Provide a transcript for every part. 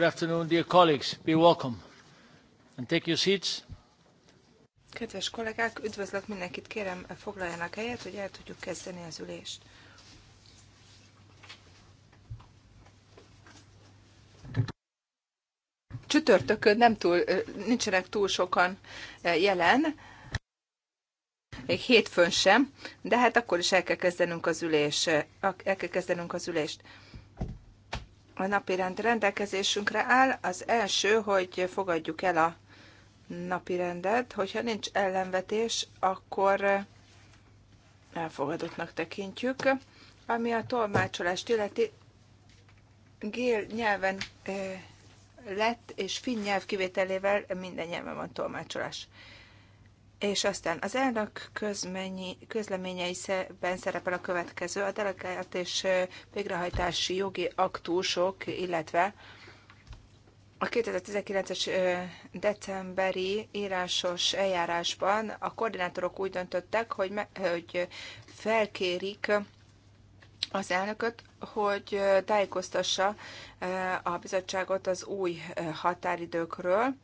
Good afternoon, dear colleagues. Be welcome. And take your seats. Kedves kollégák, üdvözlök mindenkit, kérem foglaljanak helyet, hogy el tudjuk kezdeni az ülést. Csütörtökön nem túl, nincsenek túl sokan jelen, még hétfőn sem, de hát akkor is el kell kezdenünk az ülést. El kell kezdenünk az ülést a napirend rendelkezésünkre áll. Az első, hogy fogadjuk el a napirendet. Hogyha nincs ellenvetés, akkor elfogadottnak tekintjük. Ami a tolmácsolást illeti, gél nyelven eh, lett, és finn nyelv kivételével minden nyelven van tolmácsolás. És aztán az elnök közmennyi, közleményeiben szerepel a következő, a delegált és végrehajtási jogi aktusok, illetve a 2019-es decemberi írásos eljárásban a koordinátorok úgy döntöttek, hogy, me, hogy felkérik az elnököt, hogy tájékoztassa a bizottságot az új határidőkről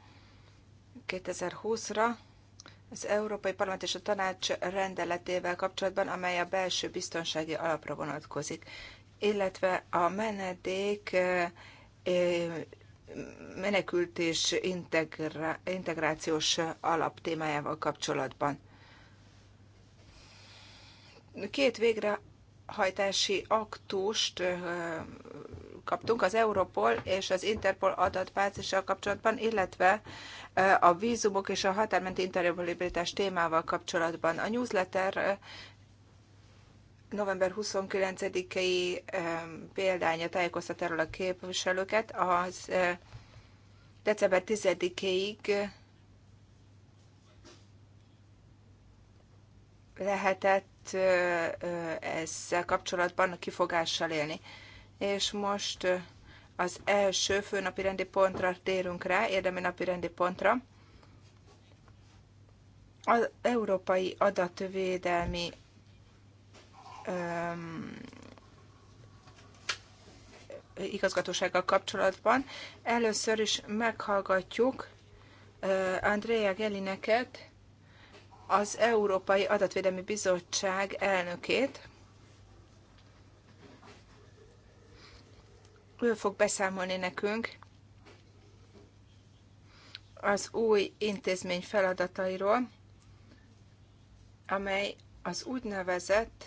2020-ra, az Európai Parlament és a Tanács rendeletével kapcsolatban, amely a belső biztonsági alapra vonatkozik, illetve a menedék menekült és integra, integrációs alaptémájával kapcsolatban. Két végrehajtási aktust kaptunk az Europol és az Interpol adatbázissal kapcsolatban, illetve a vízumok és a határmenti interoperabilitás témával kapcsolatban. A newsletter november 29-i példánya tájékoztat erről a képviselőket, az december 10-ig lehetett ezzel kapcsolatban kifogással élni és most az első főnapi rendi pontra térünk rá, érdemi napi rendi pontra. Az Európai Adatvédelmi um, igazgatósággal kapcsolatban. Először is meghallgatjuk uh, Andrea Gelineket, az Európai Adatvédelmi Bizottság elnökét, ő fog beszámolni nekünk az új intézmény feladatairól, amely az úgynevezett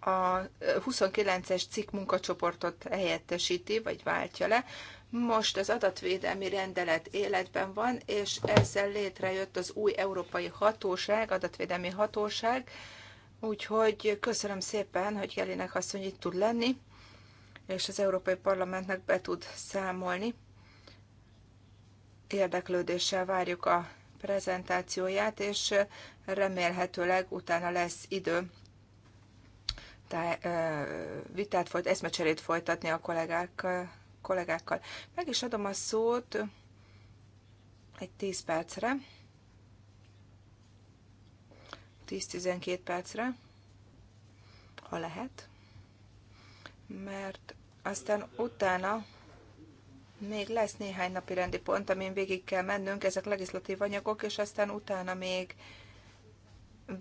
a 29-es cikk munkacsoportot helyettesíti, vagy váltja le. Most az adatvédelmi rendelet életben van, és ezzel létrejött az új európai hatóság, adatvédelmi hatóság, úgyhogy köszönöm szépen, hogy Jelinek asszony itt tud lenni és az Európai Parlamentnek be tud számolni. Érdeklődéssel várjuk a prezentációját, és remélhetőleg utána lesz idő vitát folyt, eszmecserét folytatni a kollégák, kollégákkal. Meg is adom a szót egy 10 percre, 10-12 percre, ha lehet mert aztán utána még lesz néhány napi rendi pont, amin végig kell mennünk, ezek legislatív anyagok, és aztán utána még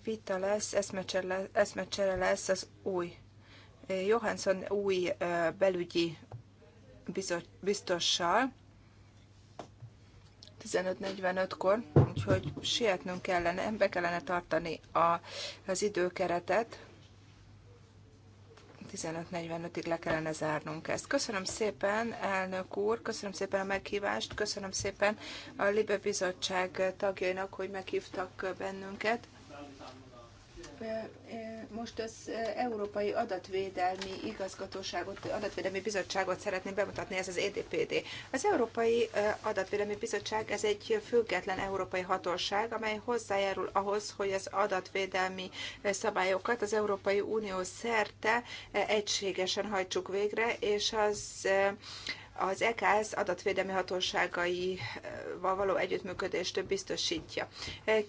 vita lesz, eszmecsere, lesz az új Johansson új belügyi biztossal 15.45-kor, úgyhogy sietnünk kellene, be kellene tartani a, az időkeretet. 15.45-ig le kellene zárnunk ezt. Köszönöm szépen, elnök úr, köszönöm szépen a meghívást, köszönöm szépen a Libe Bizottság tagjainak, hogy meghívtak bennünket. Most az eh, Európai Adatvédelmi Igazgatóságot, Adatvédelmi Bizottságot szeretném bemutatni, ez az EDPD. Az Európai eh, Adatvédelmi Bizottság ez egy független európai hatóság, amely hozzájárul ahhoz, hogy az adatvédelmi eh, szabályokat az Európai Unió szerte egységesen hajtsuk végre, és az az EKS adatvédelmi hatóságaival való együttműködést biztosítja.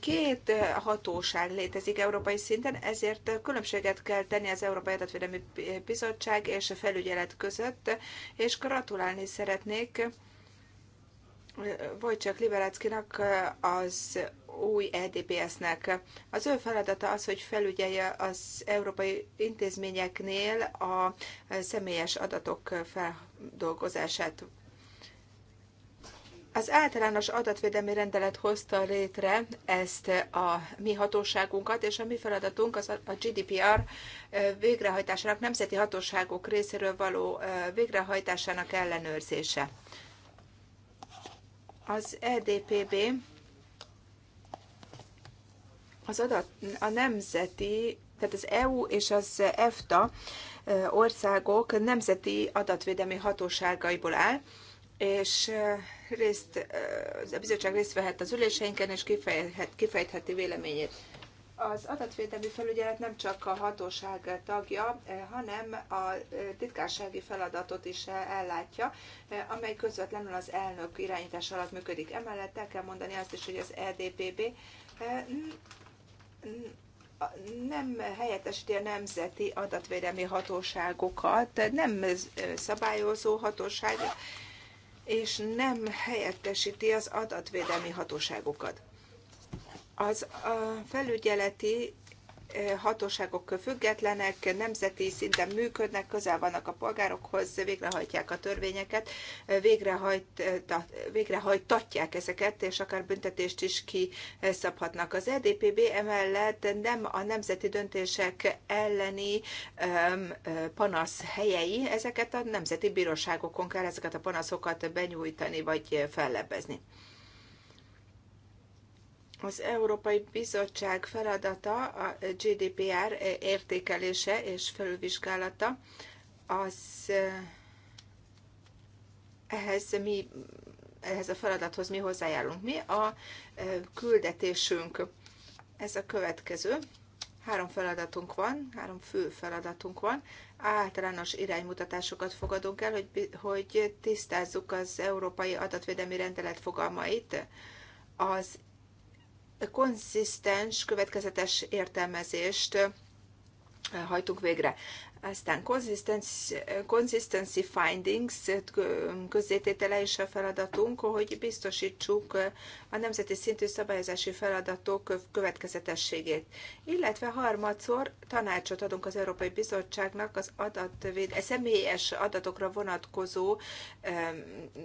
Két hatóság létezik európai szinten, ezért különbséget kell tenni az Európai Adatvédelmi Bizottság és a felügyelet között, és gratulálni szeretnék Wojciech Libereckinak az új EDPS-nek. Az ő feladata az, hogy felügyelje az európai intézményeknél a személyes adatok fel dolgozását. Az általános adatvédelmi rendelet hozta létre ezt a mi hatóságunkat, és a mi feladatunk az a GDPR végrehajtásának nemzeti hatóságok részéről való végrehajtásának ellenőrzése. Az EDPB az adat, a nemzeti, tehát az EU és az EFTA országok nemzeti adatvédelmi hatóságaiból áll, és részt, a bizottság részt vehet az üléseinken, és kifejhet, kifejtheti véleményét. Az adatvédelmi felügyelet nem csak a hatóság tagja, hanem a titkársági feladatot is ellátja, amely közvetlenül az elnök irányítás alatt működik. Emellett el kell mondani azt is, hogy az EDPB nem helyettesíti a nemzeti adatvédelmi hatóságokat, nem szabályozó hatóság, és nem helyettesíti az adatvédelmi hatóságokat. Az a felügyeleti hatóságok függetlenek, nemzeti szinten működnek, közel vannak a polgárokhoz, végrehajtják a törvényeket, végrehajt, végrehajtatják ezeket, és akár büntetést is kiszabhatnak. Az EDPB emellett nem a nemzeti döntések elleni panasz helyei, ezeket a nemzeti bíróságokon kell ezeket a panaszokat benyújtani vagy fellebbezni az Európai Bizottság feladata a GDPR értékelése és felülvizsgálata. Az ehhez mi ehhez a feladathoz mi hozzájárulunk. Mi a küldetésünk? Ez a következő. Három feladatunk van, három fő feladatunk van. Általános iránymutatásokat fogadunk el, hogy, hogy tisztázzuk az Európai Adatvédelmi Rendelet fogalmait, az konzisztens következetes értelmezést hajtunk végre. Aztán consistency consistency findings közzététele is a feladatunk, hogy biztosítsuk a nemzeti szintű szabályozási feladatok következetességét. Illetve harmadszor tanácsot adunk az Európai Bizottságnak az adatvéd, személyes adatokra vonatkozó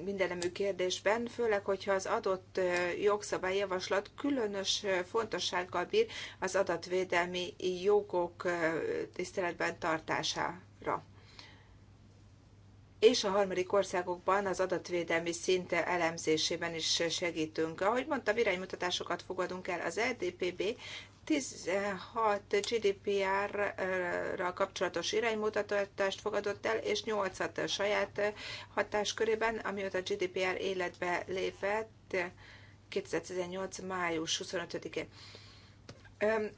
mindenemű kérdésben, főleg, hogyha az adott jogszabályjavaslat különös fontossággal bír az adatvédelmi jogok tiszteletben tartása hatására. és a harmadik országokban az adatvédelmi szinte elemzésében is segítünk. Ahogy mondtam, iránymutatásokat fogadunk el az LDPB e 16 GDPR-ra kapcsolatos iránymutatást fogadott el, és 8-at saját hatáskörében, amióta a GDPR életbe lépett 2018. május 25-én.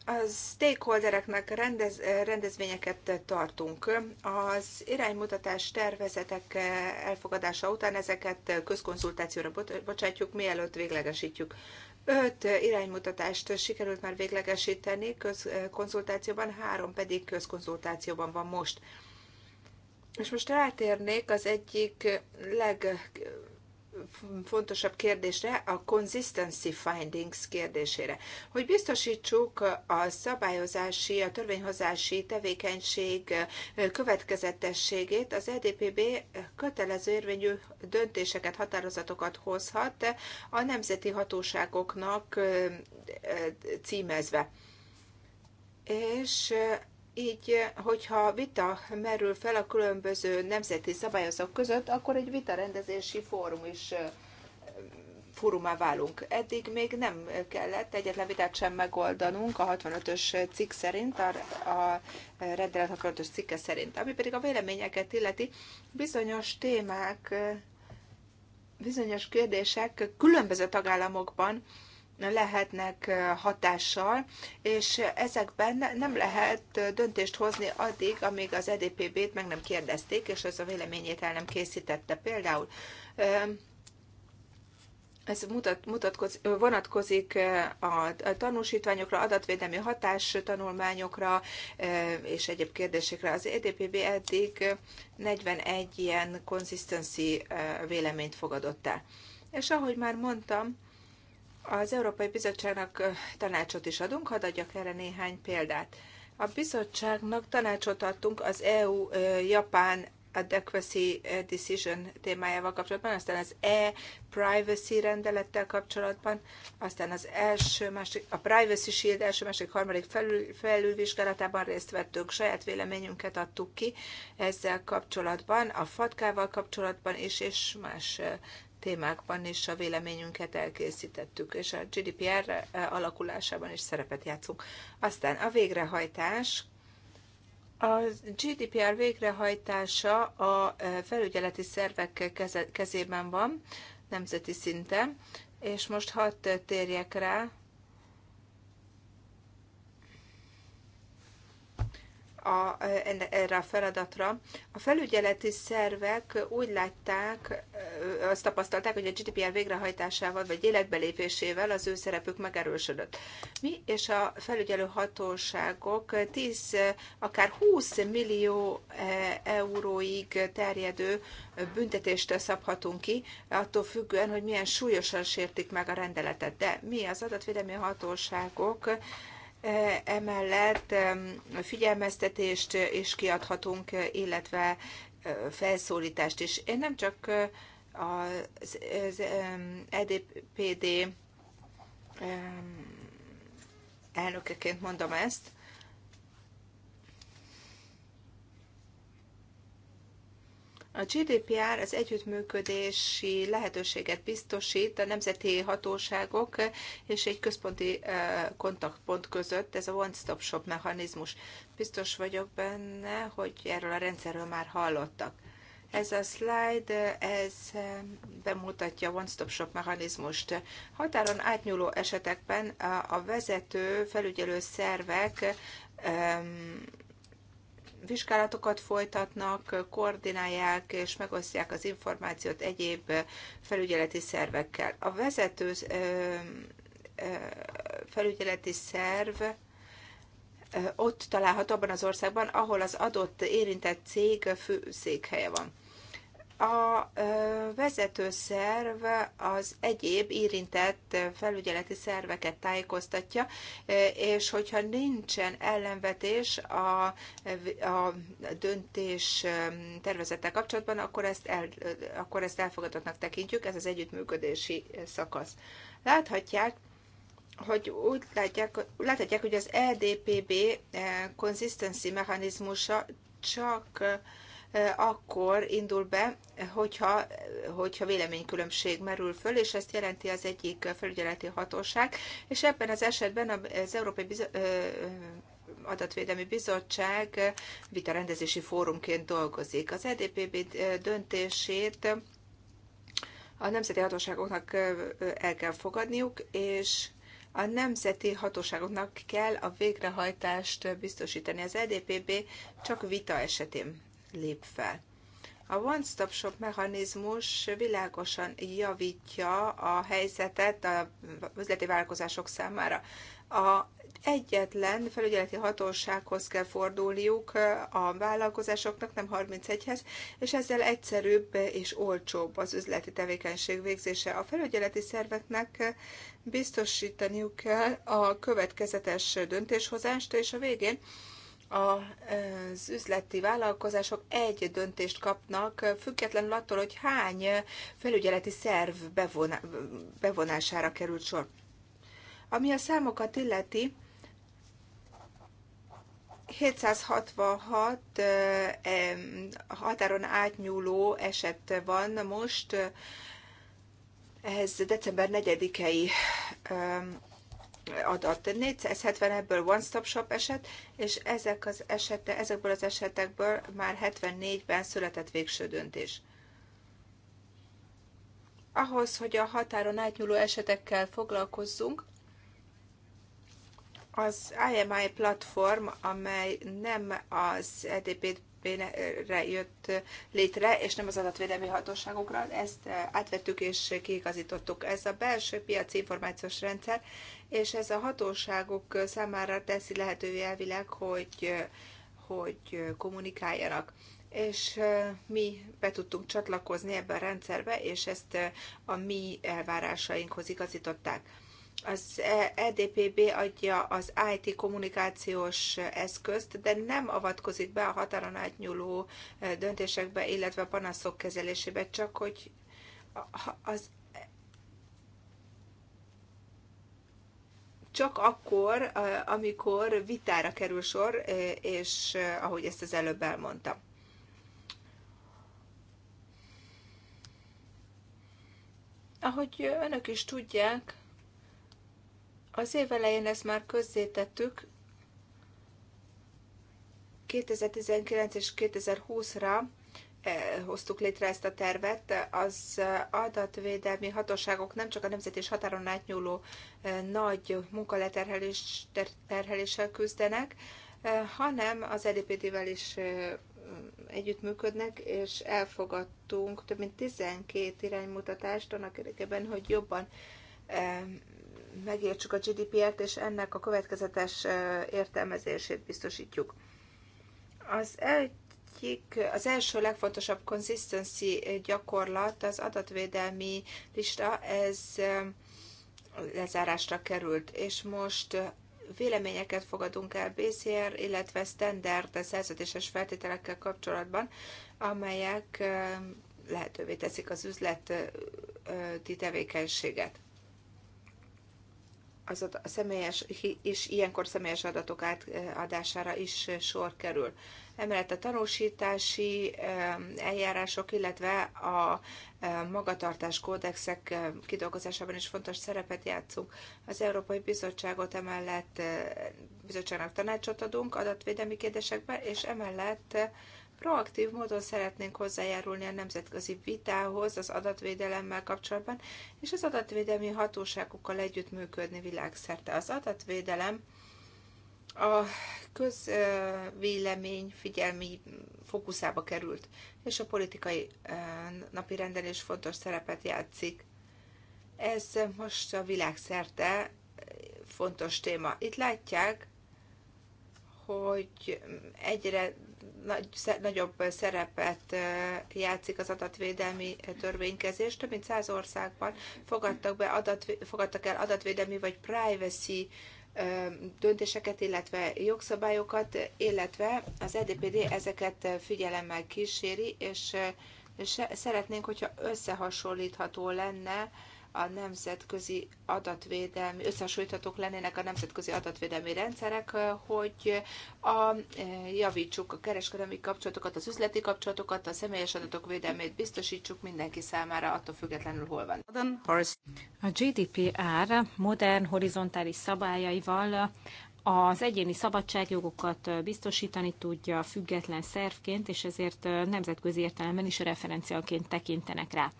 A stakeholdereknek rendez, rendezvényeket tartunk. Az iránymutatás tervezetek elfogadása után ezeket közkonzultációra bocsátjuk, mielőtt véglegesítjük. Öt iránymutatást sikerült már véglegesíteni közkonzultációban, három pedig közkonzultációban van most. És most rátérnék az egyik leg legfontosabb kérdésre, a consistency findings kérdésére, hogy biztosítsuk a szabályozási, a törvényhozási tevékenység következetességét, az EDPB kötelező érvényű döntéseket, határozatokat hozhat a nemzeti hatóságoknak címezve. És így, hogyha vita merül fel a különböző nemzeti szabályozók között, akkor egy vita rendezési fórum is fórumá válunk. Eddig még nem kellett egyetlen vitát sem megoldanunk a 65-ös cikk szerint, a, a rendelet 65-ös cikke szerint. Ami pedig a véleményeket illeti, bizonyos témák, bizonyos kérdések különböző tagállamokban lehetnek hatással, és ezekben nem lehet döntést hozni addig, amíg az EDPB-t meg nem kérdezték, és az a véleményét el nem készítette. Például ez mutat, mutatkoz, vonatkozik a tanúsítványokra, adatvédelmi hatás tanulmányokra és egyéb kérdésekre. Az EDPB eddig 41 ilyen consistency véleményt fogadott el. És ahogy már mondtam, az Európai Bizottságnak tanácsot is adunk, hadd adjak erre néhány példát. A bizottságnak tanácsot adtunk az EU-Japán Adequacy Decision témájával kapcsolatban, aztán az e-privacy rendelettel kapcsolatban, aztán az első, másik, a Privacy Shield első, másik, harmadik felül, felülvizsgálatában részt vettünk, saját véleményünket adtuk ki ezzel kapcsolatban, a fatkával kapcsolatban is, és más témákban is a véleményünket elkészítettük, és a GDPR alakulásában is szerepet játszunk. Aztán a végrehajtás. A GDPR végrehajtása a e, felügyeleti szervek kezében van, nemzeti szinten, és most hadd térjek rá a, erre a feladatra. A felügyeleti szervek úgy látták, azt tapasztalták, hogy a GDPR végrehajtásával vagy életbelépésével az ő szerepük megerősödött. Mi és a felügyelő hatóságok 10, akár 20 millió e, euróig terjedő büntetést szabhatunk ki, attól függően, hogy milyen súlyosan sértik meg a rendeletet. De mi az adatvédelmi hatóságok Emellett figyelmeztetést is kiadhatunk, illetve felszólítást is. Én nem csak az, EDPD e elnökeként mondom ezt, A GDPR az együttműködési lehetőséget biztosít a nemzeti hatóságok és egy központi kontaktpont között, ez a one-stop-shop mechanizmus. Biztos vagyok benne, hogy erről a rendszerről már hallottak. Ez a slide, ez bemutatja a one-stop-shop mechanizmust. Határon átnyúló esetekben a vezető felügyelő szervek vizsgálatokat folytatnak, koordinálják és megosztják az információt egyéb felügyeleti szervekkel. A vezető felügyeleti szerv ott található abban az országban, ahol az adott érintett cég fő székhelye van a vezetőszerv az egyéb érintett felügyeleti szerveket tájékoztatja, és hogyha nincsen ellenvetés a, a döntés tervezettel kapcsolatban, akkor ezt, el, akkor ezt elfogadottnak tekintjük, ez az együttműködési szakasz. Láthatják, hogy úgy látják, láthatják, hogy az EDPB konzisztenci eh, mechanizmusa csak Eh, akkor indul be, hogyha, hogyha véleménykülönbség merül föl, és ezt jelenti az egyik felügyeleti hatóság, és ebben az esetben az Európai eh, Adatvédelmi Bizottság vitarendezési fórumként dolgozik. Az EDPB döntését a nemzeti hatóságoknak eh, el kell fogadniuk, és a nemzeti hatóságoknak kell a végrehajtást biztosítani. Az EDPB csak vita esetén lép fel. A One Stop Shop mechanizmus világosan javítja a helyzetet a üzleti vállalkozások számára. A egyetlen felügyeleti hatósághoz kell fordulniuk a vállalkozásoknak, nem 31-hez, és ezzel egyszerűbb és olcsóbb az üzleti tevékenység végzése. A felügyeleti szerveknek biztosítaniuk kell a következetes döntéshozást, és a végén az üzleti vállalkozások egy döntést kapnak, függetlenül attól, hogy hány felügyeleti szerv bevonására került sor. Ami a számokat illeti, 766 eh, határon átnyúló eset van most, ez december 4-i adat. 470 ebből One Stop Shop eset, és ezek az esete, ezekből az esetekből már 74-ben született végső döntés. Ahhoz, hogy a határon átnyúló esetekkel foglalkozzunk, az IMI platform, amely nem az EDP re jött létre, és nem az adatvédelmi hatóságokra. Ezt átvettük és kiigazítottuk. Ez a belső piaci információs rendszer és ez a hatóságok számára teszi lehetővé elvileg, hogy, hogy kommunikáljanak és mi be tudtunk csatlakozni ebbe a rendszerbe, és ezt a mi elvárásainkhoz igazították. Az EDPB e adja az IT kommunikációs eszközt, de nem avatkozik be a határon átnyúló döntésekbe, illetve panaszok kezelésébe, csak hogy az csak akkor, amikor vitára kerül sor, és ahogy ezt az előbb elmondtam. Ahogy önök is tudják, az év elején ezt már közzétettük, 2019 és 2020-ra Eh, hoztuk létre ezt a tervet, az adatvédelmi hatóságok nem csak a nemzet és határon átnyúló eh, nagy munkaleterheléssel küzdenek, eh, hanem az EDPD-vel is mm, együttműködnek, és elfogadtunk több mint 12 iránymutatást annak érdekében, hogy jobban megértsük a GDPR-t, és ennek a következetes értelmezését biztosítjuk. Az egy egyik, az első legfontosabb consistency gyakorlat az adatvédelmi lista, ez um, lezárásra került, és most véleményeket fogadunk el BCR, illetve standard szerződéses feltételekkel kapcsolatban, amelyek um, lehetővé teszik az üzleti uh, tevékenységet az a személyes, és ilyenkor személyes adatok átadására eh, is eh, sor kerül. Emellett a tanúsítási eljárások, illetve a magatartás kódexek kidolgozásában is fontos szerepet játszunk. Az Európai Bizottságot emellett eh, bizottságnak tanácsot adunk adatvédelmi kérdésekben, és emellett Proaktív módon szeretnénk hozzájárulni a nemzetközi vitához az adatvédelemmel kapcsolatban, és az adatvédelmi hatóságokkal együttműködni világszerte. Az adatvédelem a közvélemény figyelmi fókuszába került, és a politikai eh, napi rendelés fontos szerepet játszik. Ez most a világszerte fontos téma. Itt látják, hogy egyre nagy, nagyobb szerepet játszik az adatvédelmi törvénykezés. Több mint száz országban fogadtak, be adat, fogadtak el adatvédelmi vagy privacy döntéseket, illetve jogszabályokat, illetve az EDPD ezeket figyelemmel kíséri, és szeretnénk, hogyha összehasonlítható lenne a nemzetközi adatvédelmi, összehasonlíthatók lennének a nemzetközi adatvédelmi rendszerek, hogy a, javítsuk a kereskedelmi kapcsolatokat, az üzleti kapcsolatokat, a személyes adatok védelmét biztosítsuk mindenki számára, attól függetlenül hol van. A GDPR modern horizontális szabályaival az egyéni szabadságjogokat biztosítani tudja független szervként, és ezért nemzetközi értelemben is referenciaként tekintenek rá.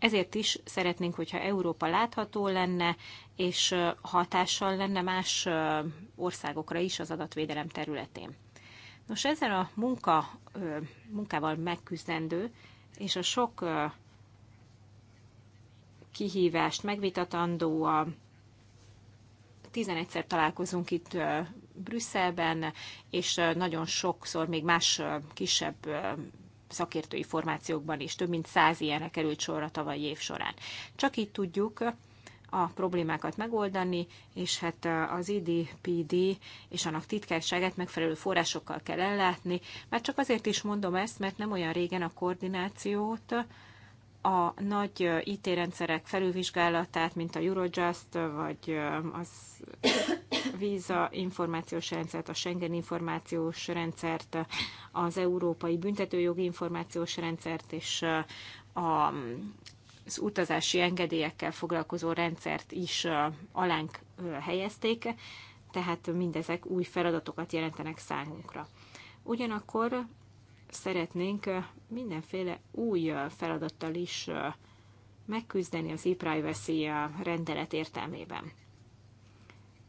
Ezért is szeretnénk, hogyha Európa látható lenne, és hatással lenne más országokra is az adatvédelem területén. Nos, ezzel a munka, munkával megküzdendő, és a sok kihívást megvitatandó a 11-szer találkozunk itt Brüsszelben, és nagyon sokszor még más kisebb szakértői formációkban is. Több mint száz ilyenre került sorra tavalyi év során. Csak így tudjuk a problémákat megoldani, és hát az IDPD és annak titkárságát megfelelő forrásokkal kell ellátni. Már csak azért is mondom ezt, mert nem olyan régen a koordinációt a nagy IT-rendszerek felülvizsgálatát, mint a Eurojust, vagy az víza információs rendszert, a Schengen információs rendszert, az Európai Büntetőjogi információs rendszert és a, az utazási engedélyekkel foglalkozó rendszert is alánk helyezték, tehát mindezek új feladatokat jelentenek számunkra. Ugyanakkor szeretnénk mindenféle új feladattal is megküzdeni az e-privacy rendelet értelmében.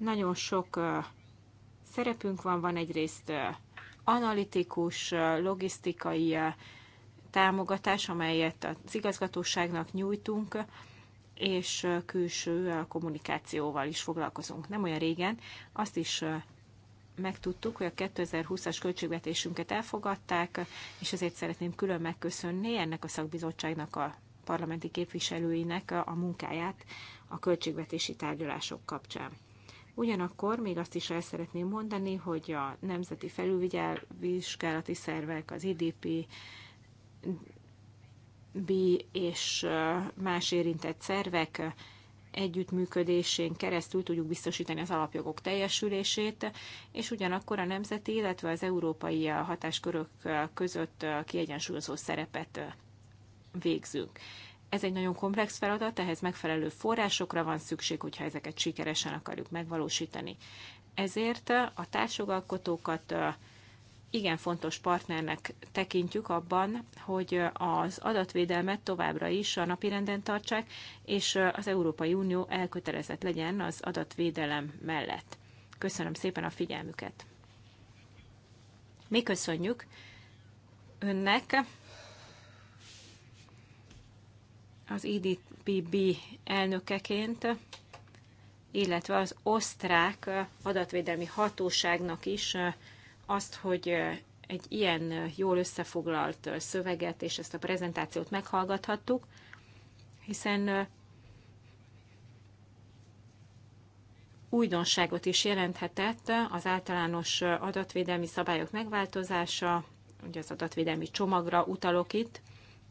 Nagyon sok szerepünk van, van egyrészt analitikus, logisztikai támogatás, amelyet az igazgatóságnak nyújtunk, és külső kommunikációval is foglalkozunk. Nem olyan régen azt is megtudtuk, hogy a 2020-as költségvetésünket elfogadták, és ezért szeretném külön megköszönni ennek a szakbizottságnak a parlamenti képviselőinek a munkáját a költségvetési tárgyalások kapcsán. Ugyanakkor még azt is el szeretném mondani, hogy a nemzeti felülvizsgálati szervek, az IDP, B és más érintett szervek együttműködésén keresztül tudjuk biztosítani az alapjogok teljesülését, és ugyanakkor a nemzeti, illetve az európai hatáskörök között kiegyensúlyozó szerepet végzünk. Ez egy nagyon komplex feladat, ehhez megfelelő forrásokra van szükség, hogyha ezeket sikeresen akarjuk megvalósítani. Ezért a társjogalkotókat igen fontos partnernek tekintjük abban, hogy az adatvédelmet továbbra is a napirenden tartsák, és az Európai Unió elkötelezett legyen az adatvédelem mellett. Köszönöm szépen a figyelmüket! Mi köszönjük önnek! az IDPB e elnökeként, illetve az osztrák adatvédelmi hatóságnak is azt, hogy egy ilyen jól összefoglalt szöveget és ezt a prezentációt meghallgathattuk, hiszen újdonságot is jelenthetett az általános adatvédelmi szabályok megváltozása, ugye az adatvédelmi csomagra utalok itt,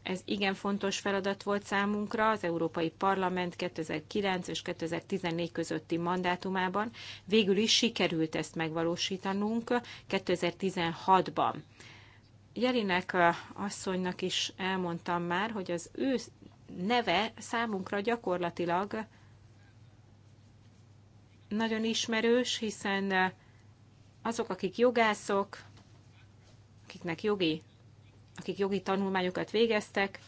ez igen fontos feladat volt számunkra az Európai Parlament 2009 és 2014 közötti mandátumában. Végül is sikerült ezt megvalósítanunk 2016-ban. Jelinek asszonynak is elmondtam már, hogy az ő neve számunkra gyakorlatilag nagyon ismerős, hiszen azok, akik jogászok, akiknek jogi akik jogi tanulmányokat végeztek,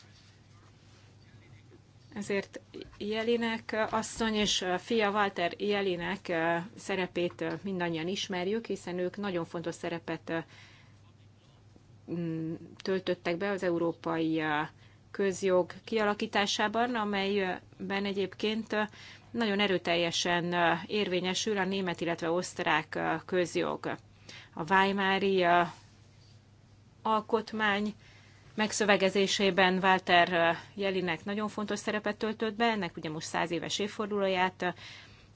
ezért Jelinek asszony és fia Walter Jelinek szerepét mindannyian ismerjük, hiszen ők nagyon fontos szerepet töltöttek be az európai közjog kialakításában, amelyben egyébként nagyon erőteljesen érvényesül a német, illetve osztrák közjog. A Weimári alkotmány megszövegezésében Walter Jelinek nagyon fontos szerepet töltött be, ennek ugye most száz éves évfordulóját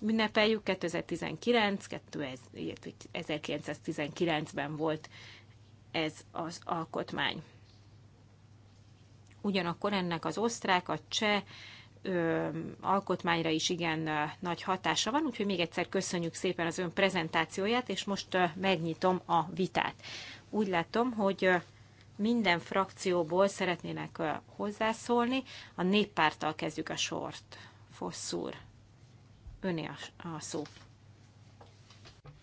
ünnepeljük, 2019, 1919-ben volt ez az alkotmány. Ugyanakkor ennek az osztrák, a cseh ö, alkotmányra is igen ö, nagy hatása van, úgyhogy még egyszer köszönjük szépen az ön prezentációját, és most ö, megnyitom a vitát úgy látom, hogy minden frakcióból szeretnének hozzászólni. A néppárttal kezdjük a sort. Fosszúr, öné a, szó.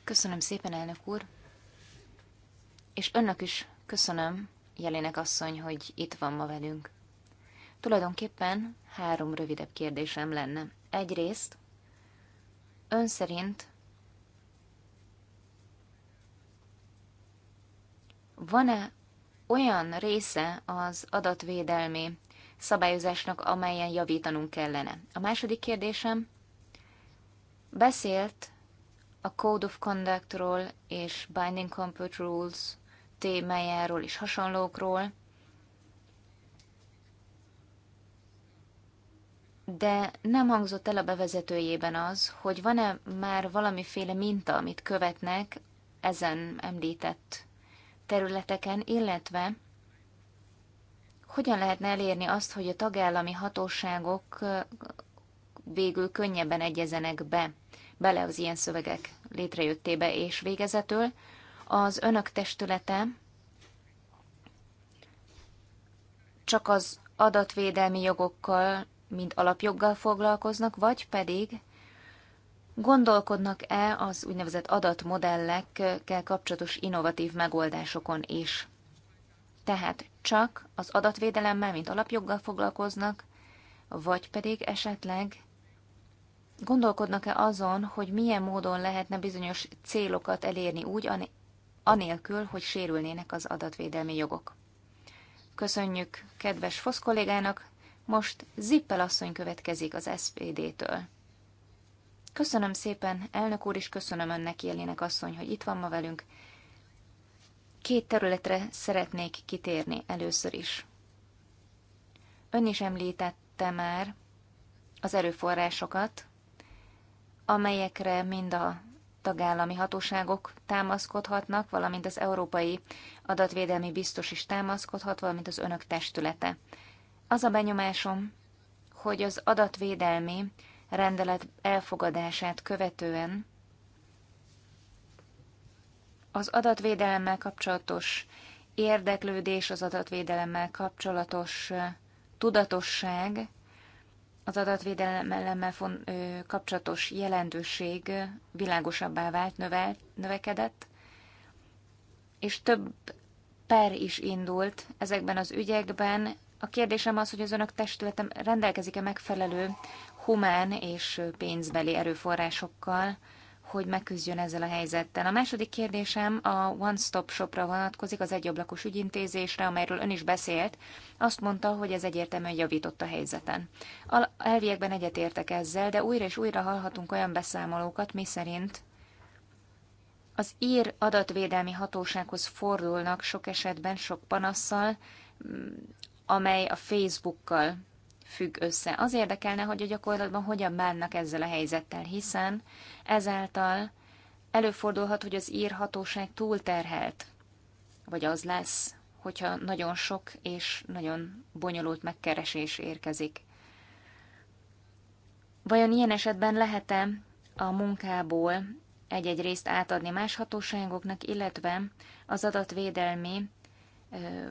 Köszönöm szépen, elnök úr. És önnek is köszönöm, Jelének asszony, hogy itt van ma velünk. Tulajdonképpen három rövidebb kérdésem lenne. Egyrészt, ön szerint van-e olyan része az adatvédelmi szabályozásnak, amelyen javítanunk kellene? A második kérdésem, beszélt a Code of Conductról és Binding Compute Rules témájáról és hasonlókról, de nem hangzott el a bevezetőjében az, hogy van-e már valamiféle minta, amit követnek ezen említett területeken, illetve hogyan lehetne elérni azt, hogy a tagállami hatóságok végül könnyebben egyezenek be, bele az ilyen szövegek létrejöttébe és végezetül. Az önök testülete csak az adatvédelmi jogokkal, mint alapjoggal foglalkoznak, vagy pedig Gondolkodnak-e az úgynevezett adatmodellekkel kapcsolatos innovatív megoldásokon is? Tehát csak az adatvédelemmel, mint alapjoggal foglalkoznak, vagy pedig esetleg gondolkodnak-e azon, hogy milyen módon lehetne bizonyos célokat elérni úgy, anélkül, hogy sérülnének az adatvédelmi jogok. Köszönjük kedves FOSZ kollégának, most Zippel asszony következik az SPD-től. Köszönöm szépen, elnök úr, és köszönöm önnek, Élének asszony, hogy itt van ma velünk. Két területre szeretnék kitérni először is. Ön is említette már az erőforrásokat, amelyekre mind a tagállami hatóságok támaszkodhatnak, valamint az Európai Adatvédelmi Biztos is támaszkodhat, valamint az önök testülete. Az a benyomásom, hogy az adatvédelmi rendelet elfogadását követően az adatvédelemmel kapcsolatos érdeklődés, az adatvédelemmel kapcsolatos tudatosság, az adatvédelemmel kapcsolatos jelentőség világosabbá vált, növel, növekedett, és több per is indult ezekben az ügyekben. A kérdésem az, hogy az önök testületem rendelkezik-e megfelelő humán és pénzbeli erőforrásokkal, hogy megküzdjön ezzel a helyzettel. A második kérdésem a One Stop Shopra vonatkozik, az egyablakos ügyintézésre, amelyről ön is beszélt. Azt mondta, hogy ez egyértelműen javított a helyzeten. Al- elviekben egyetértek ezzel, de újra és újra hallhatunk olyan beszámolókat, mi szerint az ír adatvédelmi hatósághoz fordulnak sok esetben sok panasszal, mm, amely a Facebookkal függ össze. Az érdekelne, hogy a gyakorlatban hogyan bánnak ezzel a helyzettel, hiszen ezáltal előfordulhat, hogy az írhatóság túlterhelt, vagy az lesz, hogyha nagyon sok és nagyon bonyolult megkeresés érkezik. Vajon ilyen esetben lehet-e a munkából egy-egy részt átadni más hatóságoknak, illetve az adatvédelmi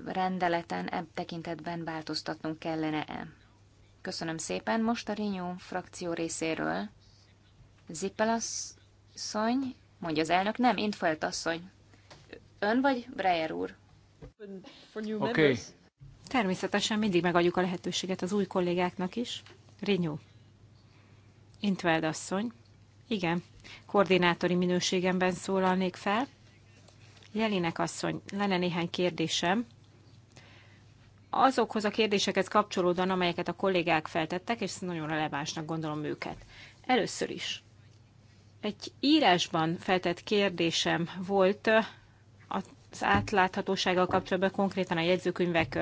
rendeleten ebb tekintetben változtatnunk kellene-e? Köszönöm szépen. Most a Rinyó frakció részéről Zippelasszony, mondja az elnök, nem, Intfelt asszony. Ön vagy Breyer úr? Oké. Okay. Természetesen mindig megadjuk a lehetőséget az új kollégáknak is. Rinyó. Intveld asszony. Igen, koordinátori minőségemben szólalnék fel. Jelinek asszony, lenne néhány kérdésem azokhoz a kérdésekhez kapcsolódóan, amelyeket a kollégák feltettek, és nagyon relevánsnak gondolom őket. Először is. Egy írásban feltett kérdésem volt az átláthatósággal kapcsolatban, konkrétan a jegyzőkönyvek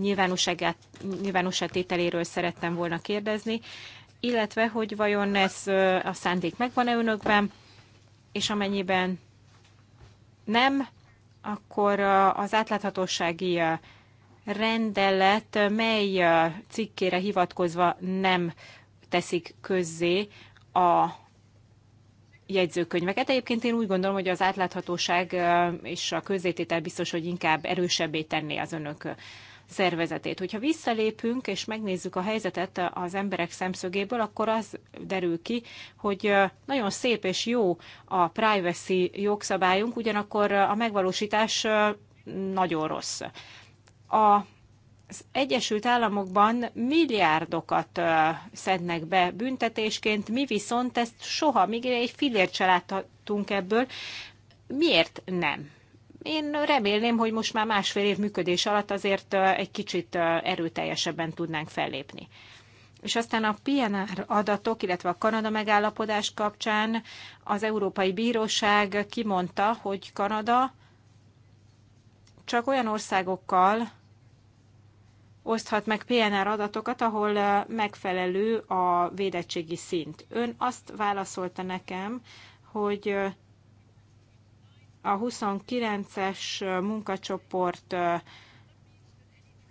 nyilvánosság tételéről szerettem volna kérdezni, illetve hogy vajon ez a szándék megvan-e önökben, és amennyiben nem, akkor az átláthatósági rendelet mely cikkére hivatkozva nem teszik közzé a jegyzőkönyveket. Egyébként én úgy gondolom, hogy az átláthatóság és a közzététel biztos, hogy inkább erősebbé tenné az önök szervezetét. Hogyha visszalépünk és megnézzük a helyzetet az emberek szemszögéből, akkor az derül ki, hogy nagyon szép és jó a privacy jogszabályunk, ugyanakkor a megvalósítás nagyon rossz a az Egyesült Államokban milliárdokat szednek be büntetésként, mi viszont ezt soha, még egy fillért se láthatunk ebből. Miért nem? Én remélném, hogy most már másfél év működés alatt azért egy kicsit erőteljesebben tudnánk fellépni. És aztán a PNR adatok, illetve a Kanada megállapodás kapcsán az Európai Bíróság kimondta, hogy Kanada csak olyan országokkal, oszthat meg PNR adatokat, ahol megfelelő a védettségi szint. Ön azt válaszolta nekem, hogy a 29-es munkacsoport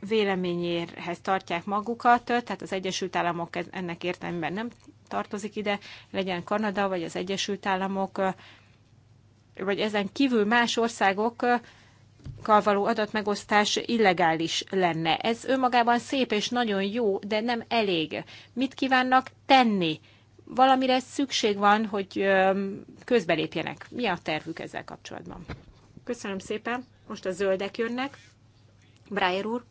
véleményéhez tartják magukat, tehát az Egyesült Államok ennek értelemben nem tartozik ide, legyen Kanada vagy az Egyesült Államok, vagy ezen kívül más országok való adatmegosztás illegális lenne. Ez önmagában szép és nagyon jó, de nem elég. Mit kívánnak tenni? Valamire szükség van, hogy közbelépjenek. Mi a tervük ezzel kapcsolatban? Köszönöm szépen. Most a zöldek jönnek. Breyer úr,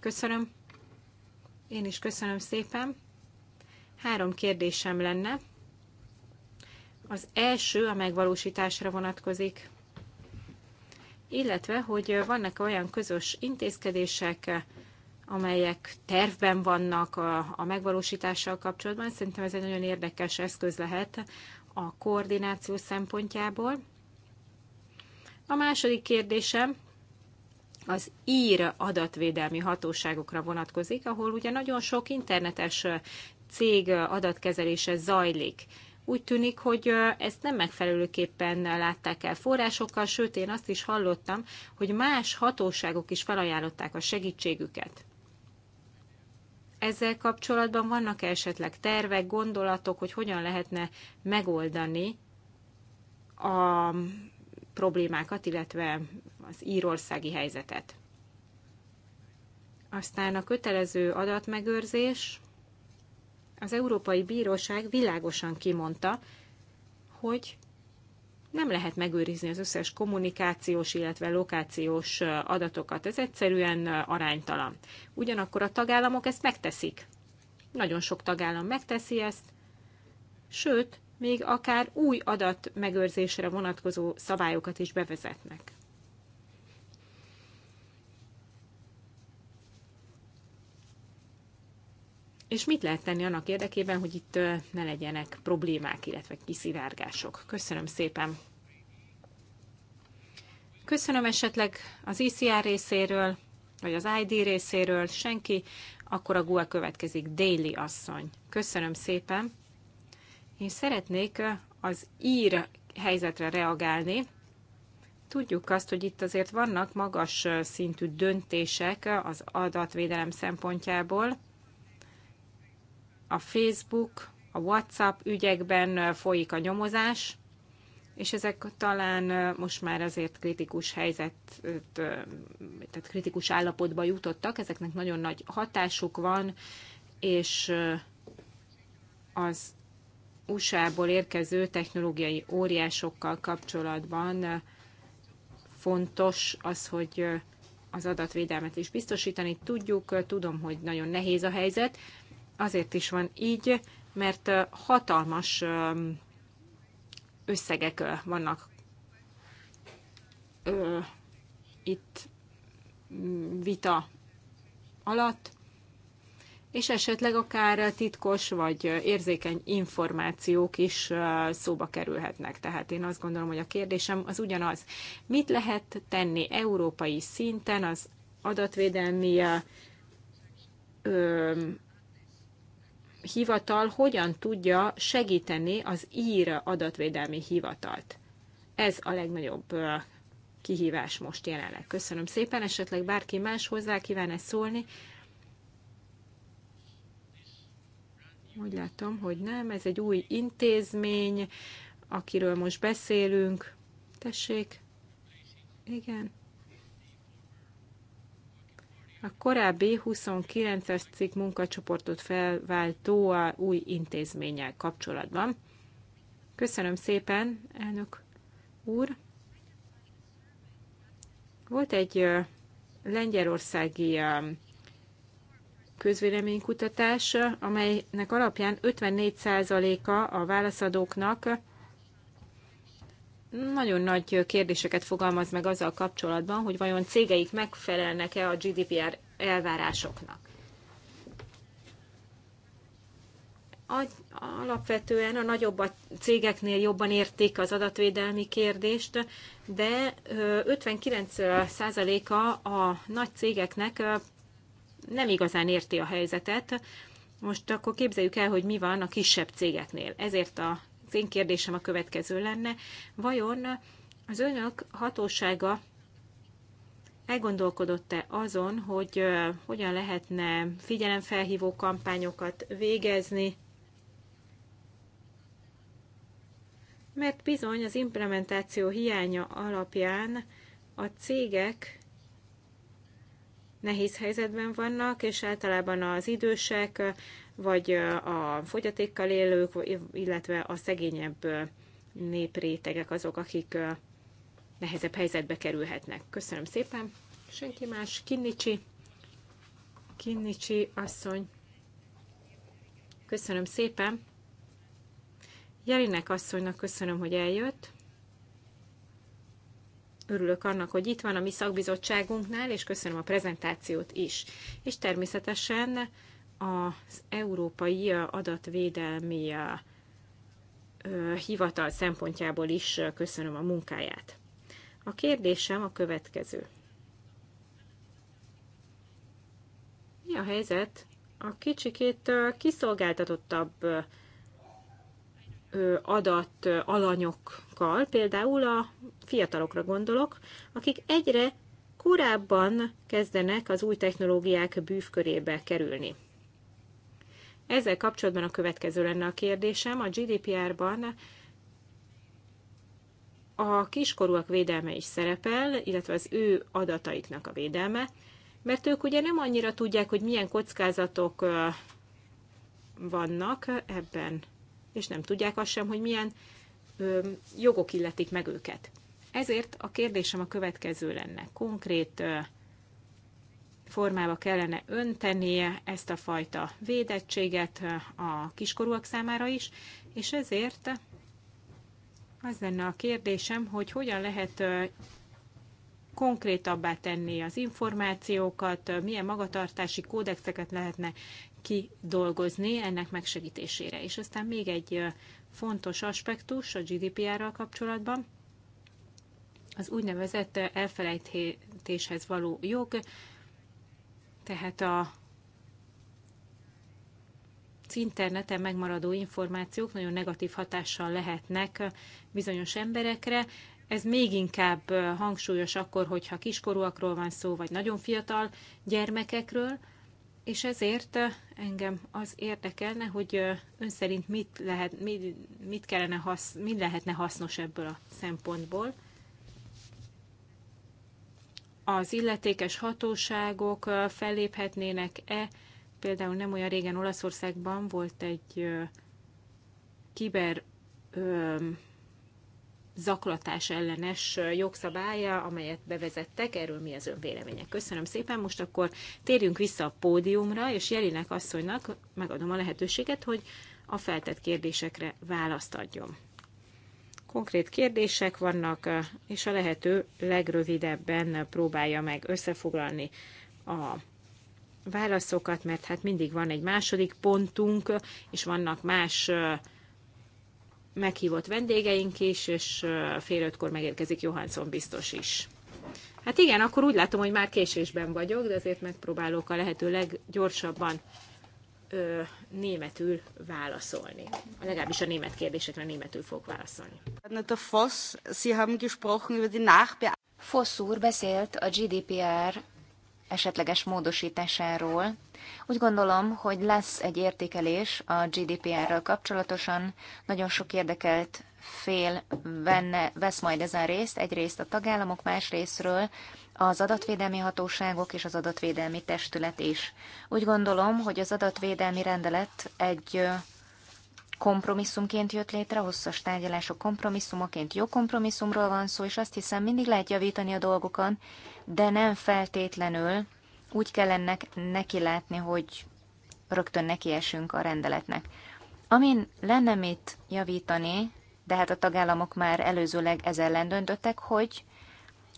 köszönöm. Én is köszönöm szépen. Három kérdésem lenne. Az első a megvalósításra vonatkozik illetve hogy vannak olyan közös intézkedések, amelyek tervben vannak a, a megvalósítással kapcsolatban. Szerintem ez egy nagyon érdekes eszköz lehet a koordináció szempontjából. A második kérdésem az ír adatvédelmi hatóságokra vonatkozik, ahol ugye nagyon sok internetes cég adatkezelése zajlik úgy tűnik, hogy ezt nem megfelelőképpen látták el forrásokkal, sőt én azt is hallottam, hogy más hatóságok is felajánlották a segítségüket. Ezzel kapcsolatban vannak -e esetleg tervek, gondolatok, hogy hogyan lehetne megoldani a problémákat, illetve az írországi helyzetet. Aztán a kötelező adatmegőrzés, az Európai Bíróság világosan kimondta, hogy nem lehet megőrizni az összes kommunikációs, illetve lokációs adatokat. Ez egyszerűen aránytalan. Ugyanakkor a tagállamok ezt megteszik. Nagyon sok tagállam megteszi ezt, sőt, még akár új adatmegőrzésre vonatkozó szabályokat is bevezetnek. És mit lehet tenni annak érdekében, hogy itt ne legyenek problémák, illetve kiszivárgások? Köszönöm szépen! Köszönöm esetleg az ICR e részéről, vagy az ID részéről, senki, akkor a GUA e következik, Daily asszony. Köszönöm szépen! Én szeretnék az ír helyzetre reagálni. Tudjuk azt, hogy itt azért vannak magas szintű döntések az adatvédelem szempontjából, a Facebook, a WhatsApp ügyekben folyik a nyomozás, és ezek talán most már azért kritikus helyzet, tehát kritikus állapotba jutottak, ezeknek nagyon nagy hatásuk van, és az USA-ból érkező technológiai óriásokkal kapcsolatban fontos az, hogy az adatvédelmet is biztosítani tudjuk. Tudom, hogy nagyon nehéz a helyzet, azért is van így, mert hatalmas összegek vannak itt mm, vita alatt, és esetleg akár titkos vagy érzékeny információk is szóba kerülhetnek. Tehát én azt gondolom, hogy a kérdésem az ugyanaz. Mit lehet tenni európai szinten az adatvédelmi hivatal hogyan tudja segíteni az ír adatvédelmi hivatalt. Ez a legnagyobb kihívás most jelenleg. Köszönöm szépen, esetleg bárki más hozzá kíván -e szólni. Úgy látom, hogy nem, ez egy új intézmény, akiről most beszélünk. Tessék. Igen a korábbi 29-es cikk munkacsoportot felváltó a új intézménnyel kapcsolatban. Köszönöm szépen, elnök úr! Volt egy lengyelországi közvéleménykutatás, amelynek alapján 54%-a a válaszadóknak nagyon nagy kérdéseket fogalmaz meg azzal kapcsolatban, hogy vajon cégeik megfelelnek-e a GDPR elvárásoknak. alapvetően a nagyobb a cégeknél jobban értik az adatvédelmi kérdést, de 59%-a a nagy cégeknek nem igazán érti a helyzetet. Most akkor képzeljük el, hogy mi van a kisebb cégeknél. Ezért a az én kérdésem a következő lenne. Vajon az önök hatósága elgondolkodott-e azon, hogy hogyan lehetne figyelemfelhívó kampányokat végezni, mert bizony az implementáció hiánya alapján a cégek nehéz helyzetben vannak, és általában az idősek, vagy a fogyatékkal élők, illetve a szegényebb néprétegek azok, akik nehezebb helyzetbe kerülhetnek. Köszönöm szépen. Senki más? Kinnicsi? Kinnicsi asszony. Köszönöm szépen. Jelinek asszonynak köszönöm, hogy eljött. Örülök annak, hogy itt van a mi szakbizottságunknál, és köszönöm a prezentációt is. És természetesen az Európai Adatvédelmi Hivatal szempontjából is köszönöm a munkáját. A kérdésem a következő. Mi a helyzet a kicsikét kiszolgáltatottabb adat alanyokkal, például a fiatalokra gondolok, akik egyre korábban kezdenek az új technológiák bűvkörébe kerülni. Ezzel kapcsolatban a következő lenne a kérdésem. A GDPR-ban a kiskorúak védelme is szerepel, illetve az ő adataiknak a védelme, mert ők ugye nem annyira tudják, hogy milyen kockázatok vannak ebben, és nem tudják azt sem, hogy milyen jogok illetik meg őket. Ezért a kérdésem a következő lenne. Konkrét formába kellene öntenie ezt a fajta védettséget a kiskorúak számára is, és ezért az lenne a kérdésem, hogy hogyan lehet konkrétabbá tenni az információkat, milyen magatartási kódexeket lehetne kidolgozni ennek megsegítésére. És aztán még egy fontos aspektus a GDPR-ral kapcsolatban, az úgynevezett elfelejtéshez való jog, tehát a az interneten megmaradó információk nagyon negatív hatással lehetnek bizonyos emberekre. Ez még inkább hangsúlyos akkor, hogyha kiskorúakról van szó, vagy nagyon fiatal gyermekekről, és ezért engem az érdekelne, hogy ön szerint mit, lehet, mit, mit, kellene hasz, mit lehetne hasznos ebből a szempontból az illetékes hatóságok felléphetnének-e? Például nem olyan régen Olaszországban volt egy kiber zaklatás ellenes jogszabálya, amelyet bevezettek, erről mi az ön véleménye. Köszönöm szépen, most akkor térjünk vissza a pódiumra, és Jelinek asszonynak megadom a lehetőséget, hogy a feltett kérdésekre választ adjon. Konkrét kérdések vannak, és a lehető legrövidebben próbálja meg összefoglalni a válaszokat, mert hát mindig van egy második pontunk, és vannak más meghívott vendégeink is, és fél ötkor megérkezik Johansson biztos is. Hát igen, akkor úgy látom, hogy már késésben vagyok, de azért megpróbálok a lehető leggyorsabban ö, németül válaszolni. Legalábbis a német kérdésekre németül fog válaszolni. Fosz úr beszélt a GDPR esetleges módosításáról. Úgy gondolom, hogy lesz egy értékelés a GDPR-ről kapcsolatosan. Nagyon sok érdekelt fél venne, vesz majd ezen részt, egyrészt a tagállamok, más az adatvédelmi hatóságok és az adatvédelmi testület is. Úgy gondolom, hogy az adatvédelmi rendelet egy kompromisszumként jött létre, hosszas tárgyalások kompromisszumaként jó kompromisszumról van szó, és azt hiszem mindig lehet javítani a dolgokon, de nem feltétlenül úgy kell ennek neki látni, hogy rögtön nekiesünk a rendeletnek. Amin lenne mit javítani, de hát a tagállamok már előzőleg ezzel ellen döntöttek, hogy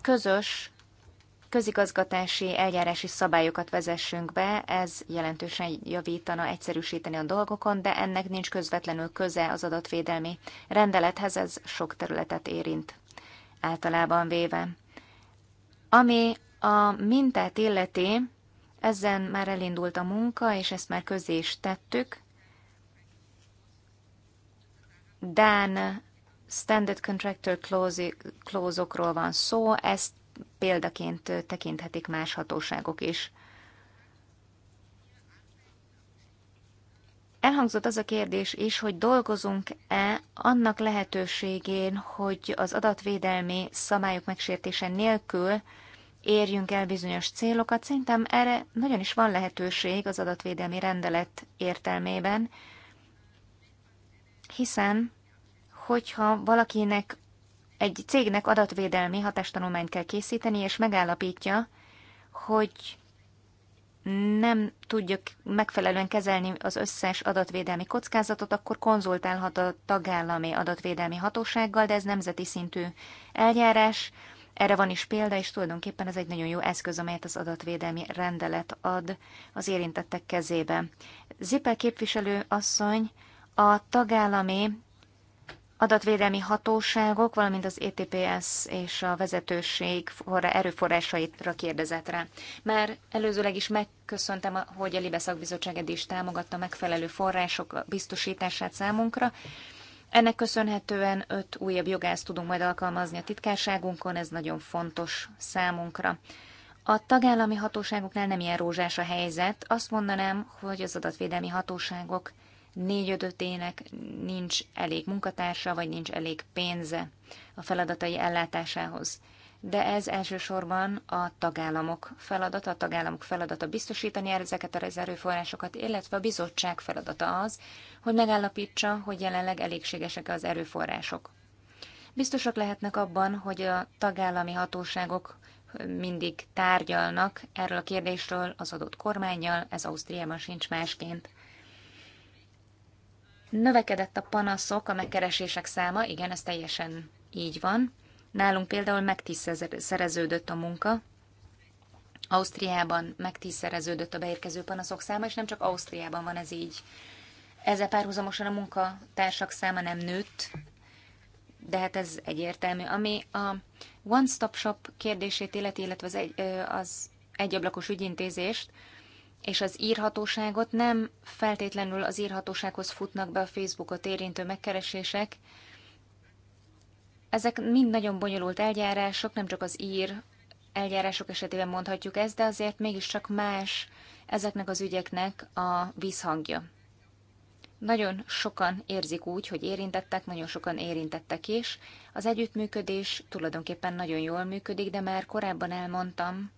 közös közigazgatási eljárási szabályokat vezessünk be, ez jelentősen javítana, egyszerűsíteni a dolgokon, de ennek nincs közvetlenül köze az adatvédelmi rendelethez, ez sok területet érint általában véve. Ami a mintát illeti, ezen már elindult a munka, és ezt már közé is tettük. Dán standard contractor clause-okról van szó, ezt példaként tekinthetik más hatóságok is. Elhangzott az a kérdés is, hogy dolgozunk-e annak lehetőségén, hogy az adatvédelmi szabályok megsértése nélkül érjünk el bizonyos célokat. Szerintem erre nagyon is van lehetőség az adatvédelmi rendelet értelmében, hiszen hogyha valakinek egy cégnek adatvédelmi hatástanulmányt kell készíteni, és megállapítja, hogy nem tudjuk megfelelően kezelni az összes adatvédelmi kockázatot, akkor konzultálhat a tagállami adatvédelmi hatósággal, de ez nemzeti szintű eljárás. Erre van is példa, és tulajdonképpen ez egy nagyon jó eszköz, amelyet az adatvédelmi rendelet ad az érintettek kezébe. Zippel képviselő asszony a tagállami adatvédelmi hatóságok, valamint az ETPS és a vezetőség erőforrásaitra kérdezett rá. Már előzőleg is megköszöntem, hogy a Libe szakbizottság eddig is támogatta megfelelő források biztosítását számunkra. Ennek köszönhetően öt újabb jogászt tudunk majd alkalmazni a titkárságunkon, ez nagyon fontos számunkra. A tagállami hatóságoknál nem ilyen rózsás a helyzet. Azt mondanám, hogy az adatvédelmi hatóságok négy-ötötének nincs elég munkatársa, vagy nincs elég pénze a feladatai ellátásához. De ez elsősorban a tagállamok feladata, a tagállamok feladata biztosítani ezeket a erőforrásokat, illetve a bizottság feladata az, hogy megállapítsa, hogy jelenleg elégségesek az erőforrások. Biztosak lehetnek abban, hogy a tagállami hatóságok mindig tárgyalnak erről a kérdésről az adott kormányjal, ez Ausztriában sincs másként. Növekedett a panaszok, a megkeresések száma, igen, ez teljesen így van. Nálunk például megtízszereződött a munka, Ausztriában megtízszereződött a beérkező panaszok száma, és nem csak Ausztriában van ez így. Ezzel párhuzamosan a munkatársak száma nem nőtt, de hát ez egyértelmű. Ami a One Stop Shop kérdését illeti, illetve az, egy, az egyablakos ügyintézést, és az írhatóságot nem feltétlenül az írhatósághoz futnak be a Facebookot érintő megkeresések. Ezek mind nagyon bonyolult eljárások, nem csak az ír eljárások esetében mondhatjuk ezt, de azért mégiscsak más ezeknek az ügyeknek a vízhangja. Nagyon sokan érzik úgy, hogy érintettek, nagyon sokan érintettek is. Az együttműködés tulajdonképpen nagyon jól működik, de már korábban elmondtam,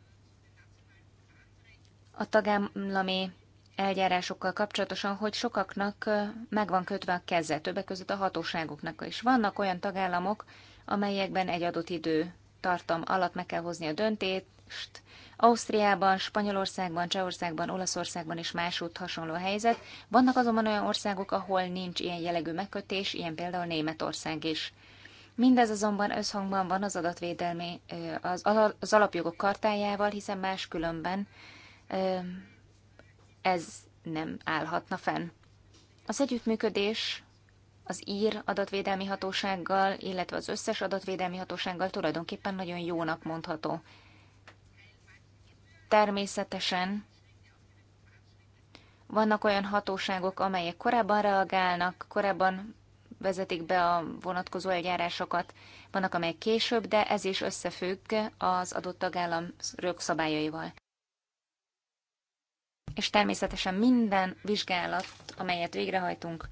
a tagállami eljárásokkal kapcsolatosan, hogy sokaknak meg van kötve a keze, többek között a hatóságoknak is. Vannak olyan tagállamok, amelyekben egy adott idő tartam alatt meg kell hozni a döntést, Ausztriában, Spanyolországban, Csehországban, Olaszországban és másút hasonló helyzet. Vannak azonban olyan országok, ahol nincs ilyen jellegű megkötés, ilyen például Németország is. Mindez azonban összhangban van az adatvédelmi, az, az alapjogok kartájával, hiszen máskülönben különben ez nem állhatna fenn. Az együttműködés az ír adatvédelmi hatósággal, illetve az összes adatvédelmi hatósággal tulajdonképpen nagyon jónak mondható. Természetesen vannak olyan hatóságok, amelyek korábban reagálnak, korábban vezetik be a vonatkozó eljárásokat, vannak amelyek később, de ez is összefügg az adott tagállam rögszabályaival és természetesen minden vizsgálat, amelyet végrehajtunk,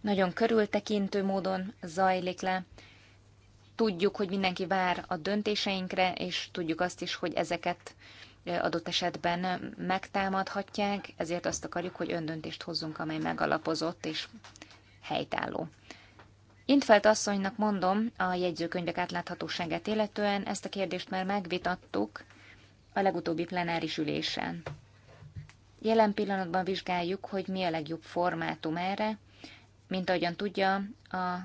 nagyon körültekintő módon zajlik le. Tudjuk, hogy mindenki vár a döntéseinkre, és tudjuk azt is, hogy ezeket adott esetben megtámadhatják, ezért azt akarjuk, hogy öndöntést hozzunk, amely megalapozott és helytálló. Intfelt asszonynak mondom, a jegyzőkönyvek átláthatóságát illetően ezt a kérdést már megvitattuk a legutóbbi plenáris ülésen. Jelen pillanatban vizsgáljuk, hogy mi a legjobb formátum erre. Mint ahogyan tudja, a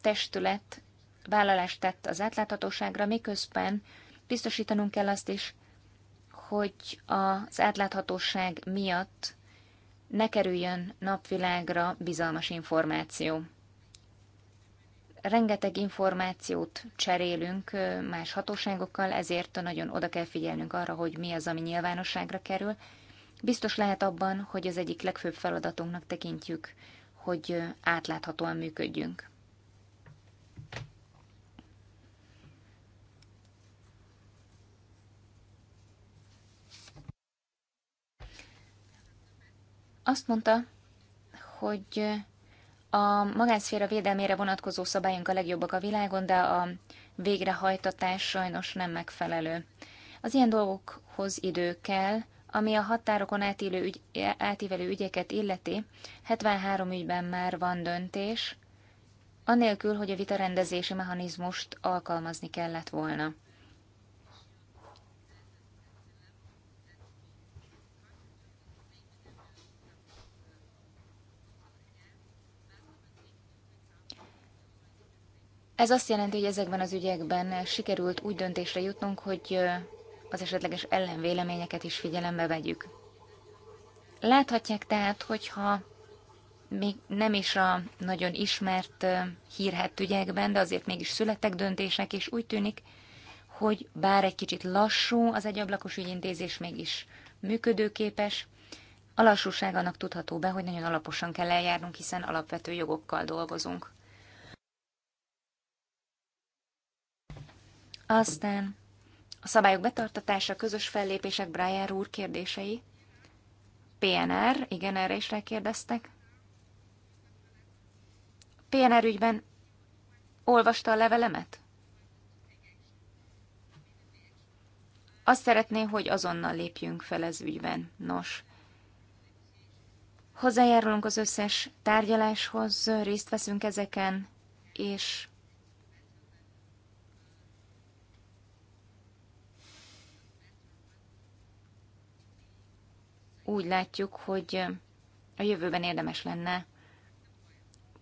testület vállalást tett az átláthatóságra, miközben biztosítanunk kell azt is, hogy az átláthatóság miatt ne kerüljön napvilágra bizalmas információ. Rengeteg információt cserélünk más hatóságokkal, ezért nagyon oda kell figyelnünk arra, hogy mi az, ami nyilvánosságra kerül, Biztos lehet abban, hogy az egyik legfőbb feladatunknak tekintjük, hogy átláthatóan működjünk. Azt mondta, hogy a magánszféra védelmére vonatkozó szabályunk a legjobbak a világon, de a végrehajtatás sajnos nem megfelelő. Az ilyen dolgokhoz idő kell, ami a határokon ügy, átívelő ügyeket illeti, 73 ügyben már van döntés, anélkül, hogy a vitarendezési mechanizmust alkalmazni kellett volna. Ez azt jelenti, hogy ezekben az ügyekben sikerült úgy döntésre jutnunk, hogy az esetleges ellenvéleményeket is figyelembe vegyük. Láthatják tehát, hogyha még nem is a nagyon ismert hírhet ügyekben, de azért mégis születtek döntések, és úgy tűnik, hogy bár egy kicsit lassú az egyablakos ügyintézés mégis működőképes, a lassúság annak tudható be, hogy nagyon alaposan kell eljárnunk, hiszen alapvető jogokkal dolgozunk. Aztán a szabályok betartatása, közös fellépések, Brian úr kérdései. PNR, igen, erre is rákérdeztek. PNR ügyben olvasta a levelemet? Azt szeretné, hogy azonnal lépjünk fel ez ügyben. Nos, hozzájárulunk az összes tárgyaláshoz, részt veszünk ezeken, és úgy látjuk, hogy a jövőben érdemes lenne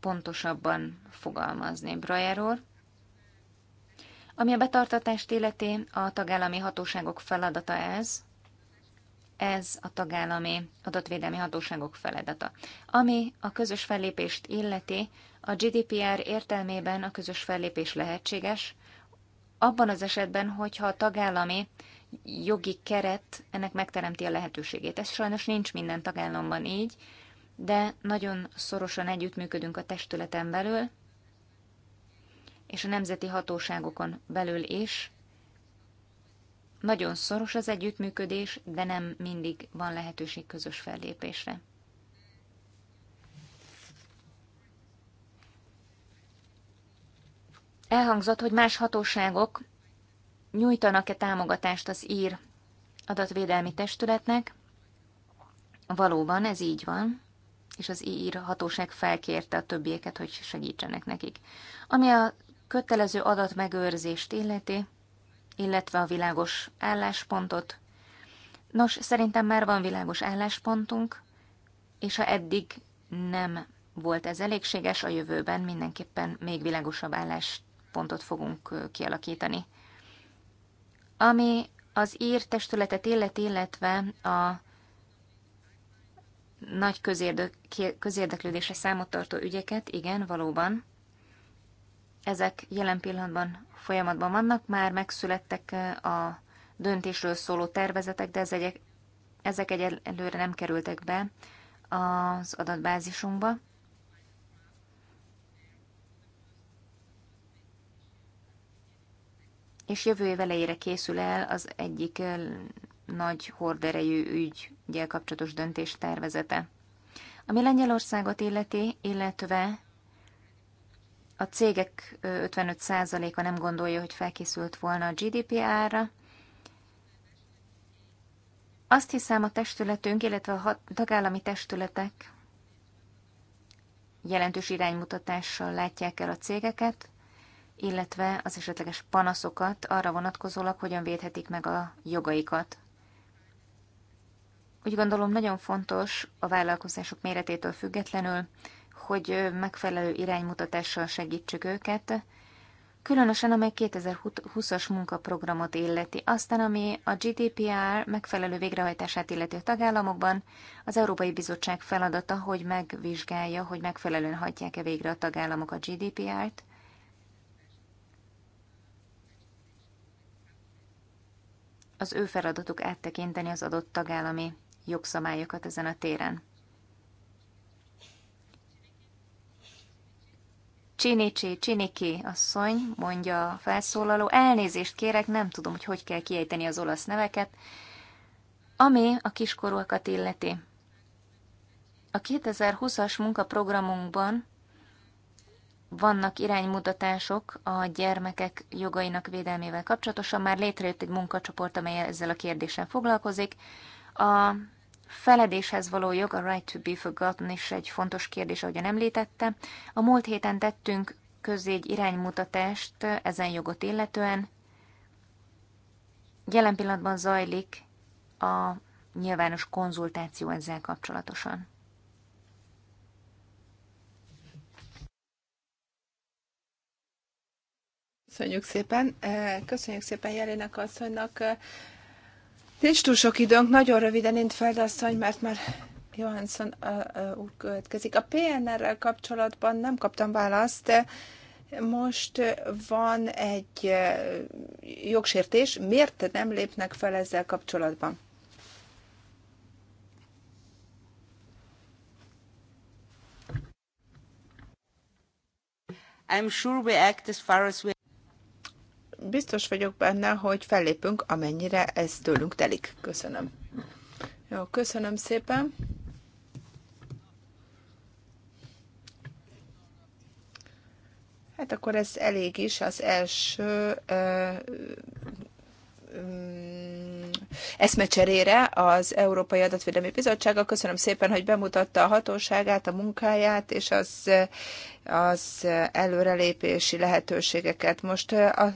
pontosabban fogalmazni Breuerról. Ami a betartatást illeti, a tagállami hatóságok feladata ez, ez a tagállami adatvédelmi hatóságok feladata. Ami a közös fellépést illeti, a GDPR értelmében a közös fellépés lehetséges, abban az esetben, hogyha a tagállami jogi keret ennek megteremti a lehetőségét. Ez sajnos nincs minden tagállamban így, de nagyon szorosan együttműködünk a testületen belül, és a nemzeti hatóságokon belül is. Nagyon szoros az együttműködés, de nem mindig van lehetőség közös fellépésre. Elhangzott, hogy más hatóságok nyújtanak-e támogatást az ír adatvédelmi testületnek? Valóban ez így van, és az ír hatóság felkérte a többieket, hogy segítsenek nekik. Ami a kötelező adatmegőrzést illeti, illetve a világos álláspontot. Nos, szerintem már van világos álláspontunk, és ha eddig nem volt ez elégséges, a jövőben mindenképpen még világosabb álláspontot fogunk kialakítani. Ami az ír testületet illet, illetve a nagy közérdeklődésre számot tartó ügyeket, igen, valóban. Ezek jelen pillanatban folyamatban vannak, már megszülettek a döntésről szóló tervezetek, de ezek, ezek egyelőre nem kerültek be az adatbázisunkba. és jövő év elejére készül el az egyik nagy horderejű ügygyel kapcsolatos döntés tervezete. Ami Lengyelországot illeti, illetve a cégek 55%-a nem gondolja, hogy felkészült volna a GDPR-ra. Azt hiszem a testületünk, illetve a tagállami testületek jelentős iránymutatással látják el a cégeket, illetve az esetleges panaszokat arra vonatkozólag, hogyan védhetik meg a jogaikat. Úgy gondolom nagyon fontos a vállalkozások méretétől függetlenül, hogy megfelelő iránymutatással segítsük őket, különösen amely 2020-as munkaprogramot illeti, aztán ami a GDPR megfelelő végrehajtását illeti a tagállamokban, az Európai Bizottság feladata, hogy megvizsgálja, hogy megfelelően hagyják-e végre a tagállamok a GDPR-t, az ő feladatuk áttekinteni az adott tagállami jogszabályokat ezen a téren. Csinicsi, Csiniki asszony, mondja a felszólaló, elnézést kérek, nem tudom, hogy hogy kell kiejteni az olasz neveket, ami a kiskorúakat illeti. A 2020-as munkaprogramunkban vannak iránymutatások a gyermekek jogainak védelmével kapcsolatosan. Már létrejött egy munkacsoport, amely ezzel a kérdéssel foglalkozik. A feledéshez való jog, a right to be forgotten is egy fontos kérdés, ahogyan említette. A múlt héten tettünk közé egy iránymutatást ezen jogot illetően. Jelen pillanatban zajlik a nyilvános konzultáció ezzel kapcsolatosan. Köszönjük szépen. Eh, köszönjük szépen Jelének asszonynak. Eh, nincs túl sok időnk, nagyon röviden Intfeld asszony, mert már Johansson eh, úr következik. A PNR-rel kapcsolatban nem kaptam választ. Most van egy jogsértés. Miért nem lépnek fel ezzel kapcsolatban? I'm sure we act as far as we biztos vagyok benne, hogy fellépünk, amennyire ez tőlünk telik. Köszönöm. Jó, köszönöm szépen. Hát akkor ez elég is az első ö, ö, eszmecserére az Európai Adatvédelmi Bizottsága. Köszönöm szépen, hogy bemutatta a hatóságát, a munkáját, és az, az előrelépési lehetőségeket. Most a,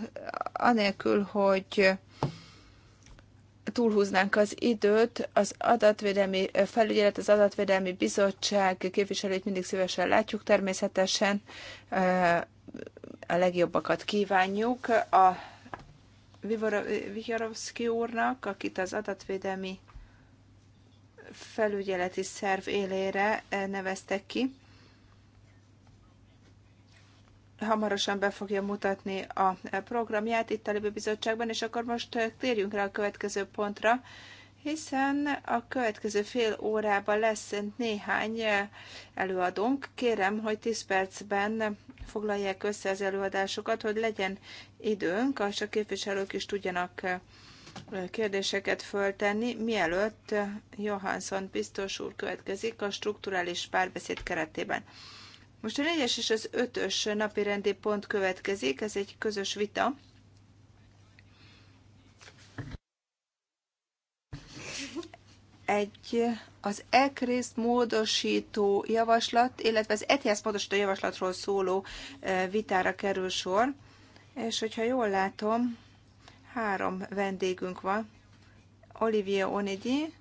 anélkül, hogy túlhúznánk az időt, az adatvédelmi felügyelet, az adatvédelmi bizottság képviselőit mindig szívesen látjuk természetesen, a legjobbakat kívánjuk a Vihorovszki úrnak, akit az adatvédelmi felügyeleti szerv élére eh, neveztek ki. Hamarosan be fogja mutatni a eh, programját itt a Lébi Bizottságban, és akkor most eh, térjünk rá a következő pontra, hiszen a következő fél órában lesz néhány előadónk. Kérem, hogy 10 percben foglalják össze az előadásokat, hogy legyen időnk, és a képviselők is tudjanak kérdéseket föltenni, mielőtt Johansson biztos úr következik a strukturális párbeszéd keretében. Most a 4-es és az 5-ös napi rendi pont következik, ez egy közös vita egy az ECRIS módosító javaslat, illetve az ETIAS módosító javaslatról szóló vitára kerül sor. És hogyha jól látom, három vendégünk van. Olivia Onigi,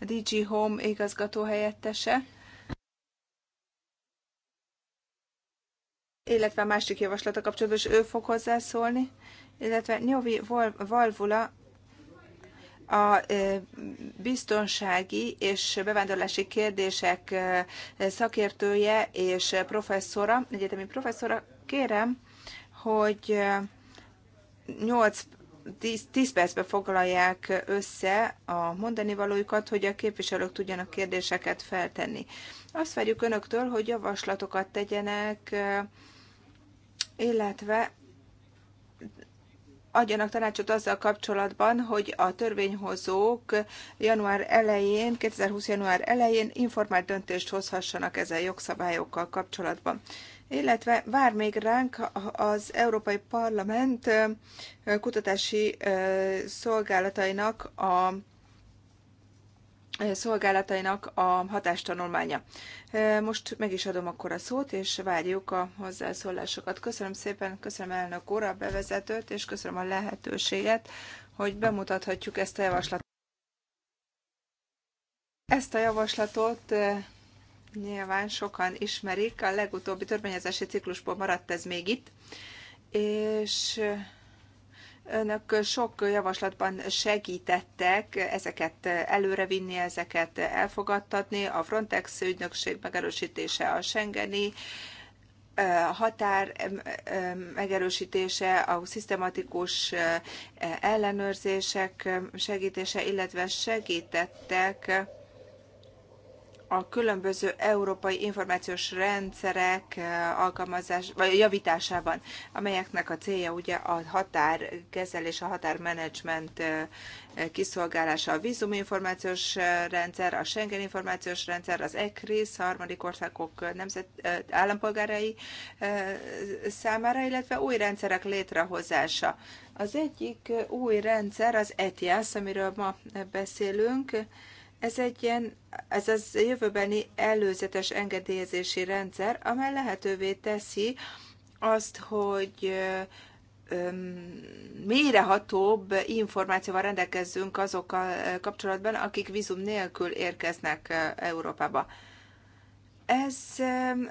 DG Home igazgató helyettese, illetve a másik javaslata kapcsolatban is ő fog hozzászólni, illetve Nyovi Valvula, a biztonsági és bevándorlási kérdések szakértője és professzora, egyetemi professzora, kérem, hogy 8 10, 10 percbe foglalják össze a mondani valójukat, hogy a képviselők tudjanak kérdéseket feltenni. Azt várjuk önöktől, hogy javaslatokat tegyenek, illetve adjanak tanácsot azzal kapcsolatban, hogy a törvényhozók január elején, 2020. január elején informált döntést hozhassanak ezen jogszabályokkal kapcsolatban. Illetve vár még ránk az Európai Parlament kutatási szolgálatainak a szolgálatainak a hatástanulmánya. Most meg is adom akkor a szót, és várjuk a hozzászólásokat. Köszönöm szépen, köszönöm elnök úr a bevezetőt, és köszönöm a lehetőséget, hogy bemutathatjuk ezt a javaslatot. Ezt a javaslatot nyilván sokan ismerik, a legutóbbi törvényezési ciklusból maradt ez még itt, és Önök sok javaslatban segítettek ezeket előrevinni, ezeket elfogadtatni. A Frontex ügynökség megerősítése, a Schengeni határ megerősítése, a szisztematikus ellenőrzések segítése, illetve segítettek a különböző európai információs rendszerek eh, alkalmazás, vagy javításában, amelyeknek a célja ugye a határkezelés, a határmenedzsment eh, eh, kiszolgálása, a vízuminformációs rendszer, a Schengen információs rendszer, az ECRIS, harmadik országok nemzet, állampolgárai számára, illetve új rendszerek létrehozása. Az egyik új rendszer az ETIAS, amiről ma beszélünk, ez egy ilyen, ez az jövőbeni előzetes engedélyezési rendszer, amely lehetővé teszi azt, hogy mélyrehatóbb információval rendelkezzünk azokkal kapcsolatban, akik vízum nélkül érkeznek Európába. Ez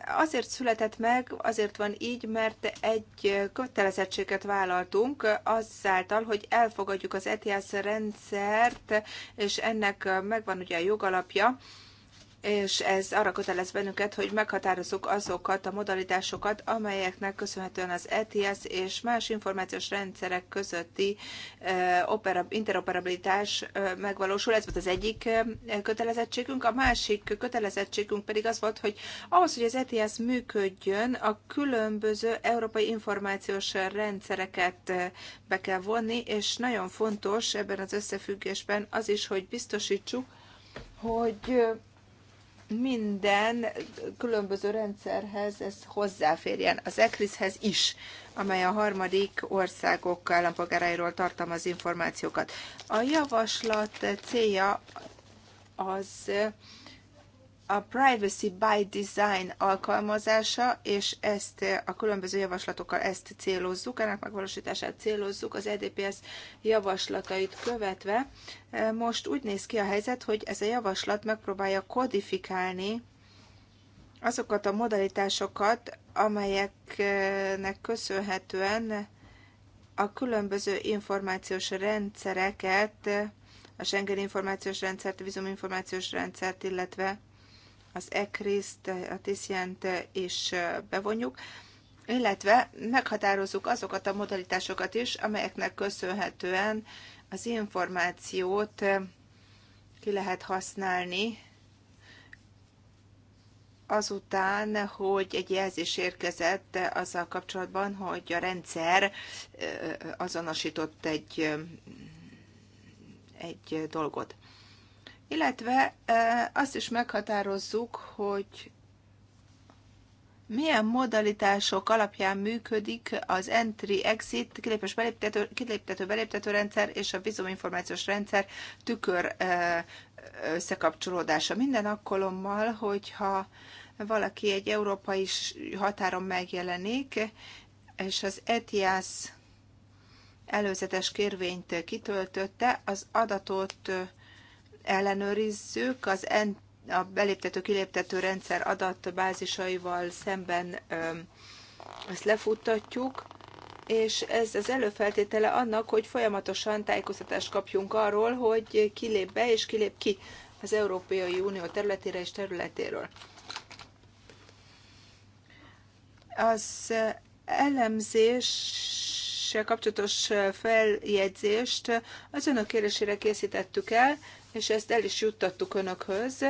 azért született meg, azért van így, mert egy kötelezettséget vállaltunk azáltal, hogy elfogadjuk az ETIAS rendszert, és ennek megvan ugye a jogalapja, és ez arra kötelez bennünket, hogy meghatározzuk azokat a modalitásokat, amelyeknek köszönhetően az ETS és más információs rendszerek közötti interoperabilitás megvalósul. Ez volt az egyik kötelezettségünk. A másik kötelezettségünk pedig az volt, hogy ahhoz, hogy az ETS működjön, a különböző európai információs rendszereket be kell vonni, és nagyon fontos ebben az összefüggésben az is, hogy biztosítsuk, hogy minden különböző rendszerhez ez hozzáférjen, az ECRIS-hez is, amely a harmadik országok állampolgárairól tartalmaz információkat. A javaslat célja az a Privacy by Design alkalmazása, és ezt a különböző javaslatokkal ezt célozzuk, ennek megvalósítását célozzuk, az EDPS javaslatait követve. Most úgy néz ki a helyzet, hogy ez a javaslat megpróbálja kodifikálni azokat a modalitásokat, amelyeknek köszönhetően a különböző információs rendszereket, a Schengen információs rendszert, a információs rendszert, illetve az ECRIS-t, a TISZJENT is bevonjuk, illetve meghatározzuk azokat a modalitásokat is, amelyeknek köszönhetően az információt ki lehet használni azután, hogy egy jelzés érkezett azzal kapcsolatban, hogy a rendszer azonosított egy, egy dolgot illetve azt is meghatározzuk, hogy milyen modalitások alapján működik az entry-exit, kilépés beléptető, kiléptető beléptető rendszer és a vízuminformációs rendszer tükör összekapcsolódása. Minden akkolommal, hogyha valaki egy európai határon megjelenik, és az ETIAS előzetes kérvényt kitöltötte, az adatot ellenőrizzük az en, a beléptető-kiléptető rendszer adatbázisaival szemben ezt lefuttatjuk, és ez az előfeltétele annak, hogy folyamatosan tájékoztatást kapjunk arról, hogy kilép be és kilép ki az Európai Unió területére és területéről. Az eh, elemzéssel kapcsolatos eh, feljegyzést az önök kérésére készítettük el, és ezt el is juttattuk önökhöz.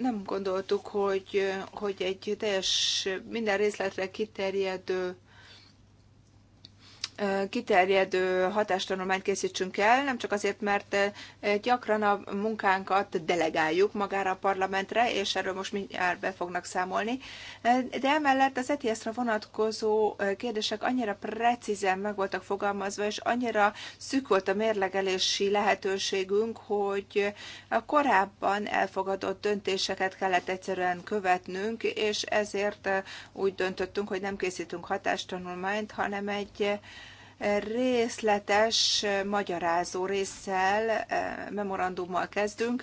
Nem gondoltuk, hogy, hogy egy teljes, minden részletre kiterjedő kiterjedő hatástanulmányt készítsünk el, nem csak azért, mert gyakran a munkánkat delegáljuk magára a parlamentre, és erről most mindjárt be fognak számolni, de emellett az ets vonatkozó kérdések annyira precízen meg voltak fogalmazva, és annyira szűk volt a mérlegelési lehetőségünk, hogy a korábban elfogadott döntéseket kellett egyszerűen követnünk, és ezért úgy döntöttünk, hogy nem készítünk hatástanulmányt, hanem egy részletes, magyarázó résszel, eh, memorandummal kezdünk,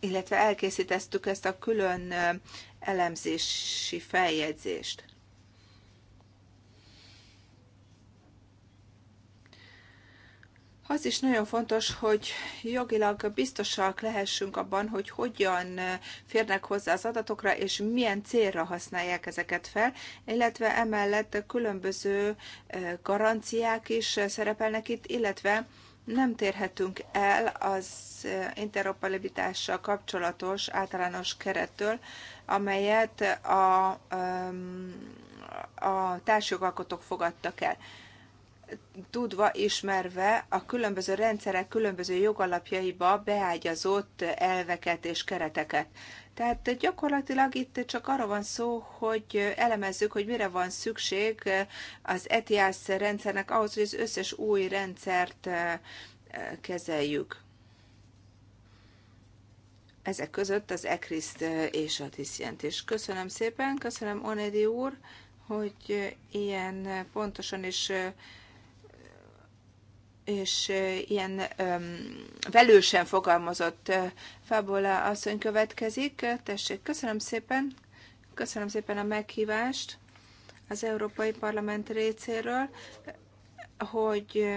illetve elkészítettük ezt a külön eh, elemzési feljegyzést. Az is nagyon fontos, hogy jogilag biztosak lehessünk abban, hogy hogyan férnek hozzá az adatokra, és milyen célra használják ezeket fel, illetve emellett különböző garanciák is szerepelnek itt, illetve nem térhetünk el az interoperabilitással kapcsolatos általános kerettől, amelyet a, a társjogalkotók fogadtak el tudva, ismerve a különböző rendszerek különböző jogalapjaiba beágyazott elveket és kereteket. Tehát gyakorlatilag itt csak arra van szó, hogy elemezzük, hogy mire van szükség az ETIAS rendszernek ahhoz, hogy az összes új rendszert eh, kezeljük. Ezek között az ECRIST eh, és a TISZJENT is. Köszönöm szépen, köszönöm Onedi úr, hogy eh, ilyen pontosan és és ilyen velősen fogalmazott Fábola asszony következik. Tessék, köszönöm szépen, köszönöm szépen a meghívást az Európai Parlament részéről, hogy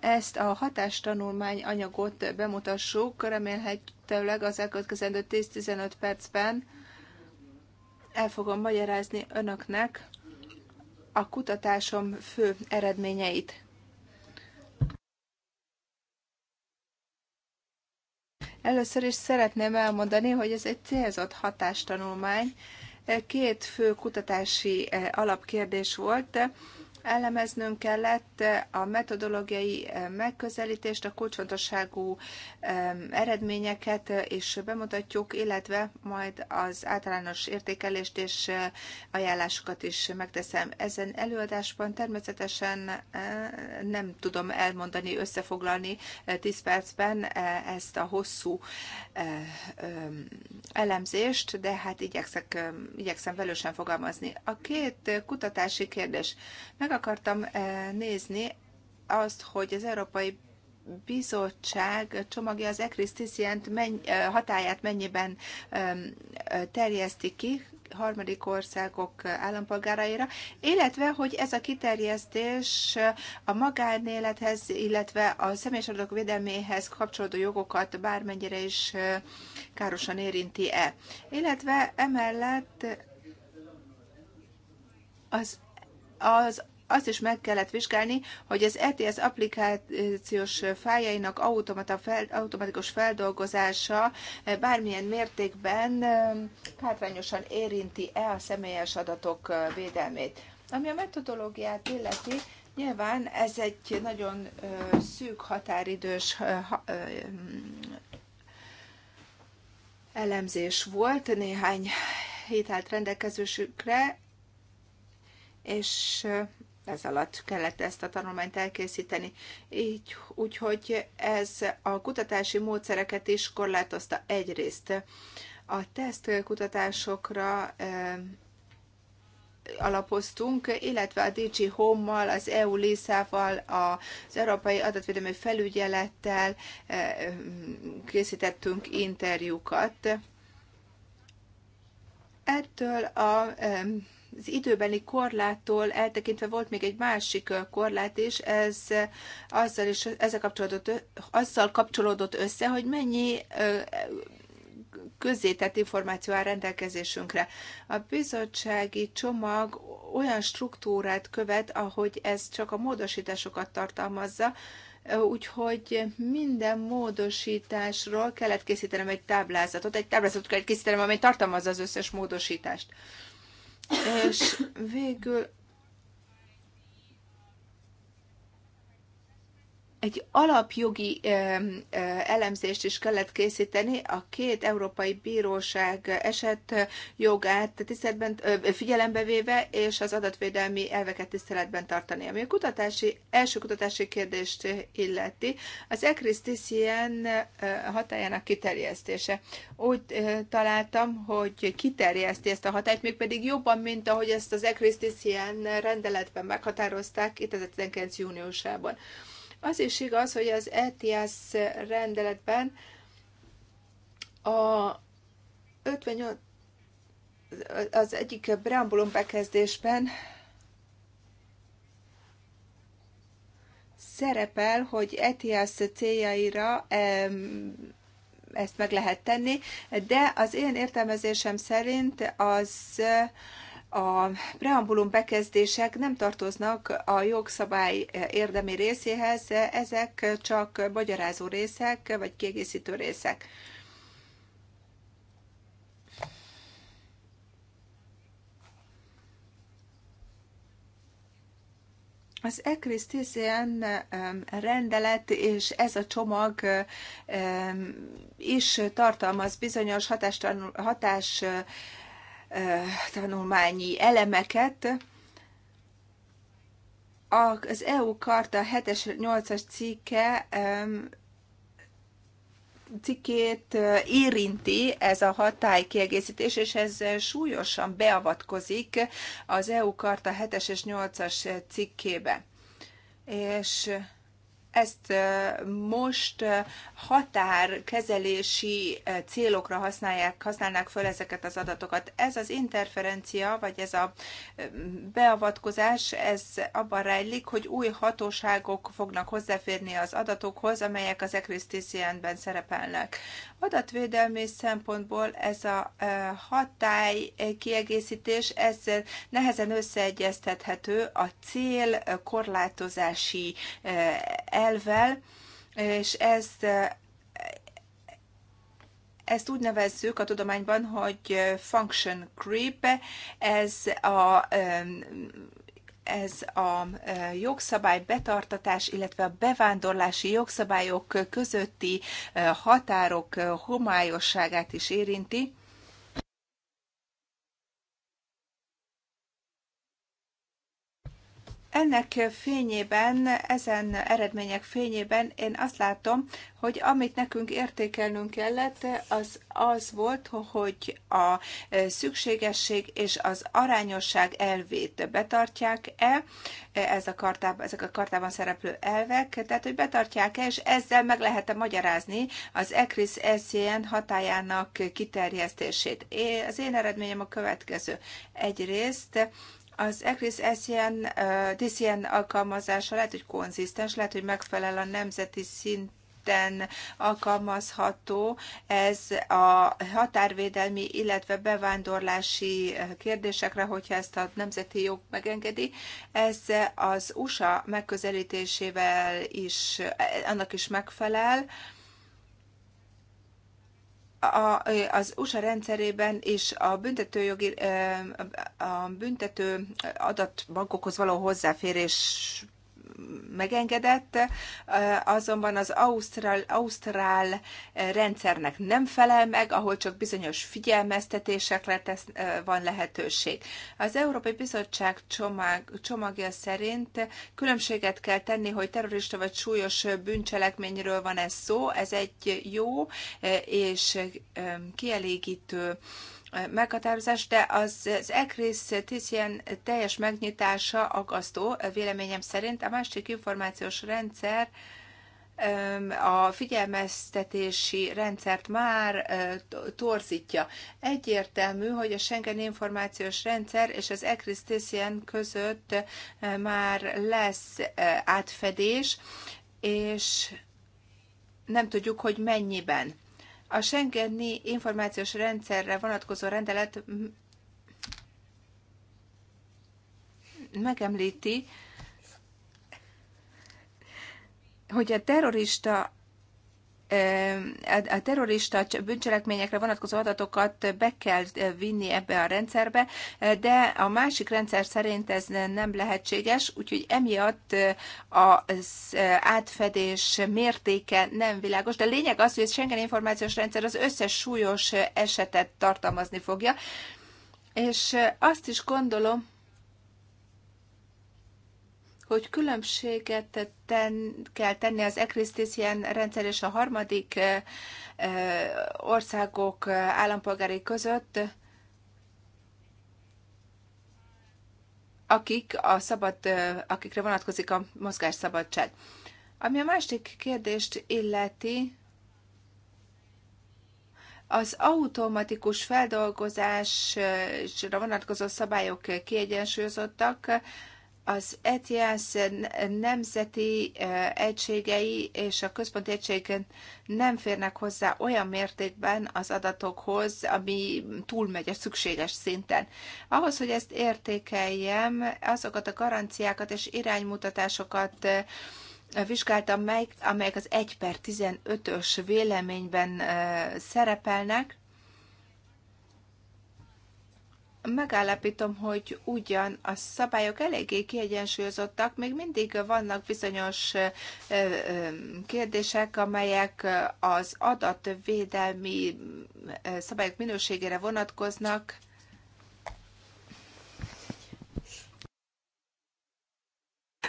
ezt a hatástanulmány anyagot bemutassuk, remélhetőleg az elkövetkezendő 10-15 percben el fogom magyarázni önöknek, a kutatásom fő eredményeit. Először is szeretném elmondani, hogy ez egy célzott hatástanulmány. Két fő kutatási eh, alapkérdés volt elemeznünk kellett a metodológiai eh, megközelítést, a kulcsfontosságú eh, eredményeket, és bemutatjuk, illetve majd az általános értékelést és eh, ajánlásokat is megteszem. Ezen előadásban természetesen nem tudom elmondani, összefoglalni 10 percben ezt a hosszú elemzést, de hát igyekszek, igyekszem velősen fogalmazni. A két kutatási kérdés. Meg akartam eh, nézni azt, hogy az Európai bizottság csomagja az ekrisztisziánt menny, eh, hatáját mennyiben eh, terjeszti ki harmadik országok állampolgáraira, illetve hogy ez a kiterjesztés a magánélethez, illetve a személyes adatok védelméhez kapcsolódó jogokat bármennyire is károsan érinti-e. Illetve emellett az az azt is meg kellett vizsgálni, hogy az ETS applikációs fájainak automata fel, automatikus feldolgozása eh, bármilyen mértékben eh, hátrányosan érinti-e a személyes adatok eh, védelmét. Ami a metodológiát illeti, nyilván ez egy nagyon szűk határidős elemzés volt, néhány hét állt rendelkezősükre, és ez alatt kellett ezt a tanulmányt elkészíteni. Így, úgyhogy ez a kutatási módszereket is korlátozta egyrészt. A tesztkutatásokra eh, alapoztunk, illetve a DG Home-mal, az EU LISA-val, az Európai Adatvédelmi Felügyelettel eh, készítettünk interjúkat. Ettől a eh, az időbeni korláttól eltekintve volt még egy másik korlát is, ez azzal, is, ezzel, kapcsolódott, azzal kapcsolódott össze, hogy mennyi közzétett információ áll rendelkezésünkre. A bizottsági csomag olyan struktúrát követ, ahogy ez csak a módosításokat tartalmazza, úgyhogy minden módosításról kellett készítenem egy táblázatot. Egy táblázatot kellett készítenem, amely tartalmazza az összes módosítást. És végül egy alapjogi eh, elemzést is kellett készíteni a két európai bíróság eset jogát tiszteletben, figyelembe véve, és az adatvédelmi elveket tiszteletben tartani. Ami a kutatási, első kutatási kérdést illeti, az ECRIS TCN eh, hatájának kiterjesztése. Úgy eh, találtam, hogy kiterjeszti ezt a hatályt, mégpedig jobban, mint ahogy ezt az ECRIS TCN rendeletben meghatározták 2019. júniusában. Az is igaz, hogy az ETS rendeletben a 58 az egyik preambulum bekezdésben szerepel, hogy ETS céljaira ezt meg lehet tenni, de az én értelmezésem szerint az a preambulum bekezdések nem tartoznak a jogszabály érdemi részéhez, ezek csak magyarázó részek, vagy kiegészítő részek. Az ECRIS um, rendelet és ez a csomag um, is tartalmaz bizonyos hatás, hatás tanulmányi elemeket. Az EU Karta 7-es, 8-as cikke cikkét érinti ez a hatálykiegészítés, és ez súlyosan beavatkozik az EU Karta 7-es és 8-as cikkébe. És ezt most határkezelési célokra használják, használnák föl ezeket az adatokat. Ez az interferencia, vagy ez a beavatkozás, ez abban rejlik, hogy új hatóságok fognak hozzáférni az adatokhoz, amelyek az ecristician szerepelnek. Adatvédelmi szempontból ez a e, hatály e, kiegészítés, ez nehezen összeegyeztethető a cél korlátozási e, elvel, és ez ezt úgy nevezzük a tudományban, hogy function creep, ez a ez a e, jogszabály betartatás, illetve a bevándorlási jogszabályok közötti e, határok e, homályosságát is érinti Ennek fényében, ezen eredmények fényében én azt látom, hogy amit nekünk értékelnünk kellett, az az volt, hogy a szükségesség és az arányosság elvét betartják-e, ez a kartában, ezek a kartában szereplő elvek, tehát hogy betartják-e, és ezzel meg lehet -e magyarázni az ECRIS SZN hatájának kiterjesztését. Az én eredményem a következő. Egyrészt az ECRIS SZN, DCN alkalmazása lehet, hogy konzisztens, lehet, hogy megfelel a nemzeti szint alkalmazható. Ez a határvédelmi, illetve bevándorlási kérdésekre, hogyha ezt a nemzeti jog megengedi. Ez az USA megközelítésével is, annak is megfelel a, az USA rendszerében és a büntetőjogi, a büntető adatbankokhoz való hozzáférés megengedett, azonban az ausztrál, ausztrál rendszernek nem felel meg, ahol csak bizonyos figyelmeztetésekre tesz, van lehetőség. Az Európai Bizottság csomag, csomagja szerint különbséget kell tenni, hogy terrorista vagy súlyos bűncselekményről van ez szó, ez egy jó és kielégítő meghatározás, de az, az ECRIS Tisien teljes megnyitása agasztó véleményem szerint. A másik információs rendszer a figyelmeztetési rendszert már torzítja. Egyértelmű, hogy a Schengen információs rendszer és az ECRIS Tisien között már lesz átfedés, és nem tudjuk, hogy mennyiben a Schengeni információs rendszerre vonatkozó rendelet megemlíti, hogy a terrorista a terrorista bűncselekményekre vonatkozó adatokat be kell vinni ebbe a rendszerbe, de a másik rendszer szerint ez nem lehetséges, úgyhogy emiatt az átfedés mértéke nem világos, de lényeg az, hogy a Schengen információs rendszer az összes súlyos esetet tartalmazni fogja, és azt is gondolom, hogy különbséget ten, kell tenni az ECRISZTIS rendszer és a harmadik országok állampolgári között, akik a szabad, akikre vonatkozik a mozgásszabadság. Ami a másik kérdést illeti, az automatikus feldolgozásra vonatkozó szabályok kiegyensúlyozottak, az ETIAS nemzeti eh, egységei és a központi egység nem férnek hozzá olyan mértékben az adatokhoz, ami túlmegy a szükséges szinten. Ahhoz, hogy ezt értékeljem, azokat a garanciákat és iránymutatásokat eh, vizsgáltam meg, amelyek az 1 per 15-ös véleményben eh, szerepelnek, megállapítom, hogy ugyan a szabályok eléggé kiegyensúlyozottak, még mindig vannak bizonyos kérdések, amelyek az adatvédelmi szabályok minőségére vonatkoznak.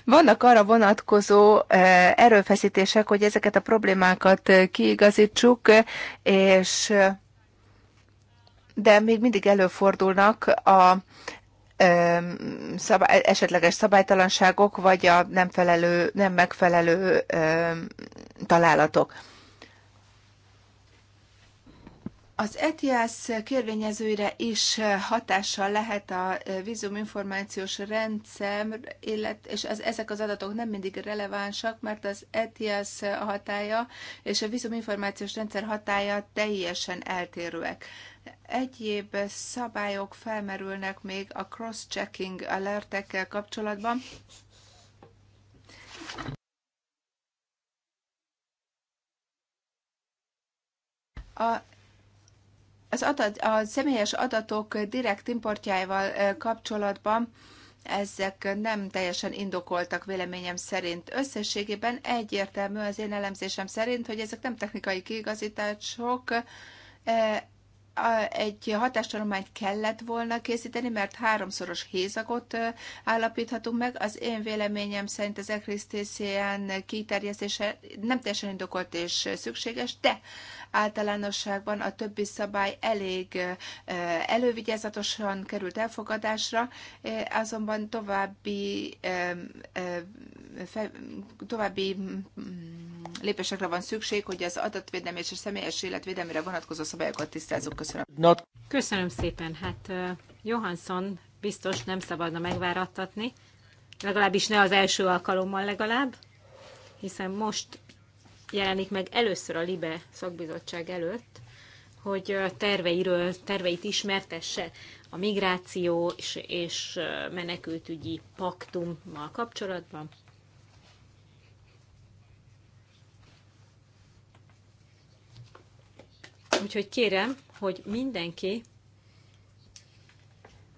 Vannak arra vonatkozó erőfeszítések, hogy ezeket a problémákat kiigazítsuk, és de még mindig előfordulnak a szabály, esetleges szabálytalanságok, vagy a nem, felelő, nem megfelelő találatok. Az ETIAS kérvényezőire is hatással lehet a vízuminformációs rendszer, illet, és az, ezek az adatok nem mindig relevánsak, mert az ETIAS hatája és a vízuminformációs rendszer hatája teljesen eltérőek. Egyéb szabályok felmerülnek még a cross-checking alertekkel kapcsolatban. A, az adat, a személyes adatok direkt importjával kapcsolatban ezek nem teljesen indokoltak véleményem szerint. Összességében egyértelmű az én elemzésem szerint, hogy ezek nem technikai kiigazítások, egy hatástanulmányt kellett volna készíteni, mert háromszoros hézagot állapíthatunk meg. Az én véleményem szerint az ekrisztészián kiterjesztése nem teljesen indokolt és szükséges, de általánosságban a többi szabály elég elővigyázatosan került elfogadásra, azonban további, további lépésekre van szükség, hogy az adatvédelmi és a személyes életvédelmére vonatkozó szabályokat tisztázunk. Köszönöm. Not... Köszönöm szépen. Hát Johansson biztos nem szabadna megvárattatni, legalábbis ne az első alkalommal legalább, hiszen most jelenik meg először a LIBE szakbizottság előtt, hogy terveiről, terveit ismertesse a migráció és, és menekültügyi paktummal kapcsolatban. Úgyhogy kérem, hogy mindenki,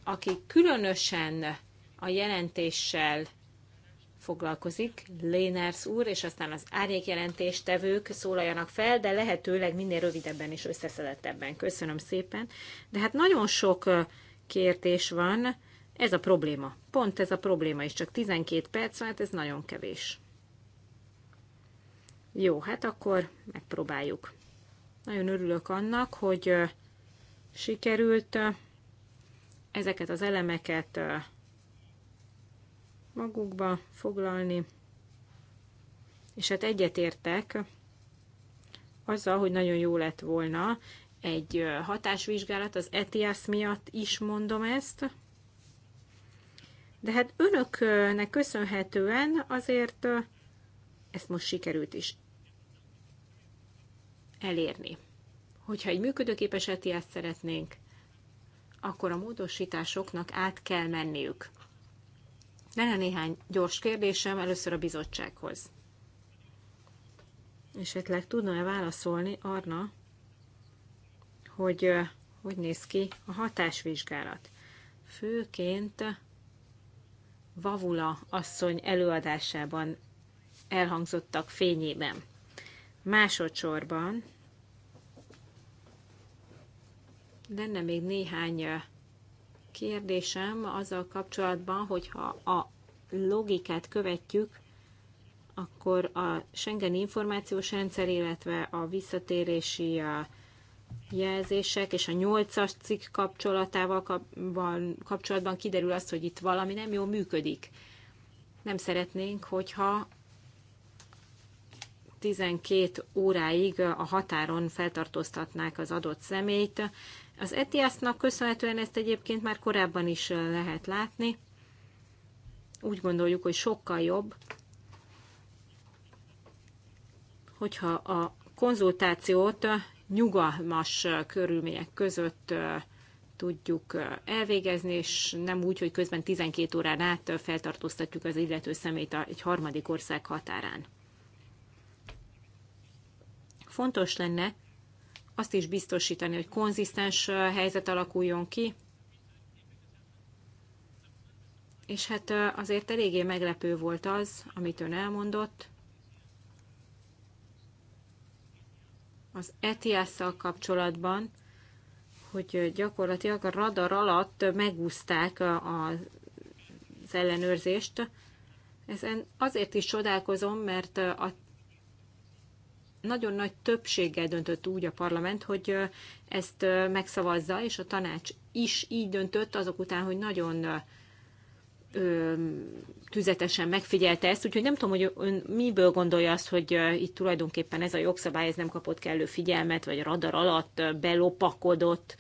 aki különösen a jelentéssel foglalkozik, Léners úr, és aztán az árnyékjelentéstevők szólaljanak fel, de lehetőleg minél rövidebben és összeszedettebben. Köszönöm szépen. De hát nagyon sok kérdés van, ez a probléma. Pont ez a probléma, és csak 12 perc, van, hát ez nagyon kevés. Jó, hát akkor megpróbáljuk. Nagyon örülök annak, hogy sikerült ezeket az elemeket magukba foglalni, és hát egyetértek azzal, hogy nagyon jó lett volna egy hatásvizsgálat, az ETIAS miatt is mondom ezt, de hát önöknek köszönhetően azért ezt most sikerült is elérni. Hogyha egy működőképes ETS szeretnénk, akkor a módosításoknak át kell menniük. Lenne néhány gyors kérdésem először a bizottsághoz. Esetleg tudna-e válaszolni arra, hogy eh, hogy néz ki a hatásvizsgálat? Főként Vavula asszony előadásában elhangzottak fényében. Másodszorban lenne még néhány kérdésem azzal kapcsolatban, hogyha a logikát követjük, akkor a Schengen információs rendszer, illetve a visszatérési jelzések és a nyolcas cikk kapcsolatával kapcsolatban kiderül az, hogy itt valami nem jól működik. Nem szeretnénk, hogyha 12 óráig a határon feltartóztatnák az adott személyt. Az etias köszönhetően ezt egyébként már korábban is lehet látni. Úgy gondoljuk, hogy sokkal jobb, hogyha a konzultációt nyugalmas körülmények között tudjuk elvégezni, és nem úgy, hogy közben 12 órán át feltartóztatjuk az illető szemét egy harmadik ország határán. Fontos lenne azt is biztosítani, hogy konzisztens helyzet alakuljon ki, és hát azért eléggé meglepő volt az, amit ön elmondott. Az ets kapcsolatban, hogy gyakorlatilag a radar alatt megúzták az ellenőrzést. Ezen azért is csodálkozom, mert a nagyon nagy többséggel döntött úgy a parlament, hogy ezt megszavazza, és a tanács is így döntött azok után, hogy nagyon ö, tüzetesen megfigyelte ezt, úgyhogy nem tudom, hogy ön miből gondolja azt, hogy itt tulajdonképpen ez a jogszabály ez nem kapott kellő figyelmet, vagy radar alatt belopakodott.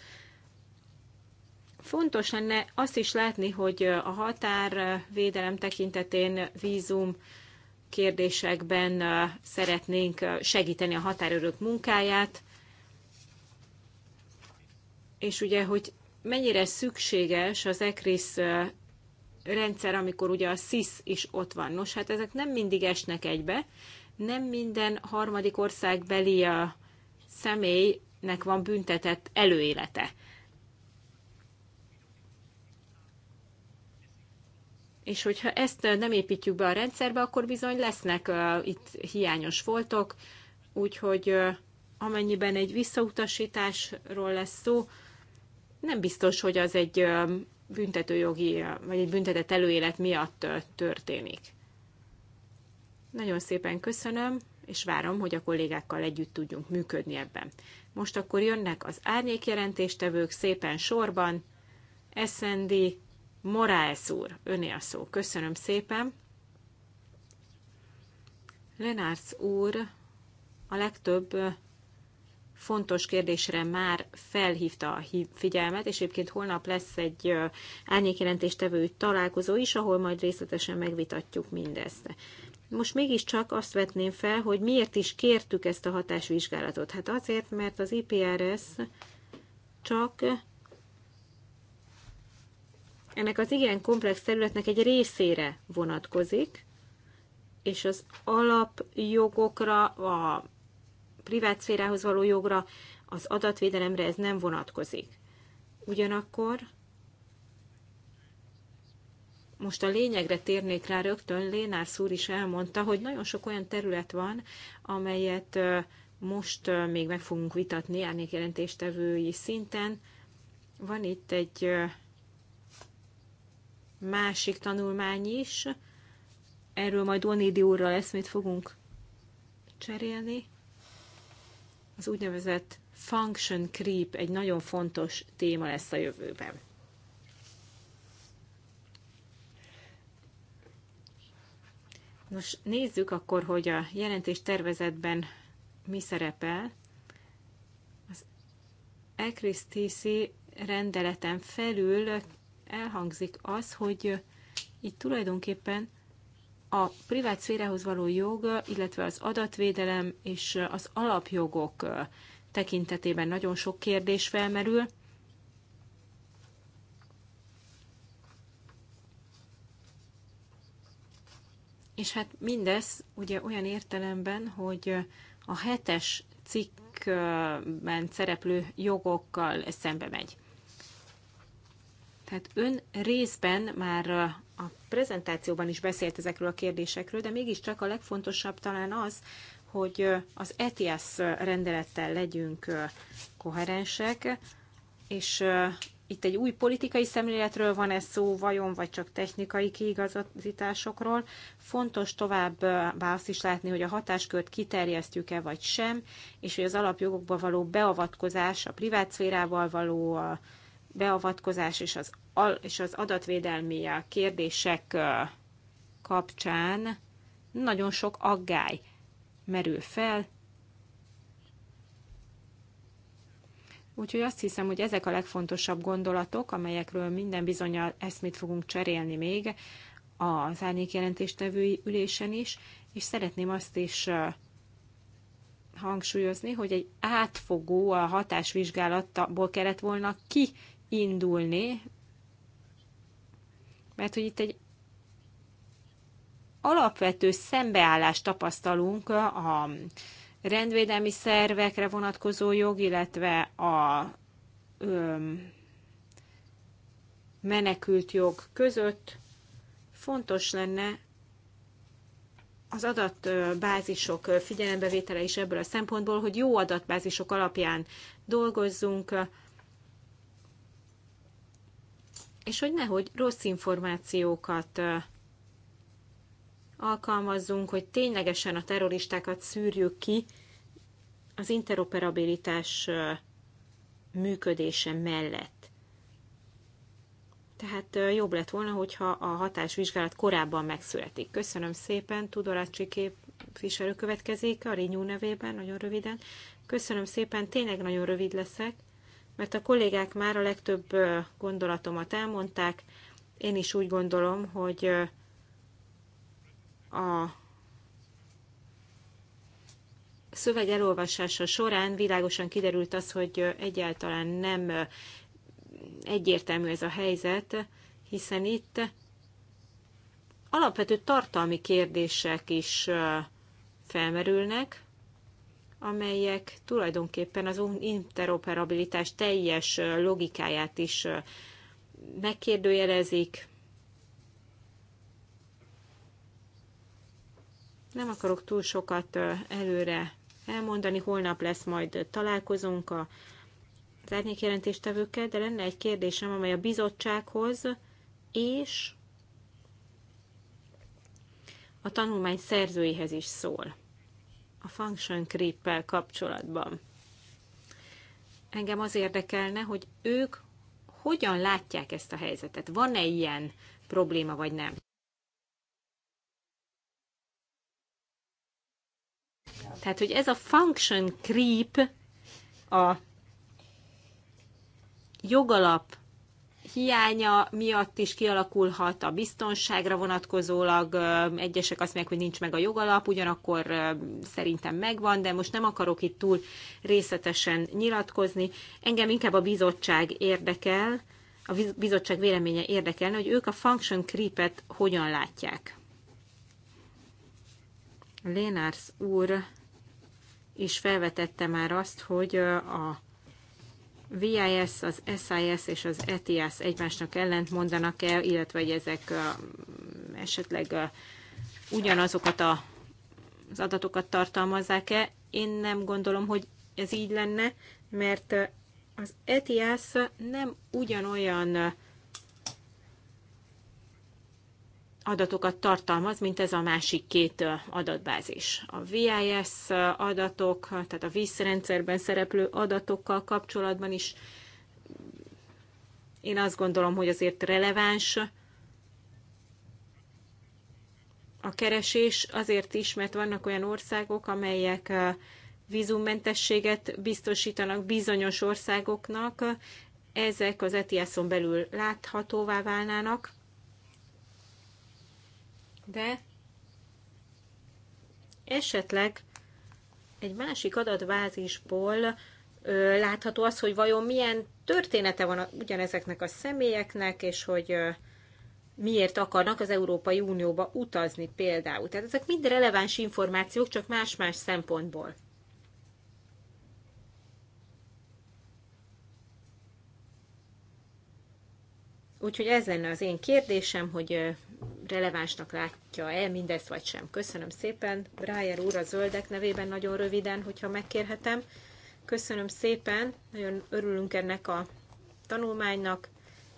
Fontos lenne azt is látni, hogy a határvédelem tekintetén vízum kérdésekben szeretnénk segíteni a határőrök munkáját, és ugye, hogy mennyire szükséges az ECRIS rendszer, amikor ugye a SIS is ott van. Nos, hát ezek nem mindig esnek egybe, nem minden harmadik országbeli a személynek van büntetett előélete. És hogyha ezt nem építjük be a rendszerbe, akkor bizony lesznek itt hiányos foltok, úgyhogy amennyiben egy visszautasításról lesz szó, nem biztos, hogy az egy büntetőjogi, vagy egy büntetett előélet miatt történik. Nagyon szépen köszönöm, és várom, hogy a kollégákkal együtt tudjunk működni ebben. Most akkor jönnek az árnyékjelentéstevők szépen sorban, SND, Morales úr, öné a szó. Köszönöm szépen. Lenárc úr a legtöbb fontos kérdésre már felhívta a figyelmet, és egyébként holnap lesz egy árnyékjelentéstevő találkozó is, ahol majd részletesen megvitatjuk mindezt. Most mégiscsak azt vetném fel, hogy miért is kértük ezt a hatásvizsgálatot. Hát azért, mert az IPRS csak ennek az igen komplex területnek egy részére vonatkozik, és az alapjogokra, a privátszférához való jogra, az adatvédelemre ez nem vonatkozik. Ugyanakkor most a lényegre térnék rá rögtön, Lénár szúr is elmondta, hogy nagyon sok olyan terület van, amelyet most még meg fogunk vitatni árnyékjelentéstevői szinten. Van itt egy másik tanulmány is. Erről majd Onidi úrral eszmét fogunk cserélni. Az úgynevezett function creep egy nagyon fontos téma lesz a jövőben. Nos, nézzük akkor, hogy a jelentés tervezetben mi szerepel. Az ECRIS-TC rendeleten felül elhangzik az, hogy itt tulajdonképpen a privát szférához való jog, illetve az adatvédelem és az alapjogok tekintetében nagyon sok kérdés felmerül. És hát mindez ugye olyan értelemben, hogy a hetes cikkben szereplő jogokkal szembe megy. Tehát ön részben már a prezentációban is beszélt ezekről a kérdésekről, de mégiscsak a legfontosabb talán az, hogy az ETIAS rendelettel legyünk koherensek, és itt egy új politikai szemléletről van ez szó, vajon, vagy csak technikai kiigazításokról. Fontos továbbá azt is látni, hogy a hatáskört kiterjesztjük-e, vagy sem, és hogy az alapjogokba való beavatkozás, a privátszférával való beavatkozás és az és az adatvédelmi kérdések kapcsán nagyon sok aggály merül fel. Úgyhogy azt hiszem, hogy ezek a legfontosabb gondolatok, amelyekről minden bizonyal eszmét fogunk cserélni még az árnyékjelentéstevői ülésen is, és szeretném azt is hangsúlyozni, hogy egy átfogó a hatásvizsgálatból kellett volna kiindulni, mert hogy itt egy alapvető szembeállást tapasztalunk a rendvédelmi szervekre vonatkozó jog, illetve a öm, menekült jog között. Fontos lenne az adatbázisok figyelembevétele is ebből a szempontból, hogy jó adatbázisok alapján dolgozzunk, és hogy nehogy rossz információkat alkalmazzunk, hogy ténylegesen a terroristákat szűrjük ki az interoperabilitás működése mellett. Tehát jobb lett volna, hogyha a hatásvizsgálat korábban megszületik. Köszönöm szépen, Tudorácsi képviselő következik a Rinyú nevében, nagyon röviden. Köszönöm szépen, tényleg nagyon rövid leszek mert a kollégák már a legtöbb gondolatomat elmondták. Én is úgy gondolom, hogy a szöveg elolvasása során világosan kiderült az, hogy egyáltalán nem egyértelmű ez a helyzet, hiszen itt alapvető tartalmi kérdések is felmerülnek, amelyek tulajdonképpen az interoperabilitás teljes logikáját is megkérdőjelezik. Nem akarok túl sokat előre elmondani, holnap lesz majd találkozunk a az árnyékjelentéstevőkkel, de lenne egy kérdésem, amely a bizottsághoz és a tanulmány szerzőihez is szól a function creep kapcsolatban. Engem az érdekelne, hogy ők hogyan látják ezt a helyzetet. Van-e ilyen probléma, vagy nem? Tehát, hogy ez a function creep a jogalap hiánya miatt is kialakulhat a biztonságra vonatkozólag. Egyesek azt mondják, hogy nincs meg a jogalap, ugyanakkor szerintem megvan, de most nem akarok itt túl részletesen nyilatkozni. Engem inkább a bizottság érdekel, a bizottság véleménye érdekelne, hogy ők a function creepet hogyan látják. Lénárs úr is felvetette már azt, hogy a VIS, az SIS és az ETIAS egymásnak ellent mondanak el, illetve hogy ezek esetleg ugyanazokat a, az adatokat tartalmazzák-e. Én nem gondolom, hogy ez így lenne, mert az ETIAS nem ugyanolyan adatokat tartalmaz, mint ez a másik két adatbázis. A VIS adatok, tehát a vízrendszerben szereplő adatokkal kapcsolatban is én azt gondolom, hogy azért releváns a keresés azért is, mert vannak olyan országok, amelyek vízummentességet biztosítanak bizonyos országoknak, ezek az ETIAS-on belül láthatóvá válnának, de esetleg egy másik adatbázisból ö, látható az, hogy vajon milyen története van ugyanezeknek a személyeknek, és hogy ö, miért akarnak az Európai Unióba utazni például. Tehát ezek mind releváns információk, csak más-más szempontból. Úgyhogy ez lenne az én kérdésem, hogy relevánsnak látja-e mindezt, vagy sem. Köszönöm szépen. Brájer úr a zöldek nevében nagyon röviden, hogyha megkérhetem. Köszönöm szépen, nagyon örülünk ennek a tanulmánynak.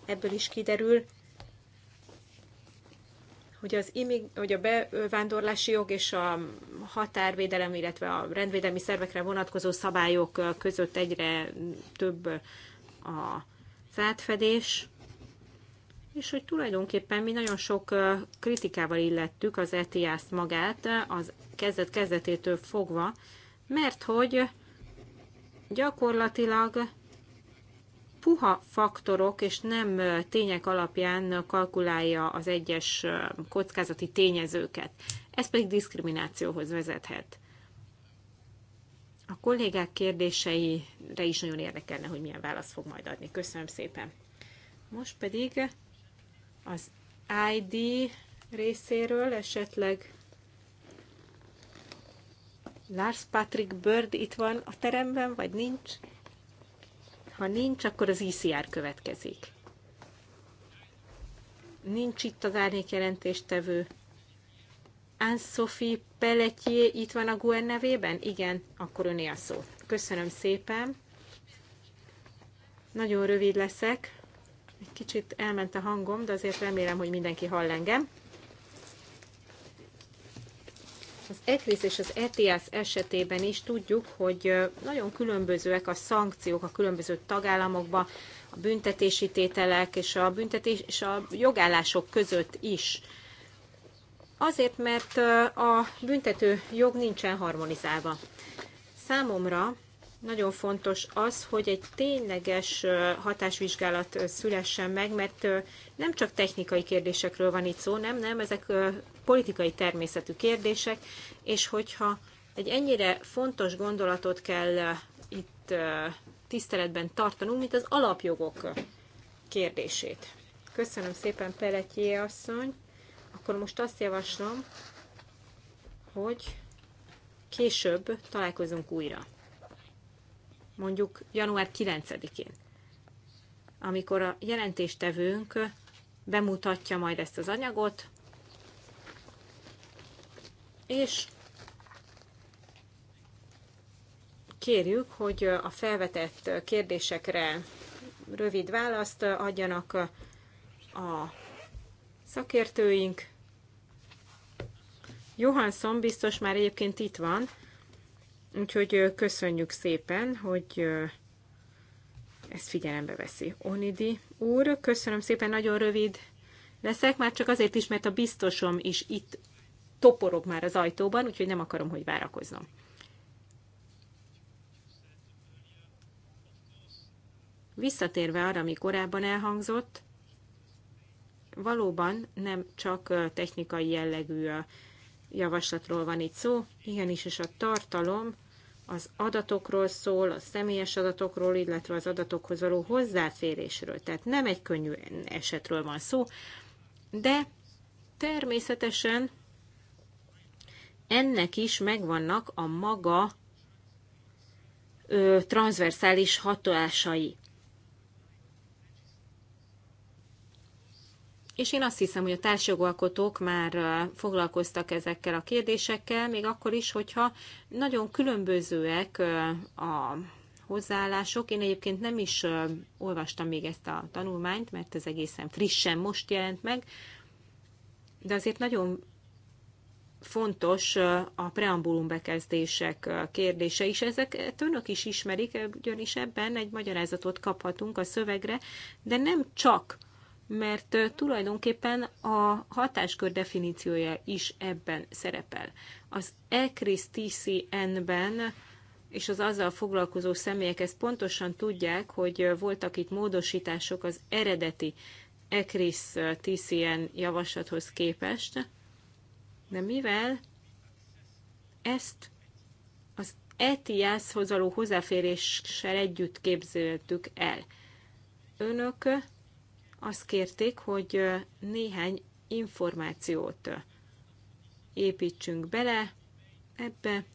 Ebből is kiderül, hogy, az imig, hogy a bevándorlási jog és a határvédelem, illetve a rendvédelmi szervekre vonatkozó szabályok között egyre több a átfedés és hogy tulajdonképpen mi nagyon sok kritikával illettük az etias magát, az kezdet-kezdetétől fogva, mert hogy gyakorlatilag puha faktorok és nem tények alapján kalkulálja az egyes kockázati tényezőket. Ez pedig diszkriminációhoz vezethet. A kollégák kérdéseire is nagyon érdekelne, hogy milyen választ fog majd adni. Köszönöm szépen. Most pedig az ID részéről esetleg Lars Patrick Bird itt van a teremben, vagy nincs? Ha nincs, akkor az ICR következik. Nincs itt az árnyékjelentéstevő. Anne-Sophie Pelletier itt van a GUEN nevében? Igen, akkor öné a szó. Köszönöm szépen. Nagyon rövid leszek. Egy kicsit elment a hangom, de azért remélem, hogy mindenki hall engem. Az ECRIS és az ETIAS esetében is tudjuk, hogy nagyon különbözőek a szankciók a különböző tagállamokban, a büntetési tételek és a, büntetés, és a jogállások között is. Azért, mert a büntető jog nincsen harmonizálva. Számomra nagyon fontos az, hogy egy tényleges hatásvizsgálat szülessen meg, mert nem csak technikai kérdésekről van itt szó, nem, nem, ezek politikai természetű kérdések, és hogyha egy ennyire fontos gondolatot kell itt tiszteletben tartanunk, mint az alapjogok kérdését. Köszönöm szépen, Peletyé asszony. Akkor most azt javaslom, hogy később találkozunk újra mondjuk január 9-én, amikor a jelentéstevőnk bemutatja majd ezt az anyagot, és kérjük, hogy a felvetett kérdésekre rövid választ adjanak a szakértőink. Johansson biztos már egyébként itt van, Úgyhogy köszönjük szépen, hogy ezt figyelembe veszi. Onidi úr, köszönöm szépen, nagyon rövid leszek, már csak azért is, mert a biztosom is itt toporog már az ajtóban, úgyhogy nem akarom, hogy várakoznom. Visszatérve arra, ami korábban elhangzott, valóban nem csak technikai jellegű javaslatról van itt szó, igenis, és a tartalom az adatokról szól, a személyes adatokról, illetve az adatokhoz való hozzáférésről. Tehát nem egy könnyű esetről van szó, de természetesen ennek is megvannak a maga ö, transzverszális hatásai. és én azt hiszem, hogy a társjogalkotók már foglalkoztak ezekkel a kérdésekkel, még akkor is, hogyha nagyon különbözőek a hozzáállások. Én egyébként nem is olvastam még ezt a tanulmányt, mert ez egészen frissen most jelent meg, de azért nagyon fontos a preambulum bekezdések kérdése is. Ezek e, önök is ismerik, ugyanis ebben egy magyarázatot kaphatunk a szövegre, de nem csak mert tulajdonképpen a hatáskör definíciója is ebben szerepel. Az ECRIS TCN-ben és az azzal foglalkozó személyek ezt pontosan tudják, hogy voltak itt módosítások az eredeti ECRIS TCN javaslathoz képest, de mivel ezt az ETIAS-hoz való hozzáféréssel együtt képzeltük el, önök azt kérték, hogy néhány információt építsünk bele ebbe,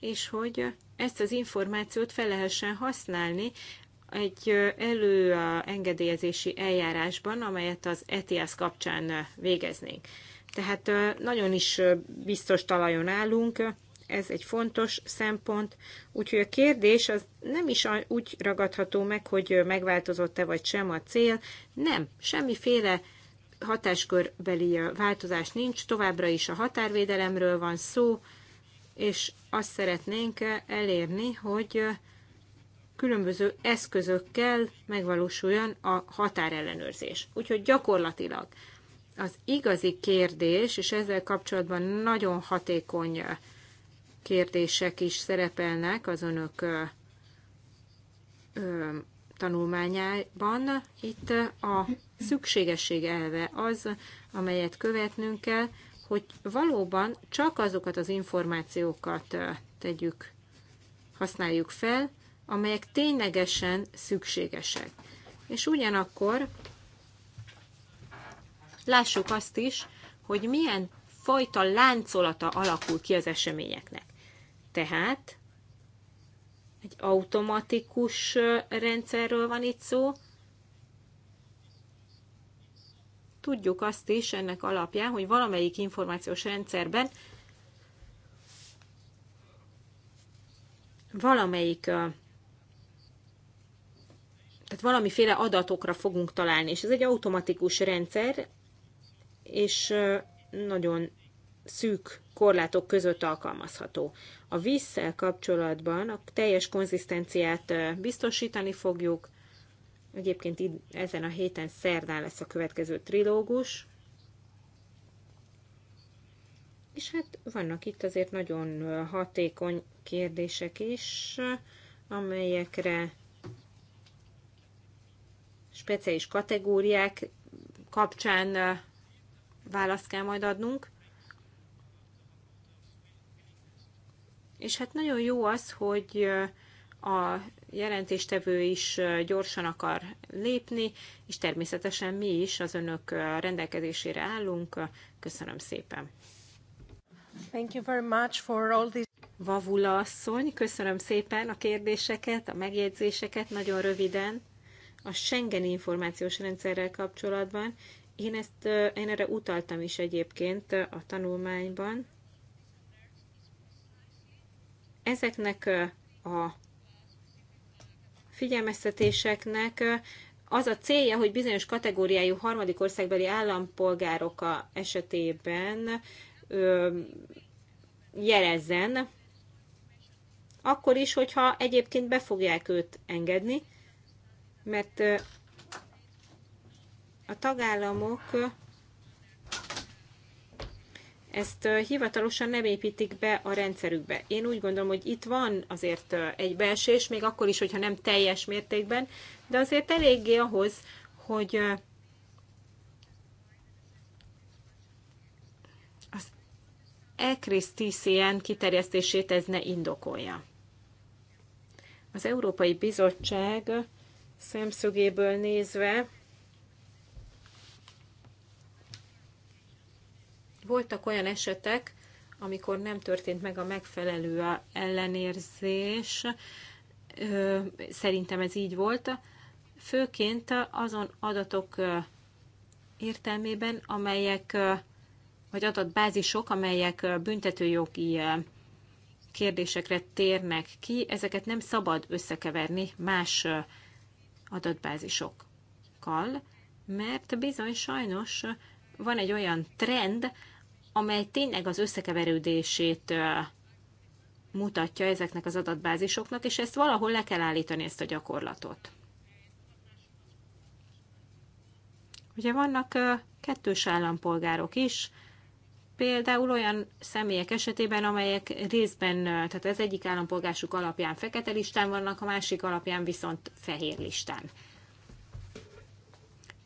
és hogy ezt az információt fel lehessen használni egy előengedélyezési eljárásban, amelyet az ETS kapcsán végeznénk. Tehát nagyon is biztos talajon állunk, ez egy fontos szempont. Úgyhogy a kérdés az nem is úgy ragadható meg, hogy megváltozott-e vagy sem a cél. Nem, semmiféle hatáskörbeli változás nincs, továbbra is a határvédelemről van szó, és azt szeretnénk elérni, hogy különböző eszközökkel megvalósuljon a határellenőrzés. Úgyhogy gyakorlatilag az igazi kérdés, és ezzel kapcsolatban nagyon hatékony kérdések is szerepelnek az önök tanulmányában. Itt a szükségesség elve az, amelyet követnünk kell, hogy valóban csak azokat az információkat tegyük, használjuk fel, amelyek ténylegesen szükségesek. És ugyanakkor lássuk azt is, hogy milyen fajta láncolata alakul ki az eseményeknek. Tehát egy automatikus rendszerről van itt szó. Tudjuk azt is ennek alapján, hogy valamelyik információs rendszerben valamelyik tehát valamiféle adatokra fogunk találni, és ez egy automatikus rendszer, és nagyon szűk korlátok között alkalmazható. A vízszel kapcsolatban a teljes konzisztenciát biztosítani fogjuk. Egyébként ezen a héten szerdán lesz a következő trilógus. És hát vannak itt azért nagyon hatékony kérdések is, amelyekre speciális kategóriák kapcsán választ kell majd adnunk. És hát nagyon jó az, hogy a jelentéstevő is gyorsan akar lépni, és természetesen mi is az önök rendelkezésére állunk. Köszönöm szépen. Thank you very much for all this. Vavula asszony, köszönöm szépen a kérdéseket, a megjegyzéseket, nagyon röviden. A Schengen információs rendszerrel kapcsolatban, én, ezt, én erre utaltam is egyébként a tanulmányban, Ezeknek a figyelmeztetéseknek az a célja, hogy bizonyos kategóriájú harmadik országbeli állampolgárok esetében jelezzen, akkor is, hogyha egyébként be fogják őt engedni, mert a tagállamok ezt hivatalosan nem építik be a rendszerükbe. Én úgy gondolom, hogy itt van azért egy belsés, még akkor is, hogyha nem teljes mértékben, de azért eléggé ahhoz, hogy az ECRIS TCN kiterjesztését ez ne indokolja. Az Európai Bizottság szemszögéből nézve Voltak olyan esetek, amikor nem történt meg a megfelelő ellenérzés, szerintem ez így volt, főként azon adatok értelmében, amelyek, vagy adatbázisok, amelyek büntetőjogi kérdésekre térnek ki, ezeket nem szabad összekeverni más adatbázisokkal, mert bizony sajnos van egy olyan trend, amely tényleg az összekeverődését mutatja ezeknek az adatbázisoknak, és ezt valahol le kell állítani, ezt a gyakorlatot. Ugye vannak kettős állampolgárok is, például olyan személyek esetében, amelyek részben, tehát az egyik állampolgársuk alapján fekete listán vannak, a másik alapján viszont fehér listán.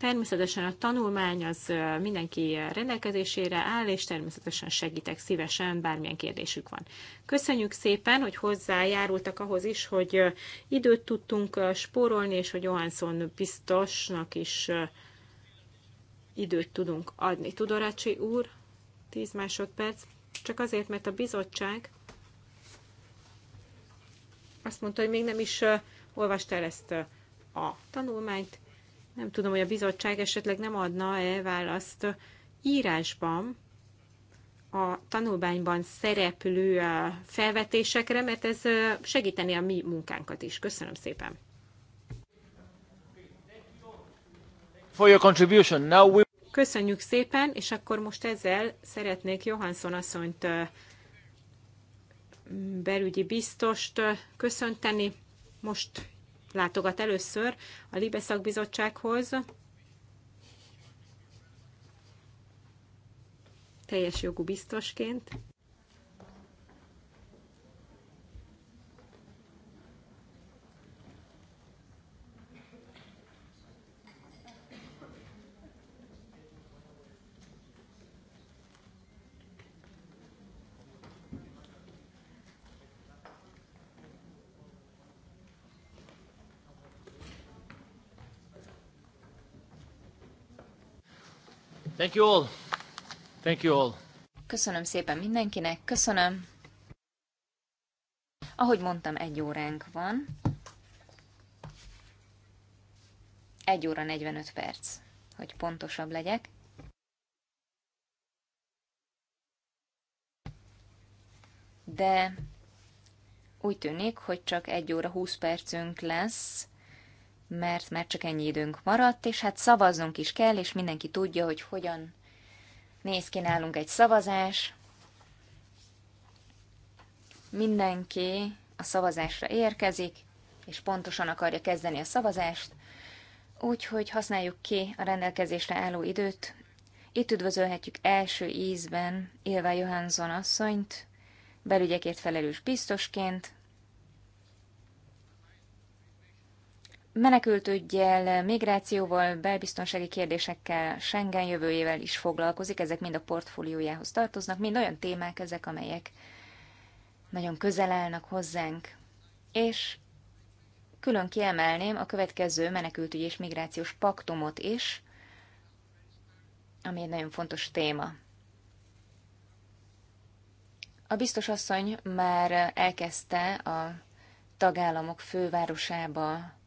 Természetesen a tanulmány az mindenki rendelkezésére áll, és természetesen segítek szívesen, bármilyen kérdésük van. Köszönjük szépen, hogy hozzájárultak ahhoz is, hogy időt tudtunk spórolni, és hogy Johansson biztosnak is időt tudunk adni. Tudorácsi úr, 10 másodperc, csak azért, mert a bizottság azt mondta, hogy még nem is olvasta el ezt a tanulmányt, nem tudom, hogy a bizottság esetleg nem adna-e választ írásban a tanulmányban szereplő felvetésekre, mert ez segíteni a mi munkánkat is. Köszönöm szépen. For your contribution. Now we... Köszönjük szépen, és akkor most ezzel szeretnék Johansson asszonyt belügyi biztost köszönteni. Most látogat először a Libe szakbizottsághoz. Teljes jogú biztosként. Thank you all. Thank you all. Köszönöm szépen mindenkinek, köszönöm. Ahogy mondtam, egy óránk van. Egy óra 45 perc, hogy pontosabb legyek. De úgy tűnik, hogy csak egy óra 20 percünk lesz mert már csak ennyi időnk maradt, és hát szavaznunk is kell, és mindenki tudja, hogy hogyan néz ki nálunk egy szavazás. Mindenki a szavazásra érkezik, és pontosan akarja kezdeni a szavazást, úgyhogy használjuk ki a rendelkezésre álló időt. Itt üdvözölhetjük első ízben Ilva Johansson asszonyt, belügyekért felelős biztosként, menekültügyjel, migrációval, belbiztonsági kérdésekkel, Schengen jövőjével is foglalkozik, ezek mind a portfóliójához tartoznak, mind olyan témák ezek, amelyek nagyon közel állnak hozzánk. És külön kiemelném a következő menekültügyi és migrációs paktumot is, ami egy nagyon fontos téma. A biztos asszony már elkezdte a tagállamok fővárosába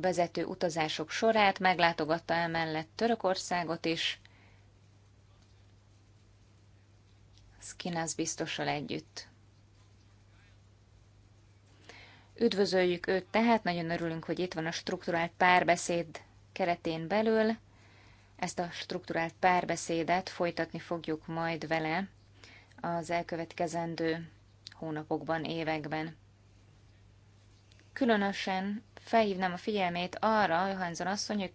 vezető utazások sorát, meglátogatta emellett Törökországot is, Skinas biztossal együtt. Üdvözöljük őt tehát, nagyon örülünk, hogy itt van a strukturált párbeszéd keretén belül. Ezt a strukturált párbeszédet folytatni fogjuk majd vele az elkövetkezendő hónapokban, években. Különösen felhívnám a figyelmét arra, Johansson asszony, hogy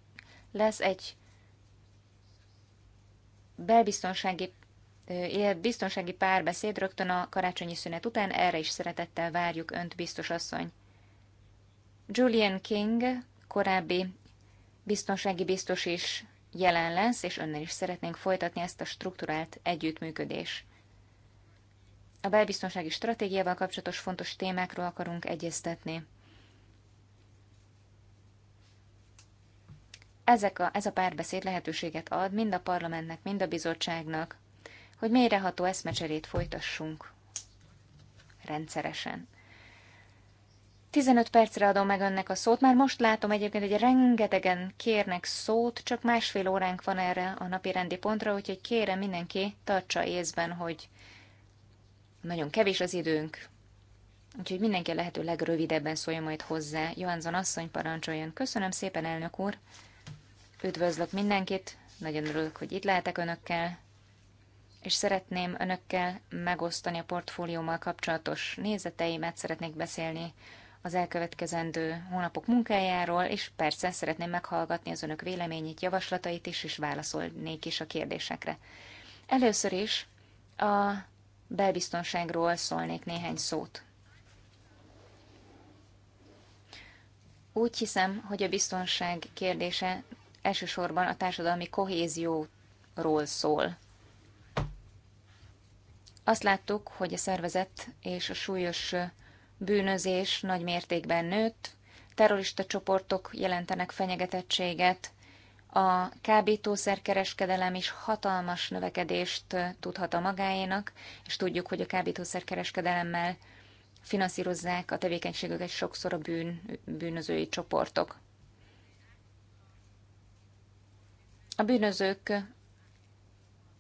lesz egy belbiztonsági biztonsági párbeszéd rögtön a karácsonyi szünet után, erre is szeretettel várjuk Önt, biztos asszony. Julian King, korábbi biztonsági biztos is jelen lesz, és önnel is szeretnénk folytatni ezt a strukturált együttműködés. A belbiztonsági stratégiával kapcsolatos fontos témákról akarunk egyeztetni. ezek a, ez a párbeszéd lehetőséget ad mind a parlamentnek, mind a bizottságnak, hogy mélyreható eszmecserét folytassunk rendszeresen. 15 percre adom meg önnek a szót. Már most látom egyébként, hogy rengetegen kérnek szót, csak másfél óránk van erre a napi rendi pontra, úgyhogy kérem mindenki tartsa észben, hogy nagyon kevés az időnk. Úgyhogy mindenki a lehető legrövidebben szólja majd hozzá. Johanzon asszony parancsoljon. Köszönöm szépen, elnök úr! Üdvözlök mindenkit, nagyon örülök, hogy itt lehetek önökkel, és szeretném önökkel megosztani a portfóliómmal kapcsolatos nézeteimet, szeretnék beszélni az elkövetkezendő hónapok munkájáról, és persze szeretném meghallgatni az önök véleményét, javaslatait is, és válaszolnék is a kérdésekre. Először is a belbiztonságról szólnék néhány szót. Úgy hiszem, hogy a biztonság kérdése elsősorban a társadalmi kohézióról szól. Azt láttuk, hogy a szervezet és a súlyos bűnözés nagy mértékben nőtt, terrorista csoportok jelentenek fenyegetettséget, a kábítószerkereskedelem is hatalmas növekedést tudhat a magáénak, és tudjuk, hogy a kábítószerkereskedelemmel finanszírozzák a tevékenységüket sokszor a bűn, bűnözői csoportok. A bűnözők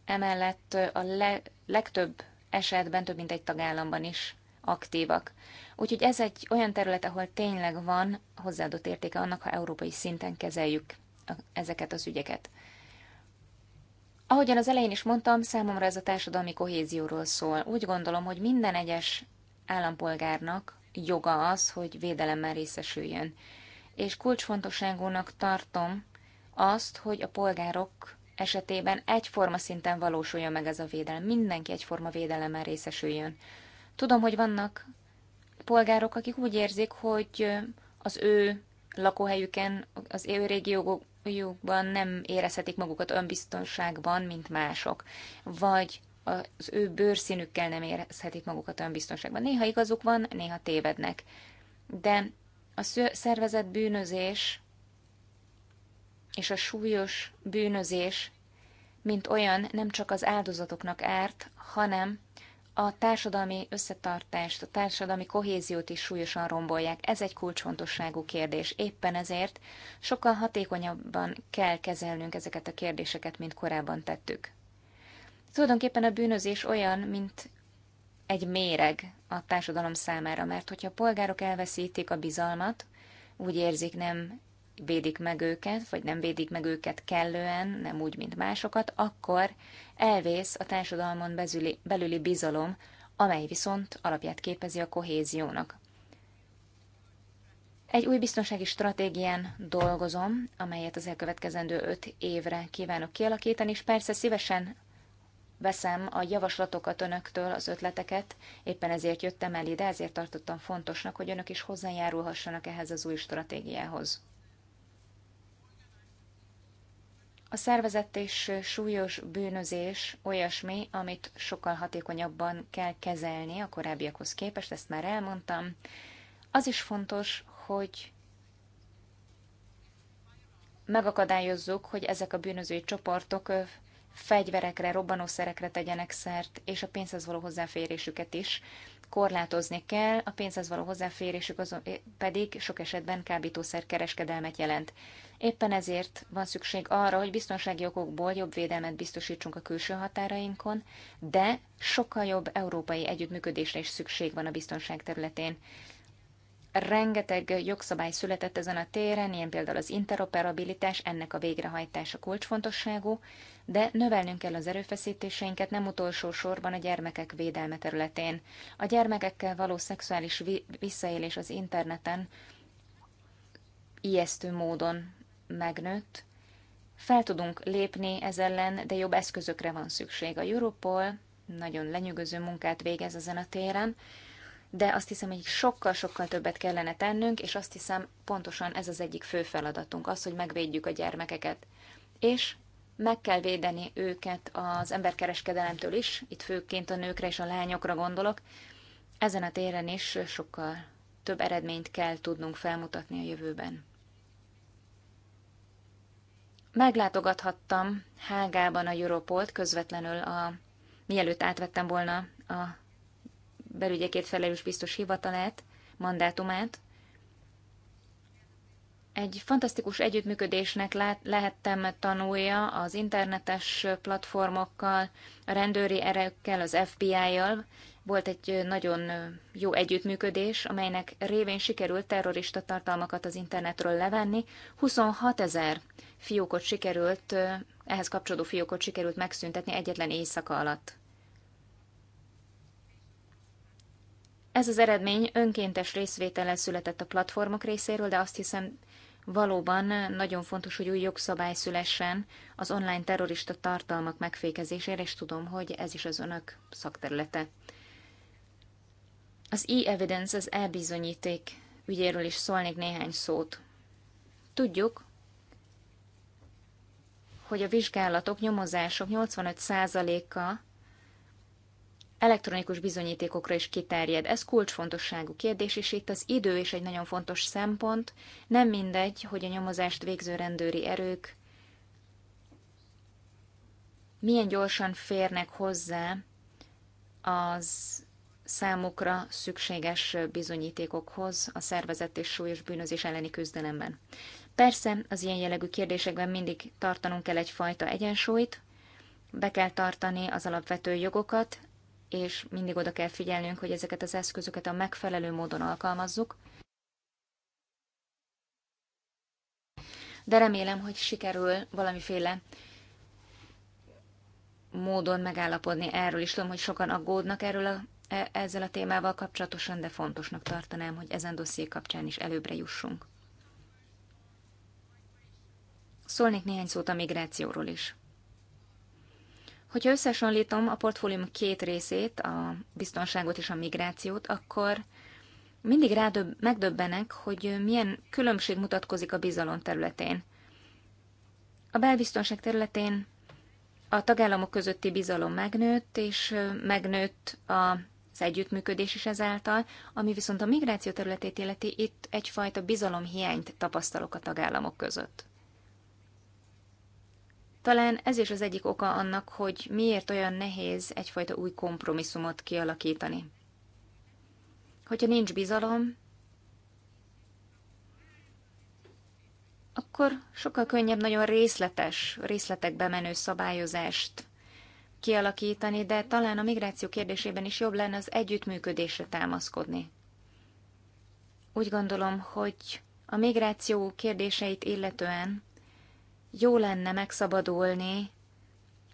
emellett a le, legtöbb esetben, több mint egy tagállamban is aktívak. Úgyhogy ez egy olyan terület, ahol tényleg van hozzáadott értéke annak, ha európai szinten kezeljük ezeket az ügyeket. Ahogyan az elején is mondtam, számomra ez a társadalmi kohézióról szól. Úgy gondolom, hogy minden egyes állampolgárnak joga az, hogy védelemmel részesüljön. És kulcsfontosságúnak tartom, azt, hogy a polgárok esetében egyforma szinten valósuljon meg ez a védelem, mindenki egyforma védelemmel részesüljön. Tudom, hogy vannak polgárok, akik úgy érzik, hogy az ő lakóhelyüken, az ő régiójukban nem érezhetik magukat önbiztonságban, mint mások, vagy az ő bőrszínükkel nem érezhetik magukat önbiztonságban. Néha igazuk van, néha tévednek. De a szervezet bűnözés és a súlyos bűnözés, mint olyan nem csak az áldozatoknak árt, hanem a társadalmi összetartást, a társadalmi kohéziót is súlyosan rombolják. Ez egy kulcsfontosságú kérdés. Éppen ezért sokkal hatékonyabban kell kezelnünk ezeket a kérdéseket, mint korábban tettük. Tulajdonképpen a bűnözés olyan, mint egy méreg a társadalom számára, mert hogyha a polgárok elveszítik a bizalmat, úgy érzik, nem védik meg őket, vagy nem védik meg őket kellően, nem úgy, mint másokat, akkor elvész a társadalmon bezüli, belüli bizalom, amely viszont alapját képezi a kohéziónak. Egy új biztonsági stratégián dolgozom, amelyet az elkövetkezendő öt évre kívánok kialakítani, és persze szívesen veszem a javaslatokat önöktől, az ötleteket, éppen ezért jöttem el ide, ezért tartottam fontosnak, hogy önök is hozzájárulhassanak ehhez az új stratégiához. A szervezett és súlyos bűnözés olyasmi, amit sokkal hatékonyabban kell kezelni a korábbiakhoz képest, ezt már elmondtam. Az is fontos, hogy megakadályozzuk, hogy ezek a bűnözői csoportok fegyverekre, robbanószerekre tegyenek szert, és a pénzhez való hozzáférésüket is korlátozni kell, a pénzhez való hozzáférésük azon pedig sok esetben kábítószer kereskedelmet jelent. Éppen ezért van szükség arra, hogy biztonsági okokból jobb védelmet biztosítsunk a külső határainkon, de sokkal jobb európai együttműködésre is szükség van a biztonság területén rengeteg jogszabály született ezen a téren, ilyen például az interoperabilitás, ennek a végrehajtása kulcsfontosságú, de növelnünk kell az erőfeszítéseinket nem utolsó sorban a gyermekek védelme területén. A gyermekekkel való szexuális visszaélés az interneten ijesztő módon megnőtt. Fel tudunk lépni ez ellen, de jobb eszközökre van szükség. A Europol nagyon lenyűgöző munkát végez ezen a téren, de azt hiszem, hogy sokkal-sokkal többet kellene tennünk, és azt hiszem, pontosan ez az egyik fő feladatunk, az, hogy megvédjük a gyermekeket. És meg kell védeni őket az emberkereskedelemtől is, itt főként a nőkre és a lányokra gondolok. Ezen a téren is sokkal több eredményt kell tudnunk felmutatni a jövőben. Meglátogathattam Hágában a Europolt közvetlenül a, mielőtt átvettem volna a belügyekért felelős biztos hivatalát, mandátumát. Egy fantasztikus együttműködésnek lehettem tanulja az internetes platformokkal, a rendőri erekkel, az FBI-jal. Volt egy nagyon jó együttműködés, amelynek révén sikerült terrorista tartalmakat az internetről levenni. 26 ezer fiókot sikerült, ehhez kapcsolódó fiókot sikerült megszüntetni egyetlen éjszaka alatt. Ez az eredmény önkéntes részvétele született a platformok részéről, de azt hiszem valóban nagyon fontos, hogy új jogszabály szülessen az online terrorista tartalmak megfékezésére, és tudom, hogy ez is az önök szakterülete. Az e-evidence, az e-bizonyíték ügyéről is szólnék néhány szót. Tudjuk, hogy a vizsgálatok, nyomozások 85%-a elektronikus bizonyítékokra is kiterjed. Ez kulcsfontosságú kérdés, és itt az idő is egy nagyon fontos szempont. Nem mindegy, hogy a nyomozást végző rendőri erők milyen gyorsan férnek hozzá az számukra szükséges bizonyítékokhoz a szervezett és súlyos bűnözés elleni küzdelemben. Persze az ilyen jellegű kérdésekben mindig tartanunk kell egyfajta egyensúlyt, be kell tartani az alapvető jogokat, és mindig oda kell figyelnünk, hogy ezeket az eszközöket a megfelelő módon alkalmazzuk. De remélem, hogy sikerül valamiféle módon megállapodni erről is. Tudom, hogy sokan aggódnak erről a, e, ezzel a témával kapcsolatosan, de fontosnak tartanám, hogy ezen dosszié kapcsán is előbbre jussunk. Szólnék néhány szót a migrációról is. Hogyha összehasonlítom a portfólium két részét, a biztonságot és a migrációt, akkor mindig rádöbb, megdöbbenek, hogy milyen különbség mutatkozik a bizalom területén. A belbiztonság területén a tagállamok közötti bizalom megnőtt, és megnőtt az együttműködés is ezáltal, ami viszont a migráció területét illeti, itt egyfajta bizalomhiányt tapasztalok a tagállamok között. Talán ez is az egyik oka annak, hogy miért olyan nehéz egyfajta új kompromisszumot kialakítani. Hogyha nincs bizalom, akkor sokkal könnyebb nagyon részletes, részletekbe menő szabályozást kialakítani, de talán a migráció kérdésében is jobb lenne az együttműködésre támaszkodni. Úgy gondolom, hogy a migráció kérdéseit illetően jó lenne megszabadulni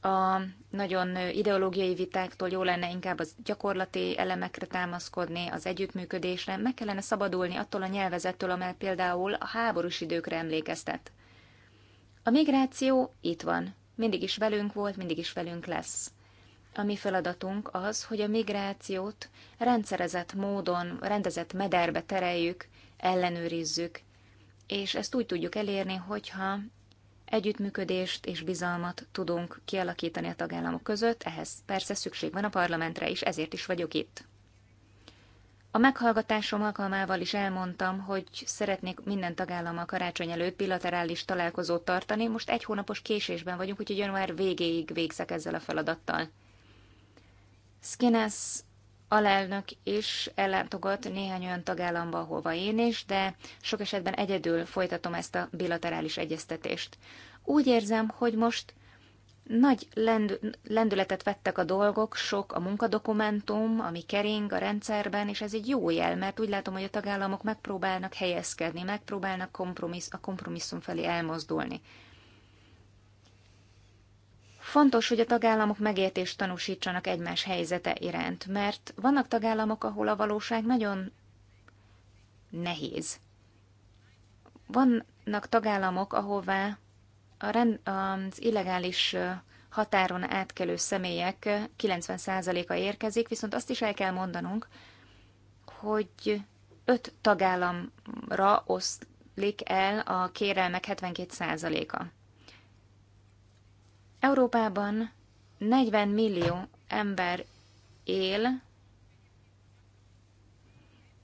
a nagyon ideológiai vitáktól, jó lenne inkább az gyakorlati elemekre támaszkodni, az együttműködésre, meg kellene szabadulni attól a nyelvezettől, amely például a háborús időkre emlékeztet. A migráció itt van, mindig is velünk volt, mindig is velünk lesz. A mi feladatunk az, hogy a migrációt rendszerezett módon, rendezett mederbe tereljük, ellenőrizzük, és ezt úgy tudjuk elérni, hogyha együttműködést és bizalmat tudunk kialakítani a tagállamok között, ehhez persze szükség van a parlamentre is, ezért is vagyok itt. A meghallgatásom alkalmával is elmondtam, hogy szeretnék minden tagállammal karácsony előtt bilaterális találkozót tartani, most egy hónapos késésben vagyunk, úgyhogy január végéig végzek ezzel a feladattal. Skinas alelnök is ellátogat néhány olyan tagállamba, ahova én is, de sok esetben egyedül folytatom ezt a bilaterális egyeztetést. Úgy érzem, hogy most nagy lendületet vettek a dolgok, sok a munkadokumentum, ami kering a rendszerben, és ez egy jó jel, mert úgy látom, hogy a tagállamok megpróbálnak helyezkedni, megpróbálnak kompromissz, a kompromisszum felé elmozdulni. Fontos, hogy a tagállamok megértést tanúsítsanak egymás helyzete iránt, mert vannak tagállamok, ahol a valóság nagyon nehéz. Vannak tagállamok, ahová a rend, az illegális határon átkelő személyek 90%-a érkezik, viszont azt is el kell mondanunk, hogy öt tagállamra oszlik el a kérelmek 72%-a. Európában 40 millió ember él,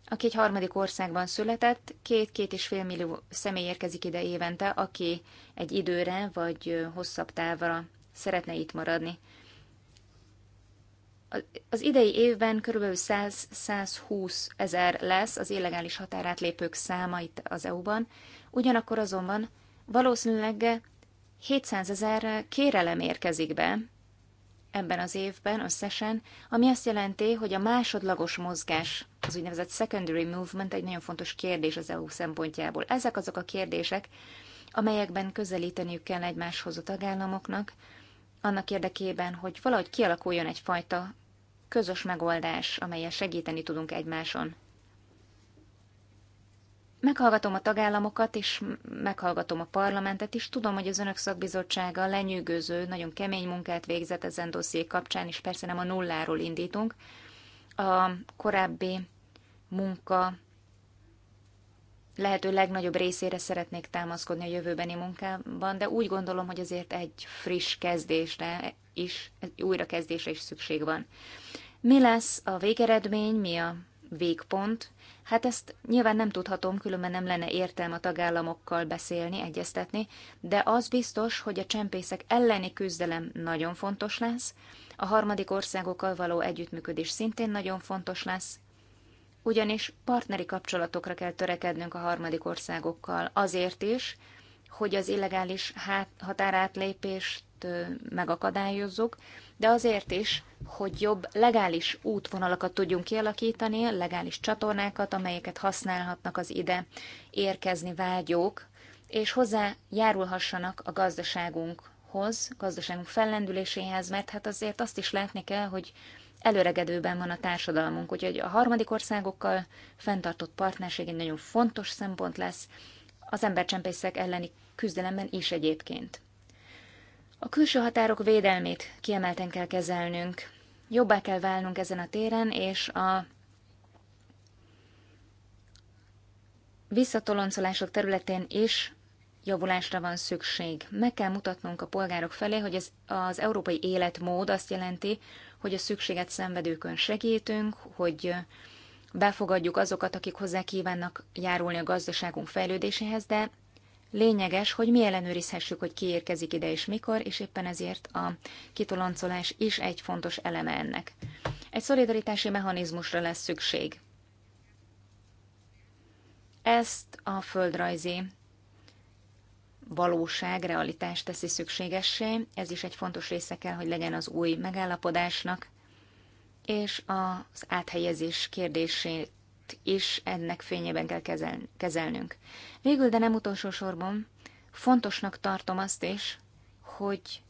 aki egy harmadik országban született, két-két és fél millió személy érkezik ide évente, aki egy időre vagy hosszabb távra szeretne itt maradni. Az idei évben kb. 100-120 ezer lesz az illegális határátlépők száma itt az EU-ban, ugyanakkor azonban valószínűleg 700 ezer kérelem érkezik be ebben az évben összesen, ami azt jelenti, hogy a másodlagos mozgás, az úgynevezett secondary movement egy nagyon fontos kérdés az EU szempontjából. Ezek azok a kérdések, amelyekben közelíteniük kell egymáshoz a tagállamoknak, annak érdekében, hogy valahogy kialakuljon egyfajta közös megoldás, amelyel segíteni tudunk egymáson meghallgatom a tagállamokat, és meghallgatom a parlamentet is. Tudom, hogy az önök szakbizottsága lenyűgöző, nagyon kemény munkát végzett ezen dosszié kapcsán, és persze nem a nulláról indítunk. A korábbi munka lehető legnagyobb részére szeretnék támaszkodni a jövőbeni munkában, de úgy gondolom, hogy azért egy friss kezdésre is, újrakezdésre is szükség van. Mi lesz a végeredmény, mi a végpont. Hát ezt nyilván nem tudhatom, különben nem lenne értelme a tagállamokkal beszélni, egyeztetni, de az biztos, hogy a csempészek elleni küzdelem nagyon fontos lesz, a harmadik országokkal való együttműködés szintén nagyon fontos lesz, ugyanis partneri kapcsolatokra kell törekednünk a harmadik országokkal azért is, hogy az illegális hát- határátlépést megakadályozzuk, de azért is, hogy jobb legális útvonalakat tudjunk kialakítani, legális csatornákat, amelyeket használhatnak az ide érkezni vágyók, és hozzá járulhassanak a gazdaságunkhoz, gazdaságunk fellendüléséhez, mert hát azért azt is látni kell, hogy előregedőben van a társadalmunk, úgyhogy a harmadik országokkal fenntartott partnerség egy nagyon fontos szempont lesz, az embercsempészek elleni küzdelemben is egyébként. A külső határok védelmét kiemelten kell kezelnünk. Jobbá kell válnunk ezen a téren, és a visszatoloncolások területén is javulásra van szükség. Meg kell mutatnunk a polgárok felé, hogy ez az európai életmód azt jelenti, hogy a szükséget szenvedőkön segítünk, hogy befogadjuk azokat, akik hozzá kívánnak járulni a gazdaságunk fejlődéséhez, de Lényeges, hogy mi ellenőrizhessük, hogy ki érkezik ide és mikor, és éppen ezért a kitoloncolás is egy fontos eleme ennek. Egy szolidaritási mechanizmusra lesz szükség. Ezt a földrajzi valóság, realitás teszi szükségessé, ez is egy fontos része kell, hogy legyen az új megállapodásnak, és az áthelyezés kérdését is ennek fényében kell kezelnünk. Végül, de nem utolsó sorban, fontosnak tartom azt is, hogy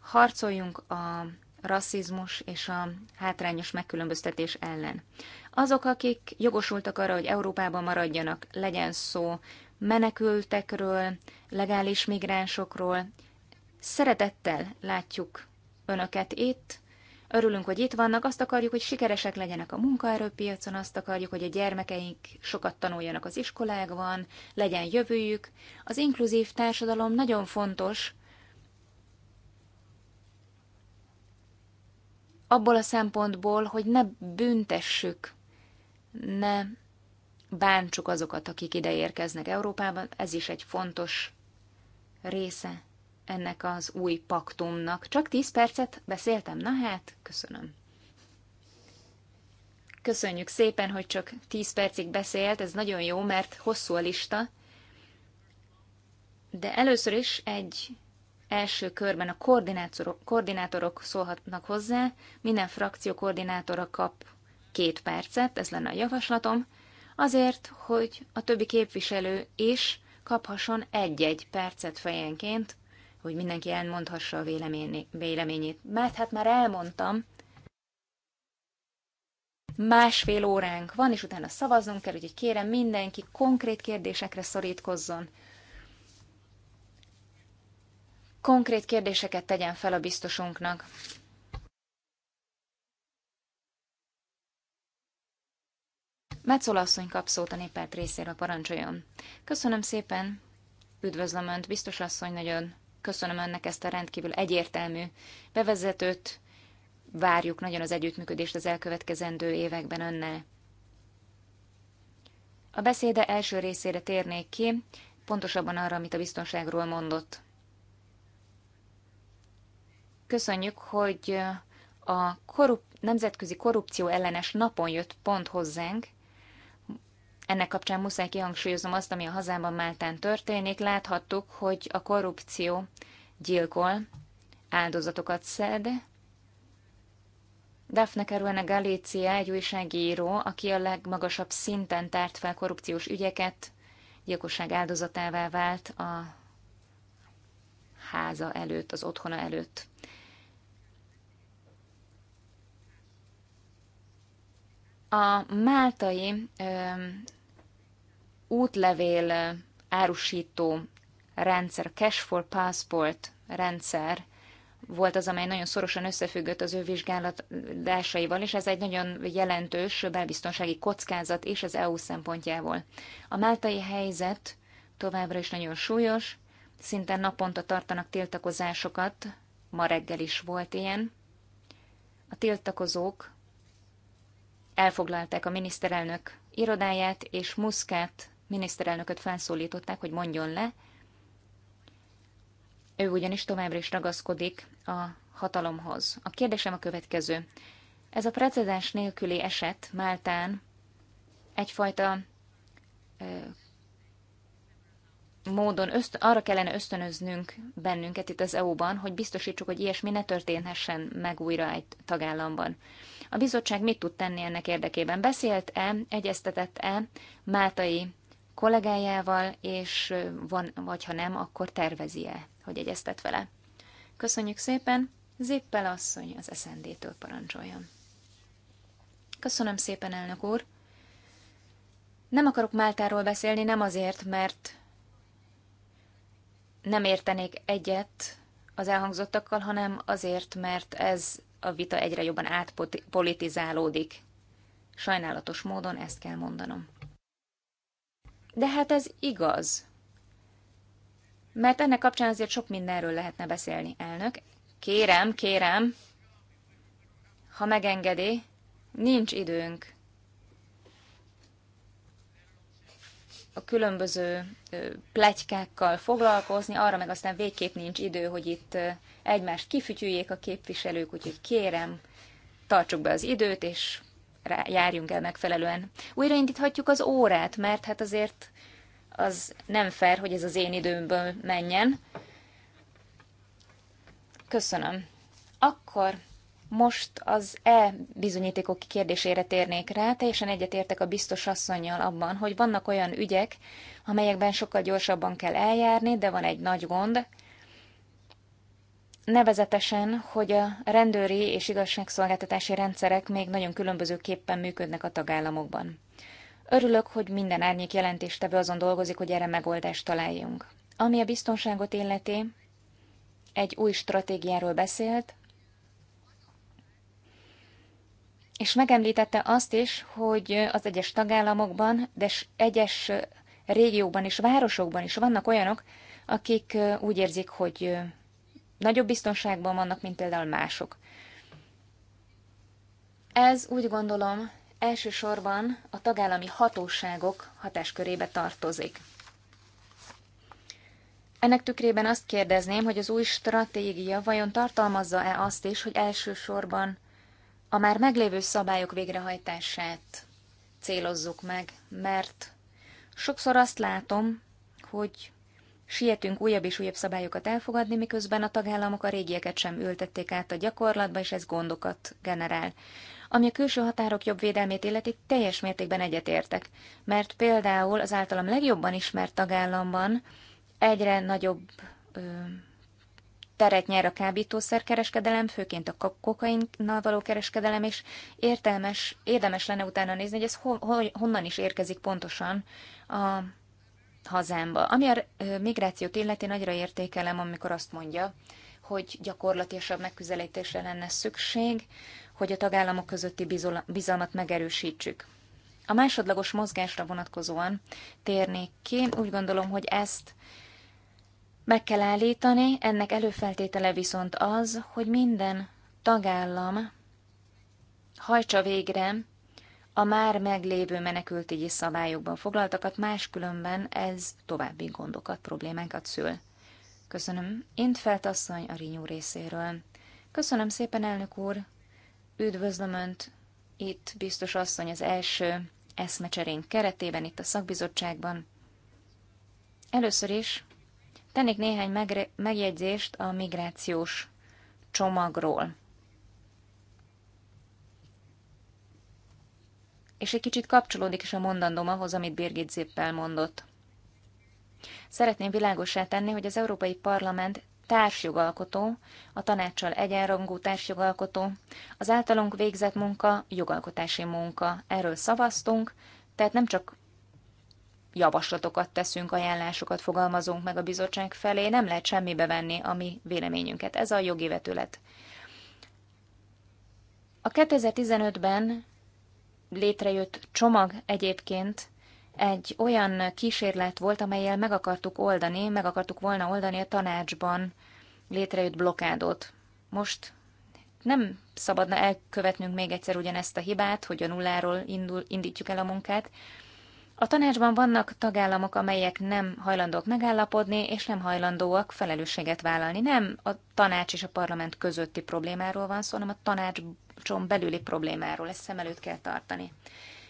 harcoljunk a rasszizmus és a hátrányos megkülönböztetés ellen. Azok, akik jogosultak arra, hogy Európában maradjanak, legyen szó menekültekről, legális migránsokról, szeretettel látjuk önöket itt, Örülünk, hogy itt vannak, azt akarjuk, hogy sikeresek legyenek a munkaerőpiacon, azt akarjuk, hogy a gyermekeink sokat tanuljanak az iskolákban, legyen jövőjük. Az inkluzív társadalom nagyon fontos, abból a szempontból, hogy ne büntessük, ne bántsuk azokat, akik ide érkeznek Európában, ez is egy fontos része ennek az új paktumnak. Csak tíz percet beszéltem, na hát, köszönöm. Köszönjük szépen, hogy csak tíz percig beszélt, ez nagyon jó, mert hosszú a lista. De először is egy első körben a koordinátorok, koordinátorok szólhatnak hozzá, minden frakció koordinátora kap két percet, ez lenne a javaslatom, azért, hogy a többi képviselő is kaphasson egy-egy percet fejenként, hogy mindenki elmondhassa a véleményét. Mert hát már elmondtam, másfél óránk van, és utána szavaznunk kell, úgyhogy kérem mindenki konkrét kérdésekre szorítkozzon. Konkrét kérdéseket tegyen fel a biztosunknak. Metszola asszony kap szót a néppárt részéről, parancsoljon. Köszönöm szépen, üdvözlöm Önt, biztos asszony, nagyon Köszönöm önnek ezt a rendkívül egyértelmű bevezetőt. Várjuk nagyon az együttműködést az elkövetkezendő években önnel. A beszéde első részére térnék ki, pontosabban arra, amit a biztonságról mondott. Köszönjük, hogy a korrup- Nemzetközi Korrupció ellenes napon jött pont hozzánk, ennek kapcsán muszáj kihangsúlyozom azt, ami a hazámban Máltán történik. Láthattuk, hogy a korrupció gyilkol, áldozatokat szed. Daphne Caruana Galícia egy újságíró, aki a legmagasabb szinten tárt fel korrupciós ügyeket, gyilkosság áldozatává vált a háza előtt, az otthona előtt. A máltai ö, útlevél árusító rendszer, cash for passport rendszer volt az, amely nagyon szorosan összefüggött az ő vizsgálatásaival, és ez egy nagyon jelentős belbiztonsági kockázat és az EU szempontjából. A máltai helyzet továbbra is nagyon súlyos, szinte naponta tartanak tiltakozásokat, ma reggel is volt ilyen. A tiltakozók elfoglalták a miniszterelnök irodáját, és Muszkát miniszterelnököt felszólították, hogy mondjon le. Ő ugyanis továbbra is ragaszkodik a hatalomhoz. A kérdésem a következő. Ez a precedens nélküli eset Máltán egyfajta módon ösztön, arra kellene ösztönöznünk bennünket itt az EU-ban, hogy biztosítsuk, hogy ilyesmi ne történhessen meg újra egy tagállamban. A bizottság mit tud tenni ennek érdekében? Beszélt-e, egyeztetett-e Máltai kollégájával, és van, vagy ha nem, akkor tervezi-e, hogy egyeztet vele? Köszönjük szépen! Zippel asszony az SND-től parancsoljon. Köszönöm szépen, elnök úr! Nem akarok Máltáról beszélni, nem azért, mert nem értenék egyet az elhangzottakkal, hanem azért, mert ez a vita egyre jobban átpolitizálódik. Sajnálatos módon ezt kell mondanom. De hát ez igaz. Mert ennek kapcsán azért sok mindenről lehetne beszélni, elnök. Kérem, kérem, ha megengedi, nincs időnk a különböző plegykákkal foglalkozni, arra meg aztán végképp nincs idő, hogy itt egymást kifütyüljék a képviselők, úgyhogy kérem, tartsuk be az időt, és rá, járjunk el megfelelően. Újraindíthatjuk az órát, mert hát azért az nem fair, hogy ez az én időmből menjen. Köszönöm. Akkor most az E bizonyítékok kérdésére térnék rá. Teljesen egyetértek a biztos asszonyjal abban, hogy vannak olyan ügyek, amelyekben sokkal gyorsabban kell eljárni, de van egy nagy gond. Nevezetesen, hogy a rendőri és igazságszolgáltatási rendszerek még nagyon különbözőképpen működnek a tagállamokban. Örülök, hogy minden árnyék jelentéstevő azon dolgozik, hogy erre megoldást találjunk. Ami a biztonságot illeti, egy új stratégiáról beszélt, és megemlítette azt is, hogy az egyes tagállamokban, de egyes régióban és városokban is vannak olyanok, akik úgy érzik, hogy nagyobb biztonságban vannak, mint például mások. Ez úgy gondolom elsősorban a tagállami hatóságok hatáskörébe tartozik. Ennek tükrében azt kérdezném, hogy az új stratégia vajon tartalmazza-e azt is, hogy elsősorban a már meglévő szabályok végrehajtását célozzuk meg, mert sokszor azt látom, hogy sietünk újabb és újabb szabályokat elfogadni, miközben a tagállamok a régieket sem ültették át a gyakorlatba, és ez gondokat generál. Ami a külső határok jobb védelmét illeti, teljes mértékben egyetértek, mert például az általam legjobban ismert tagállamban egyre nagyobb ö, teret nyer a kábítószerkereskedelem, főként a kokainnal való kereskedelem, és értelmes, érdemes lenne utána nézni, hogy ez ho, ho, honnan is érkezik pontosan a hazámba. Ami a migrációt illeti, nagyra értékelem, amikor azt mondja, hogy gyakorlatilag megközelítésre lenne szükség, hogy a tagállamok közötti bizalmat megerősítsük. A másodlagos mozgásra vonatkozóan térnék ki, úgy gondolom, hogy ezt meg kell állítani, ennek előfeltétele viszont az, hogy minden tagállam hajtsa végre a már meglévő menekültügyi szabályokban foglaltakat, máskülönben ez további gondokat, problémákat szül. Köszönöm. Intfelt asszony a Rinyú részéről. Köszönöm szépen, elnök úr. Üdvözlöm Önt itt, biztos asszony, az első eszmecserénk keretében, itt a szakbizottságban. Először is Tennék néhány megre- megjegyzést a migrációs csomagról. És egy kicsit kapcsolódik is a mondandóm ahhoz, amit Birgit Zippel mondott. Szeretném világosá tenni, hogy az Európai Parlament társjogalkotó, a tanácssal egyenrangú társjogalkotó, az általunk végzett munka jogalkotási munka. Erről szavaztunk, tehát nem csak javaslatokat teszünk, ajánlásokat fogalmazunk meg a bizottság felé, nem lehet semmibe venni a mi véleményünket. Ez a jogi vetület. A 2015-ben létrejött csomag egyébként egy olyan kísérlet volt, amelyel meg akartuk oldani, meg akartuk volna oldani a tanácsban létrejött blokádot. Most nem szabadna elkövetnünk még egyszer ugyanezt a hibát, hogy a nulláról indul, indítjuk el a munkát, a tanácsban vannak tagállamok, amelyek nem hajlandók megállapodni, és nem hajlandóak felelősséget vállalni. Nem a tanács és a parlament közötti problémáról van szó, hanem a tanácson belüli problémáról. Ezt szem előtt kell tartani.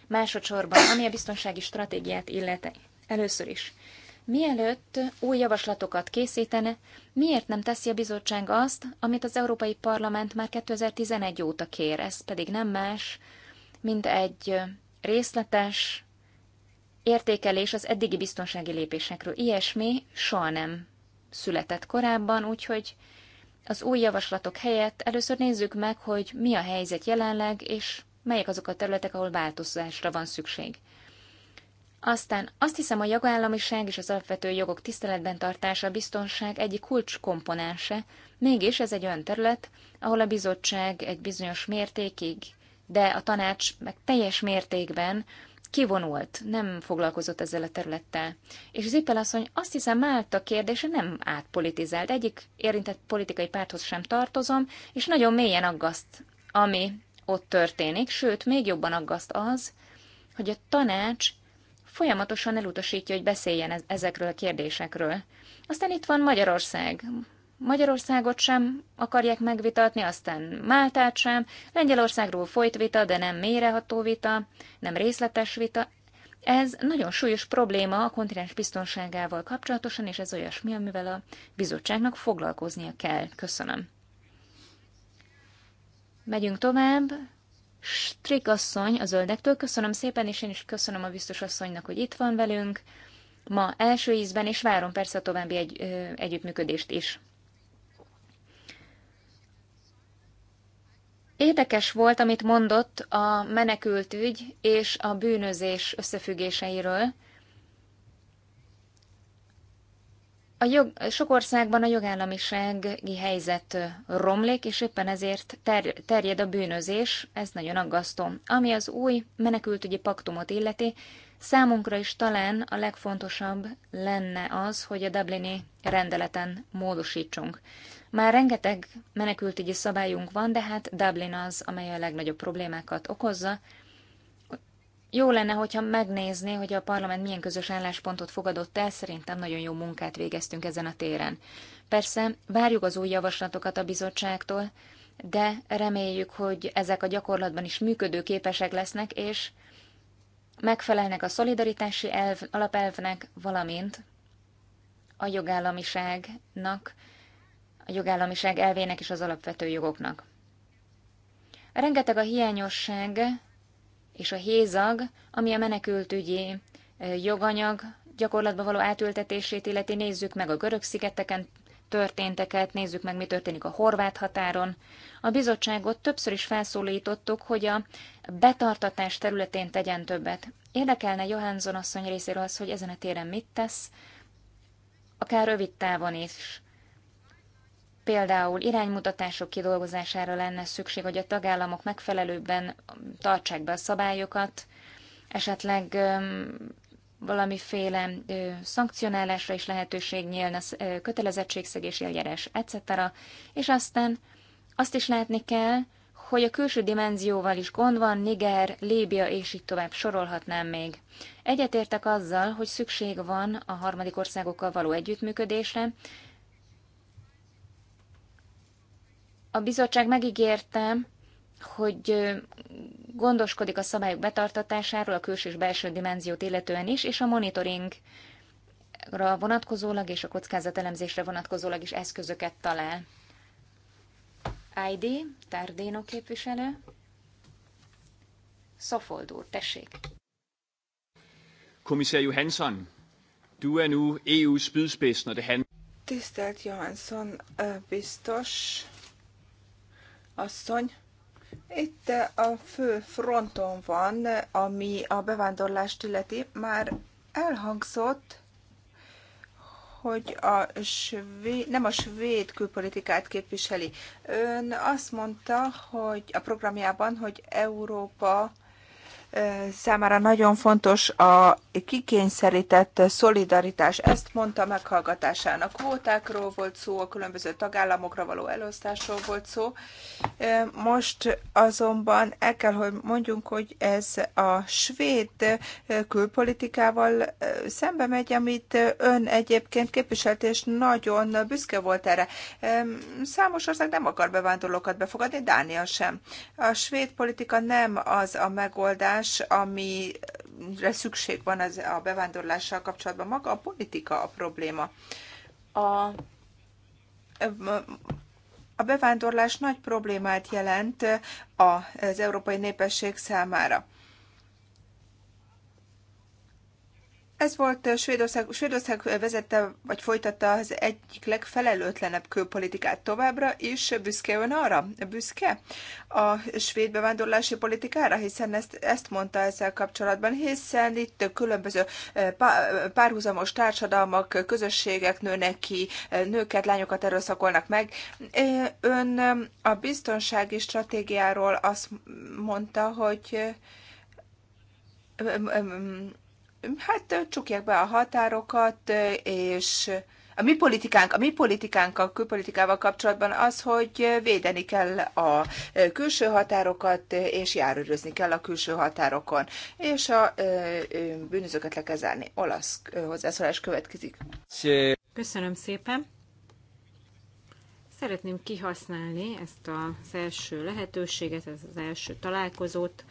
Másodszorban, ami a biztonsági stratégiát illeti, először is. Mielőtt új javaslatokat készítene, miért nem teszi a bizottság azt, amit az Európai Parlament már 2011 óta kér, ez pedig nem más, mint egy részletes, értékelés az eddigi biztonsági lépésekről. Ilyesmi soha nem született korábban, úgyhogy az új javaslatok helyett először nézzük meg, hogy mi a helyzet jelenleg, és melyek azok a területek, ahol változásra van szükség. Aztán azt hiszem a jogállamiság és az alapvető jogok tiszteletben tartása a biztonság egyik kulcskomponense, mégis ez egy olyan terület, ahol a bizottság egy bizonyos mértékig, de a tanács meg teljes mértékben kivonult, nem foglalkozott ezzel a területtel. És Zippel asszony azt hiszem Málta kérdése nem átpolitizált. Egyik érintett politikai párthoz sem tartozom, és nagyon mélyen aggaszt, ami ott történik, sőt, még jobban aggaszt az, hogy a tanács folyamatosan elutasítja, hogy beszéljen ezekről a kérdésekről. Aztán itt van Magyarország. Magyarországot sem akarják megvitatni, aztán Máltát sem, Lengyelországról folyt vita, de nem méreható vita, nem részletes vita. Ez nagyon súlyos probléma a kontinens biztonságával kapcsolatosan, és ez olyasmi, amivel a bizottságnak foglalkoznia kell. Köszönöm. Megyünk tovább. Strik asszony a zöldektől. Köszönöm szépen, és én is köszönöm a biztos asszonynak, hogy itt van velünk. Ma első ízben, és várom persze a további egy, ö, együttműködést is. Érdekes volt, amit mondott a ügy és a bűnözés összefüggéseiről. A jog, sok országban a jogállamisági helyzet romlik, és éppen ezért ter, terjed a bűnözés, ez nagyon aggasztó. Ami az új menekültügyi paktumot illeti, számunkra is talán a legfontosabb lenne az, hogy a Dublini rendeleten módosítsunk. Már rengeteg menekültügyi szabályunk van, de hát Dublin az, amely a legnagyobb problémákat okozza. Jó lenne, hogyha megnézné, hogy a parlament milyen közös álláspontot fogadott el, szerintem nagyon jó munkát végeztünk ezen a téren. Persze, várjuk az új javaslatokat a bizottságtól, de reméljük, hogy ezek a gyakorlatban is működőképesek lesznek, és megfelelnek a szolidaritási elv, alapelvnek, valamint a jogállamiságnak, a jogállamiság elvének és az alapvető jogoknak. Rengeteg a hiányosság és a hézag, ami a menekültügyi joganyag gyakorlatba való átültetését illeti. Nézzük meg a görög szigeteken történteket, nézzük meg, mi történik a horvát határon. A bizottságot többször is felszólítottuk, hogy a betartatás területén tegyen többet. Érdekelne Johansson asszony részéről az, hogy ezen a téren mit tesz, akár rövid távon is. Például iránymutatások kidolgozására lenne szükség, hogy a tagállamok megfelelőbben tartsák be a szabályokat, esetleg valamiféle szankcionálásra is lehetőség nyílna, ö, kötelezettségszegési eljárás, etc. És aztán azt is látni kell, hogy a külső dimenzióval is gond van, Niger, Líbia és így tovább sorolhatnám még. Egyetértek azzal, hogy szükség van a harmadik országokkal való együttműködésre, A bizottság megígérte, hogy gondoskodik a szabályok betartatásáról, a külső és belső dimenziót illetően is, és a monitoringra vonatkozólag és a kockázatelemzésre vonatkozólag is eszközöket talál. ID, Tardino képviselő. Szofold úr, tessék. Kommissár Johansson, du er nu EU's spydspids, når det handler... Tisztelt Johansson, biztos, asszony. Itt eh, a fő fronton van, eh, ami a bevándorlást illeti. Már elhangzott, hogy a svéd, nem a svéd külpolitikát képviseli. Ön azt mondta, hogy a programjában, hogy Európa számára nagyon fontos a kikényszerített szolidaritás. Ezt mondta meghallgatásának. Kvótákról volt szó, a különböző tagállamokra való elosztásról volt szó. Most azonban el kell, hogy mondjunk, hogy ez a svéd külpolitikával szembe megy, amit ön egyébként képviselt, és nagyon büszke volt erre. Számos ország nem akar bevándorlókat befogadni, Dánia sem. A svéd politika nem az a megoldás, prioritás, amire szükség van az a bevándorlással kapcsolatban. Maga a politika a probléma. A, a bevándorlás nagy problémát jelent az európai népesség számára. Ez volt eh, Svédország, Svédország vezette, vagy folytatta az egyik legfelelőtlenebb külpolitikát továbbra is. Büszke ön arra? Büszke a svéd bevándorlási politikára, hiszen ezt, ezt mondta ezzel kapcsolatban, hiszen itt különböző eh, párhuzamos társadalmak, közösségek nőnek ki, eh, nőket, lányokat erőszakolnak meg. Ön a biztonsági stratégiáról azt mondta, hogy hát csukják be a határokat, és a mi politikánk, a mi politikánk a külpolitikával kapcsolatban az, hogy védeni kell a külső határokat, és járőrözni kell a külső határokon, és a bűnözőket le kell zárni. Olasz hozzászólás következik. Köszönöm szépen. Szeretném kihasználni ezt az első lehetőséget, ez az első találkozót,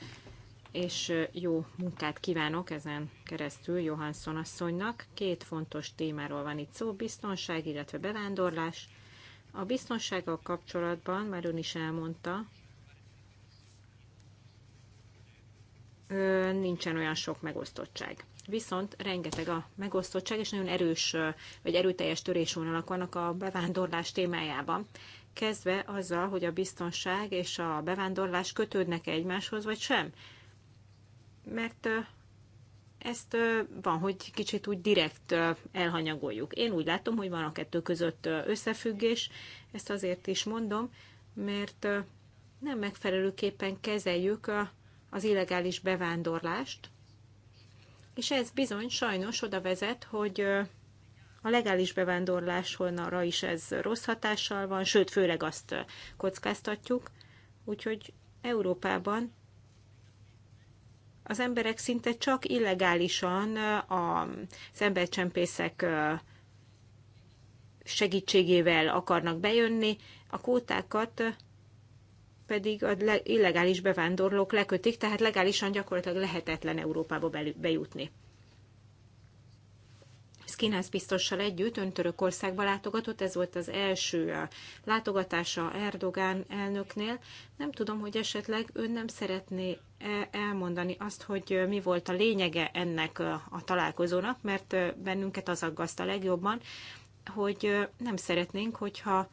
és jó munkát kívánok ezen keresztül Johansson asszonynak. Két fontos témáról van itt szó, biztonság, illetve bevándorlás. A biztonsággal kapcsolatban már ön is elmondta, nincsen olyan sok megosztottság. Viszont rengeteg a megosztottság, és nagyon erős vagy erőteljes törésvonalak vannak a bevándorlás témájában. Kezdve azzal, hogy a biztonság és a bevándorlás kötődnek -e egymáshoz, vagy sem mert ezt van, hogy kicsit úgy direkt elhanyagoljuk. Én úgy látom, hogy van a kettő között összefüggés, ezt azért is mondom, mert nem megfelelőképpen kezeljük az illegális bevándorlást, és ez bizony sajnos oda vezet, hogy a legális bevándorlás honnanra is ez rossz hatással van, sőt, főleg azt kockáztatjuk, úgyhogy Európában az emberek szinte csak illegálisan az embercsempészek segítségével akarnak bejönni, a kótákat pedig a illegális bevándorlók lekötik, tehát legálisan gyakorlatilag lehetetlen Európába bejutni. Skinász biztossal együtt ön Törökországba látogatott, ez volt az első látogatása Erdogán elnöknél. Nem tudom, hogy esetleg ön nem szeretné e- elmondani azt, hogy mi volt a lényege ennek a találkozónak, mert bennünket az aggaszt a legjobban, hogy nem szeretnénk, hogyha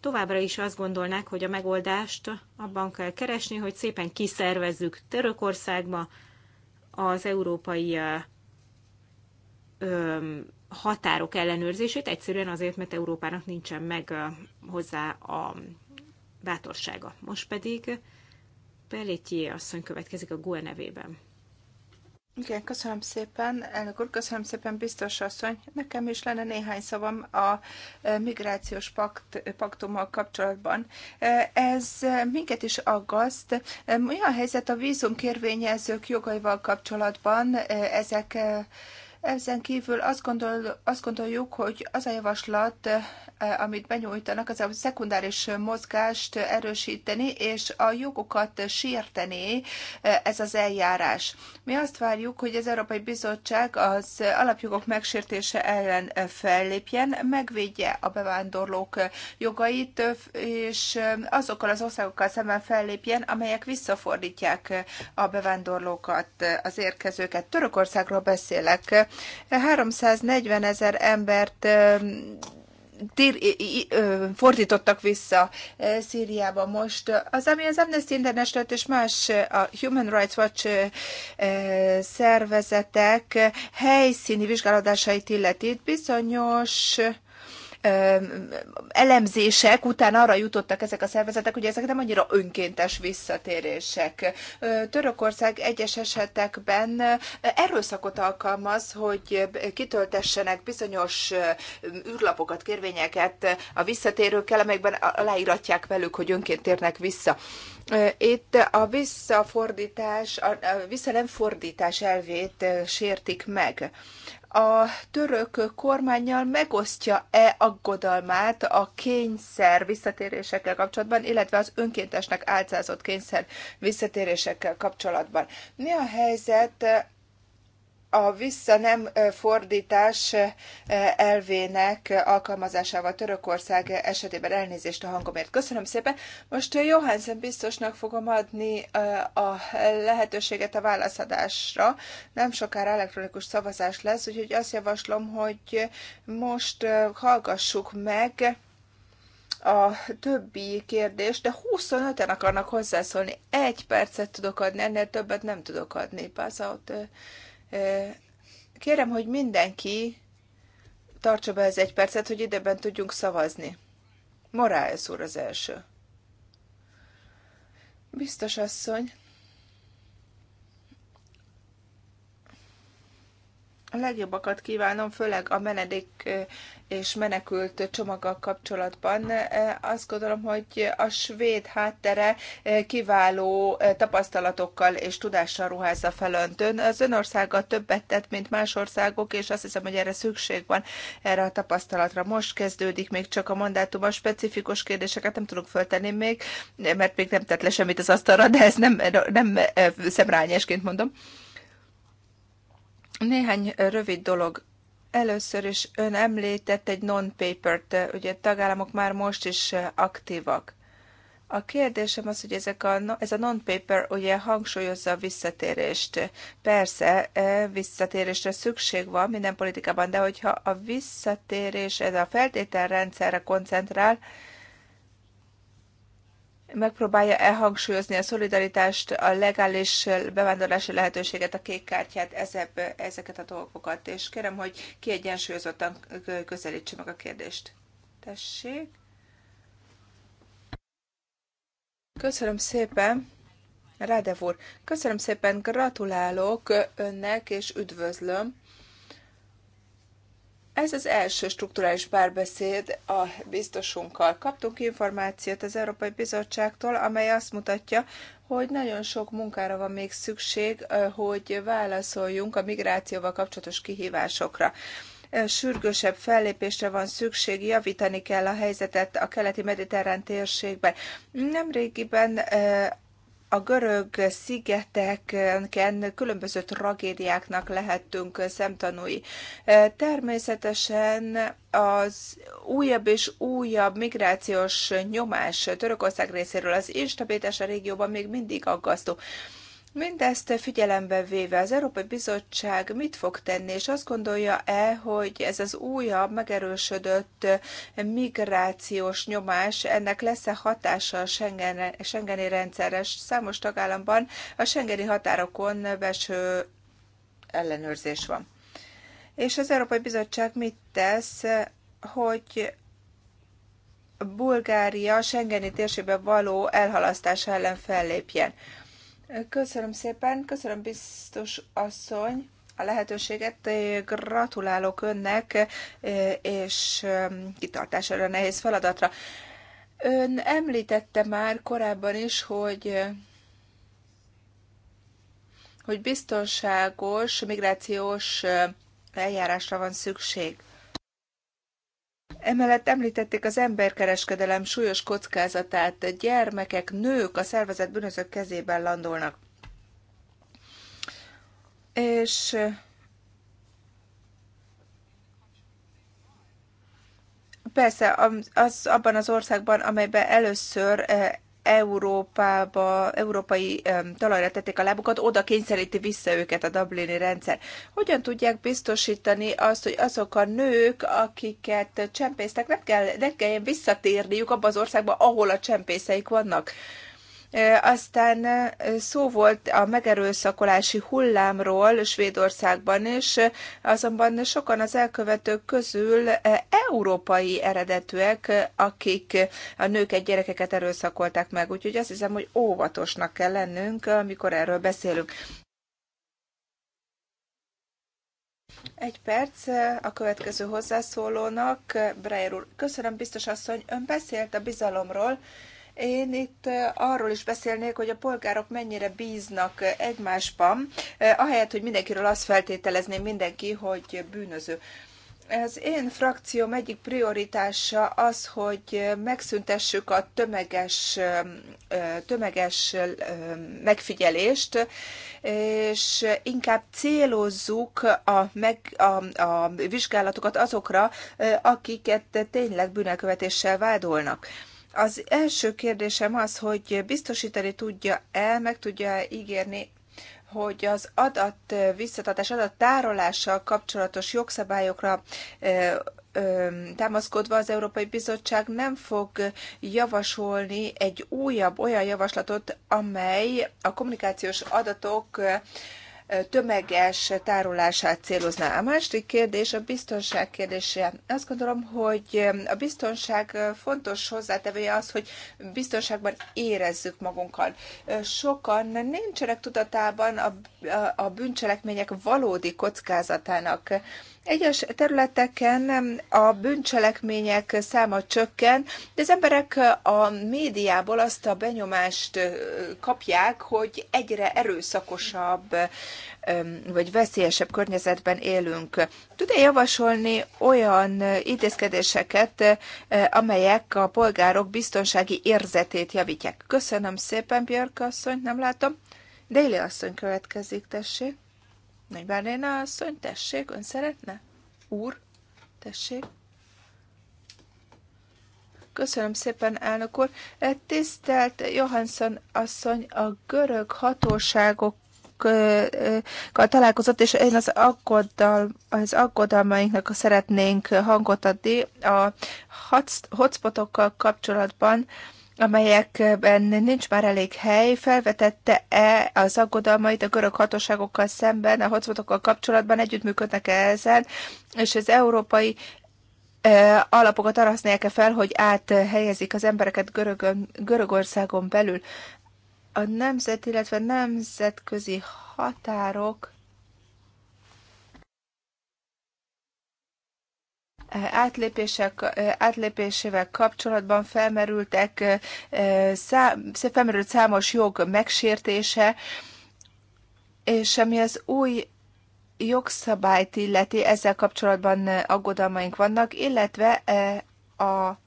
továbbra is azt gondolnák, hogy a megoldást abban kell keresni, hogy szépen kiszervezzük Törökországba az európai határok ellenőrzését, egyszerűen azért, mert Európának nincsen meg hozzá a bátorsága. Most pedig Pelétjé asszony következik a GUE nevében. Igen, köszönöm szépen, elnök úr, köszönöm szépen, biztos asszony. Nekem is lenne néhány szavam a migrációs pakt, paktummal kapcsolatban. Ez minket is aggaszt. Olyan helyzet a vízumkérvényezők jogaival kapcsolatban, ezek ezen kívül azt, gondol, azt gondoljuk, hogy az a javaslat, eh, amit benyújtanak, az a szekundáris mozgást erősíteni, és a jogokat sérteni eh, ez az eljárás. Mi azt várjuk, hogy az Európai Bizottság az alapjogok megsértése ellen eh, fellépjen, megvédje a bevándorlók jogait, és azokkal az országokkal szemben fellépjen, amelyek visszafordítják a bevándorlókat, az érkezőket. Törökországról beszélek 340 ezer embert fordítottak vissza Szíriába most. Az, ami az Amnesty international és más a Human Rights Watch szervezetek helyszíni vizsgálódásait illeti, bizonyos elemzések után arra jutottak ezek a szervezetek, hogy ezek nem annyira önkéntes visszatérések. Törökország egyes esetekben erőszakot alkalmaz, hogy kitöltessenek bizonyos űrlapokat, kérvényeket a visszatérőkkel, amelyekben aláíratják velük, hogy önként térnek vissza. Itt a visszafordítás, a visszanemfordítás elvét sértik meg a török kormányjal megosztja-e aggodalmát a kényszer visszatérésekkel kapcsolatban, illetve az önkéntesnek álcázott kényszer visszatérésekkel kapcsolatban. Mi a helyzet a vissza nem fordítás elvének alkalmazásával Törökország esetében elnézést a hangomért. Köszönöm szépen. Most Johansen biztosnak fogom adni a lehetőséget a válaszadásra. Nem sokára elektronikus szavazás lesz, úgyhogy azt javaslom, hogy most hallgassuk meg a többi kérdés, de 25-en akarnak hozzászólni. Egy percet tudok adni, ennél többet nem tudok adni. Pászalt, Kérem, hogy mindenki tartsa be az egy percet, hogy ideben tudjunk szavazni. Morales úr az első. Biztos asszony, A legjobbakat kívánom, főleg a menedék és menekült csomaggal kapcsolatban. Azt gondolom, hogy a svéd háttere kiváló tapasztalatokkal és tudással ruházza fel öntön. Az ön országa többet tett, mint más országok, és azt hiszem, hogy erre szükség van, erre a tapasztalatra. Most kezdődik még csak a mandátum, a specifikus kérdéseket nem tudok föltenni még, mert még nem tett le semmit az asztalra, de ez nem, nem szemrányásként mondom. Néhány rövid dolog. Először is ön említett egy non-papert, ugye tagállamok már most is aktívak. A kérdésem az, hogy ezek a, ez a non-paper ugye hangsúlyozza a visszatérést. Persze, visszatérésre szükség van minden politikában, de hogyha a visszatérés, ez a feltételrendszerre koncentrál, megpróbálja elhangsúlyozni a szolidaritást, a legális bevándorlási lehetőséget, a kék kártyát, ezeb, ezeket a dolgokat, és kérem, hogy kiegyensúlyozottan közelítse meg a kérdést. Tessék. Köszönöm szépen. Rádev úr, köszönöm szépen, gratulálok önnek, és üdvözlöm ez az első strukturális párbeszéd a biztosunkkal. Kaptunk információt az Európai Bizottságtól, amely azt mutatja, hogy nagyon sok munkára van még szükség, hogy válaszoljunk a migrációval kapcsolatos kihívásokra sürgősebb fellépésre van szükség, javítani kell a helyzetet a keleti mediterrán térségben. Nemrégiben a görög szigeteken különböző tragédiáknak lehettünk szemtanúi. E, természetesen az újabb és újabb migrációs nyomás Törökország részéről az instabilitás a régióban még mindig aggasztó. Mindezt figyelembe véve az Európai Bizottság mit fog tenni, és azt gondolja-e, hogy ez az újabb, megerősödött migrációs nyomás, ennek lesz-e hatása a Schengen, Schengeni rendszerre? Számos tagállamban a Schengeni határokon belső ellenőrzés van. És az Európai Bizottság mit tesz, hogy Bulgária Schengeni térségbe való elhalasztása ellen fellépjen? Köszönöm szépen, köszönöm biztos asszony a lehetőséget. Gratulálok önnek, e, és e, kitartásra, a nehéz feladatra. Ön említette már korábban is, hogy e, hogy biztonságos migrációs eljárásra van szükség. Emellett említették az emberkereskedelem súlyos kockázatát, gyermekek, nők a szervezet bűnözők kezében landolnak. És persze az abban az országban, amelyben először eh, Európába, európai talajra tették a lábukat, oda kényszeríti vissza őket a Dublini rendszer. Hogyan tudják biztosítani azt, hogy azok a nők, akiket csempésztek, nem kell, ne kelljen visszatérniük abba az országba, ahol a csempészeik vannak? Aztán szó volt a megerőszakolási hullámról Svédországban is, azonban sokan az elkövetők közül európai eredetűek, akik a nőket, gyerekeket erőszakolták meg. Úgyhogy azt hiszem, hogy óvatosnak kell lennünk, amikor erről beszélünk. Egy perc a következő hozzászólónak, Breyer úr. Köszönöm, biztos asszony, ön beszélt a bizalomról, én itt arról is beszélnék, hogy a polgárok mennyire bíznak egymásban, ahelyett, hogy mindenkiről azt feltételezném mindenki, hogy bűnöző. Az én frakcióm egyik prioritása az, hogy megszüntessük a tömeges, tömeges megfigyelést, és inkább célozzuk a, meg, a, a vizsgálatokat azokra, akiket tényleg bűnelkövetéssel vádolnak. Az első kérdésem az, hogy biztosítani tudja-e, meg tudja ígérni, hogy az adat visszatartás, tárolással kapcsolatos jogszabályokra támaszkodva az Európai Bizottság nem fog javasolni egy újabb olyan javaslatot, amely a kommunikációs adatok tömeges tárolását célozná. A második kérdés a biztonság kérdése. Azt gondolom, hogy a biztonság fontos hozzátevője az, hogy biztonságban érezzük magunkat. Sokan nincsenek tudatában a, a bűncselekmények valódi kockázatának. Egyes területeken a bűncselekmények száma csökken, de az emberek a médiából azt a benyomást kapják, hogy egyre erőszakosabb vagy veszélyesebb környezetben élünk. Tud-e javasolni olyan intézkedéseket, amelyek a polgárok biztonsági érzetét javítják? Köszönöm szépen, Björk asszony, nem látom. Déli asszony következik, tessék. Nagybárnéna asszony, tessék, ön szeretne? Úr, tessék. Köszönöm szépen, elnök úr. Eh, tisztelt Johansson asszony, a görög hatóságok találkozott, és én az, aggodal, az aggodalmainknak szeretnénk hangot adni a hotspotokkal kapcsolatban amelyekben nincs már elég hely, felvetette-e az aggodalmait a görög hatóságokkal szemben, a hotspotokkal kapcsolatban együttműködnek-e ezen, és az európai alapokat arra használják-e fel, hogy áthelyezik az embereket Görögön, Görögországon belül. A nemzet, illetve nemzetközi határok átlépések, átlépésével kapcsolatban felmerültek, szám, felmerült számos jog megsértése, és ami az új jogszabályt illeti, ezzel kapcsolatban aggodalmaink vannak, illetve a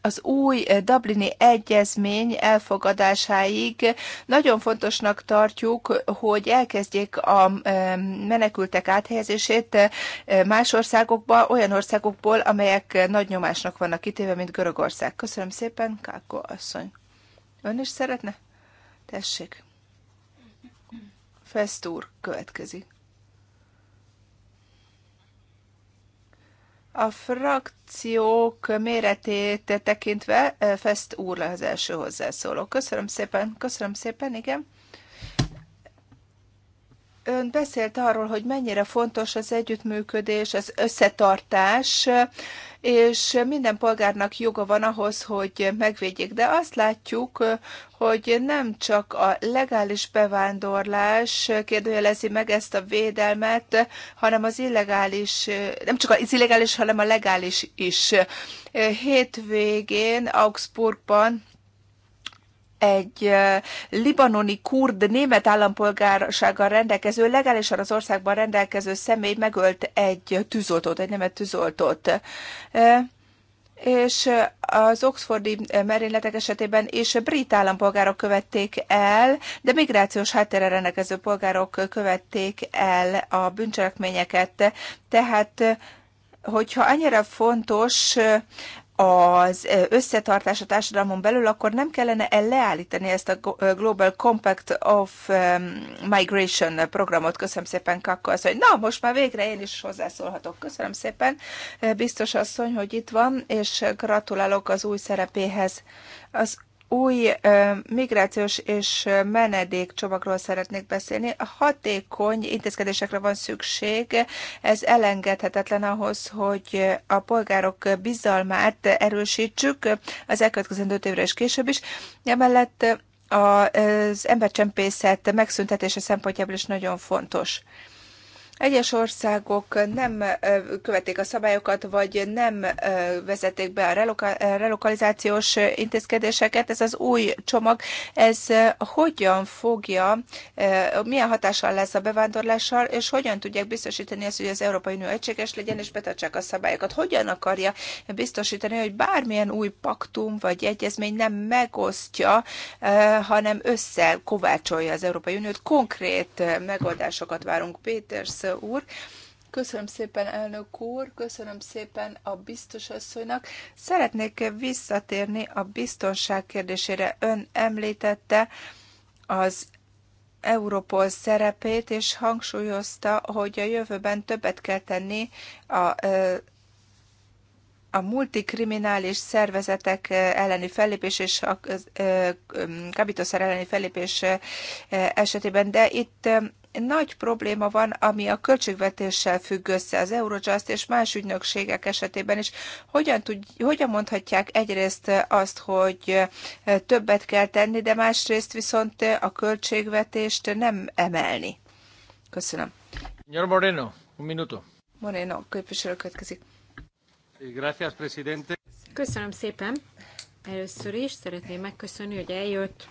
az új eh, Dublini egyezmény elfogadásáig nagyon fontosnak tartjuk, hogy elkezdjék a eh, menekültek áthelyezését eh, más országokba, olyan országokból, amelyek nagy nyomásnak vannak kitéve, mint Görögország. Köszönöm szépen, Káko asszony. Ön is szeretne? Tessék. Festúr következik. A frakciók méretét tekintve Fest úr le az első hozzászóló. Köszönöm szépen, köszönöm szépen, igen. Ön beszélt arról, hogy mennyire fontos az együttműködés, az összetartás és minden polgárnak joga van ahhoz, hogy megvédjék. De azt látjuk, hogy nem csak a legális bevándorlás kérdőjelezi meg ezt a védelmet, hanem az illegális, nem csak az illegális, hanem a legális is. Hétvégén Augsburgban egy libanoni kurd német állampolgársággal rendelkező, legálisan az országban rendelkező személy megölt egy tűzoltót, egy német tűzoltót és az oxfordi merényletek esetében is brit állampolgárok követték el, de migrációs háttérre rendelkező polgárok követték el a bűncselekményeket. Tehát, hogyha annyira fontos az összetartás a társadalmon belül, akkor nem kellene el leállítani ezt a Global Compact of Migration programot. Köszönöm szépen, Kakka hogy Na, most már végre én is hozzászólhatok. Köszönöm szépen, biztos asszony, hogy itt van, és gratulálok az új szerepéhez. Az új migrációs és menedékcsomagról szeretnék beszélni. Hatékony intézkedésekre van szükség, ez elengedhetetlen ahhoz, hogy a polgárok bizalmát erősítsük az elkövetkező évre és később is. Emellett az embercsempészet megszüntetése szempontjából is nagyon fontos. Egyes országok nem követik a szabályokat, vagy nem vezetik be a relokalizációs intézkedéseket. Ez az új csomag, ez hogyan fogja, milyen hatással lesz a bevándorlással, és hogyan tudják biztosítani azt, hogy az Európai Unió egységes legyen, és betartsák a szabályokat. Hogyan akarja biztosítani, hogy bármilyen új paktum vagy egyezmény nem megosztja, hanem összekovácsolja az Európai Uniót. Konkrét megoldásokat várunk Péters úr. Köszönöm szépen, elnök úr, köszönöm szépen a biztos asszonynak. Szeretnék visszatérni a biztonság kérdésére. Ön említette az Europol szerepét, és hangsúlyozta, hogy a jövőben többet kell tenni a a multikriminális szervezetek elleni fellépés és a kábítószer elleni fellépés esetében, de itt nagy probléma van, ami a költségvetéssel függ össze az Eurojust és más ügynökségek esetében is. Hogyan, tud, hogyan mondhatják egyrészt azt, hogy eh, többet kell tenni, de másrészt viszont eh, a költségvetést nem emelni? Köszönöm. Señor Moreno, un minuto. Moreno, képviselő következik. Gracias, presidente. Köszönöm szépen. Először is szeretném megköszönni, hogy eljött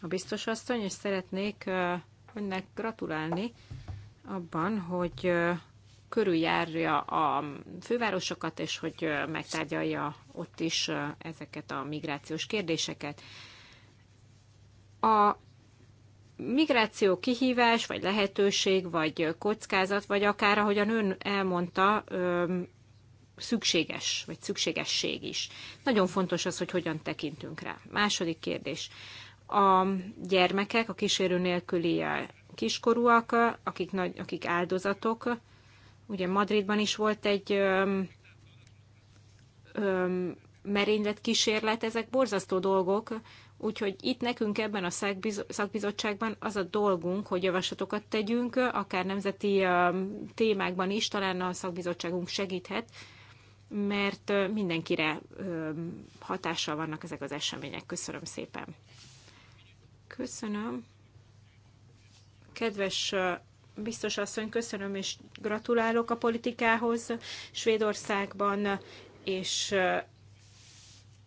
a biztos asszony, és szeretnék eh, önnek gratulálni abban, hogy körüljárja a fővárosokat, és hogy megtárgyalja ott is ezeket a migrációs kérdéseket. A migráció kihívás, vagy lehetőség, vagy kockázat, vagy akár, ahogyan ön elmondta, szükséges, vagy szükségesség is. Nagyon fontos az, hogy hogyan tekintünk rá. Második kérdés a gyermekek, a kísérő nélküli eh, kiskorúak, akik, nagy, akik áldozatok. Ugye Madridban is volt egy öm, öm, merénylet kísérlet, ezek borzasztó dolgok, úgyhogy itt nekünk ebben a szakbizottságban az a dolgunk, hogy javaslatokat tegyünk, akár nemzeti öm, témákban is, talán a szakbizottságunk segíthet, mert mindenkire hatással vannak ezek az események. Köszönöm szépen! Köszönöm. Kedves biztos asszony, köszönöm és gratulálok a politikához Svédországban, és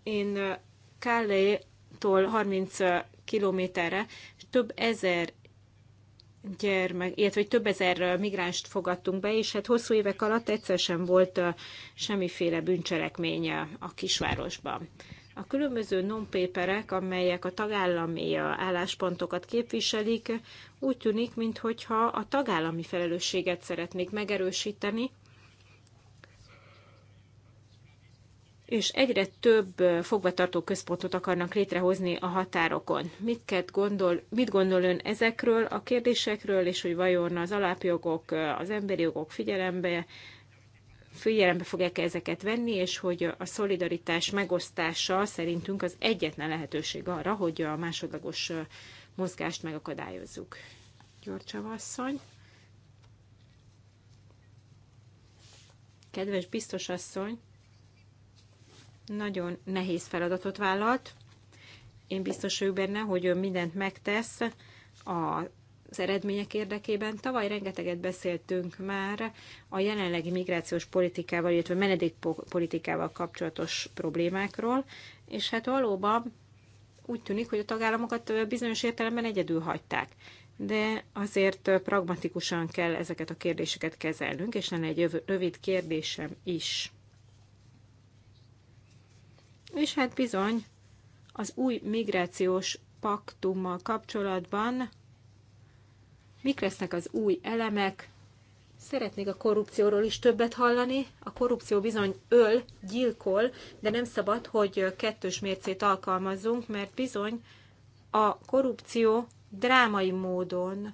én Calais-tól 30 kilométerre több ezer gyermek, illetve hogy több ezer migránst fogadtunk be, és hát hosszú évek alatt egyszer sem volt semmiféle bűncselekmény a kisvárosban. A különböző nonpéperek, amelyek a tagállami álláspontokat képviselik, úgy tűnik, mintha a tagállami felelősséget szeretnék megerősíteni, és egyre több fogvatartó központot akarnak létrehozni a határokon. Mit gondol, mit gondol ön ezekről a kérdésekről, és hogy vajon az alapjogok, az emberi jogok figyelembe figyelembe fogják -e ezeket venni, és hogy a szolidaritás megosztása szerintünk az egyetlen lehetőség arra, hogy a másodlagos mozgást megakadályozzuk. Gyorcsava asszony. Kedves biztos asszony, nagyon nehéz feladatot vállalt. Én biztos vagyok benne, hogy ő mindent megtesz a az eredmények érdekében. Tavaly rengeteget beszéltünk már a jelenlegi migrációs politikával, illetve menedékpolitikával kapcsolatos problémákról, és hát valóban úgy tűnik, hogy a tagállamokat bizonyos értelemben egyedül hagyták. De azért pragmatikusan kell ezeket a kérdéseket kezelnünk, és lenne egy rövid kérdésem is. És hát bizony, az új migrációs paktummal kapcsolatban Mik lesznek az új elemek? Szeretnék a korrupcióról is többet hallani. A korrupció bizony öl, gyilkol, de nem szabad, hogy kettős mércét alkalmazzunk, mert bizony a korrupció drámai módon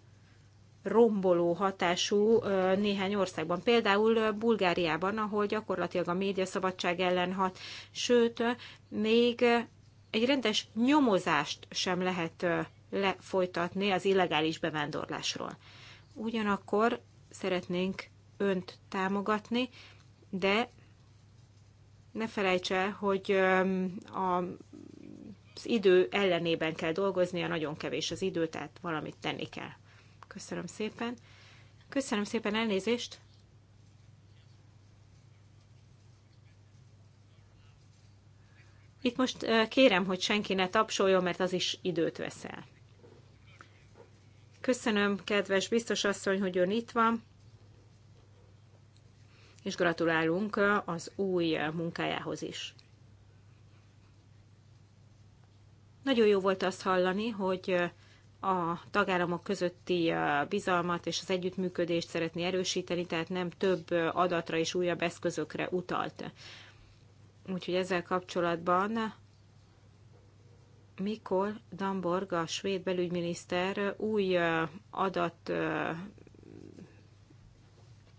romboló hatású néhány országban, például Bulgáriában, ahol gyakorlatilag a médiaszabadság ellen hat, sőt, még egy rendes nyomozást sem lehet lefolytatni az illegális bevándorlásról. Ugyanakkor szeretnénk önt támogatni, de ne felejtse, hogy a az idő ellenében kell dolgoznia, nagyon kevés az idő, tehát valamit tenni kell. Köszönöm szépen. Köszönöm szépen elnézést. Itt most kérem, hogy senki ne tapsoljon, mert az is időt veszel. Köszönöm, kedves biztos asszony, hogy ön itt van, és gratulálunk az új munkájához is. Nagyon jó volt azt hallani, hogy a tagállamok közötti bizalmat és az együttműködést szeretné erősíteni, tehát nem több adatra és újabb eszközökre utalt. Úgyhogy ezzel kapcsolatban mikor Damborg, a svéd belügyminiszter új adat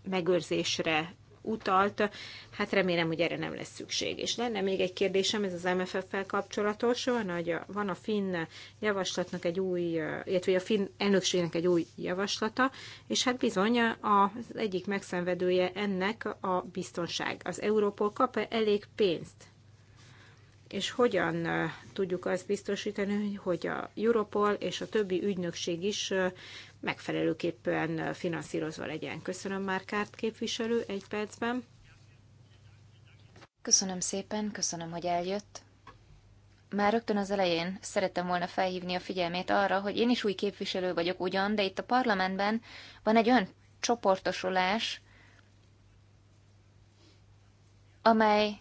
megőrzésre utalt, hát remélem, hogy erre nem lesz szükség. És lenne még egy kérdésem, ez az MFF-fel kapcsolatos, van, hogy van a finn javaslatnak egy új, illetve a finn elnökségnek egy új javaslata, és hát bizony az egyik megszenvedője ennek a biztonság. Az Európol kap -e elég pénzt? és hogyan tudjuk azt biztosítani, hogy a Europol és a többi ügynökség is megfelelőképpen finanszírozva legyen. Köszönöm már Kárt képviselő egy percben. Köszönöm szépen, köszönöm, hogy eljött. Már rögtön az elején szerettem volna felhívni a figyelmét arra, hogy én is új képviselő vagyok ugyan, de itt a parlamentben van egy olyan csoportosulás, amely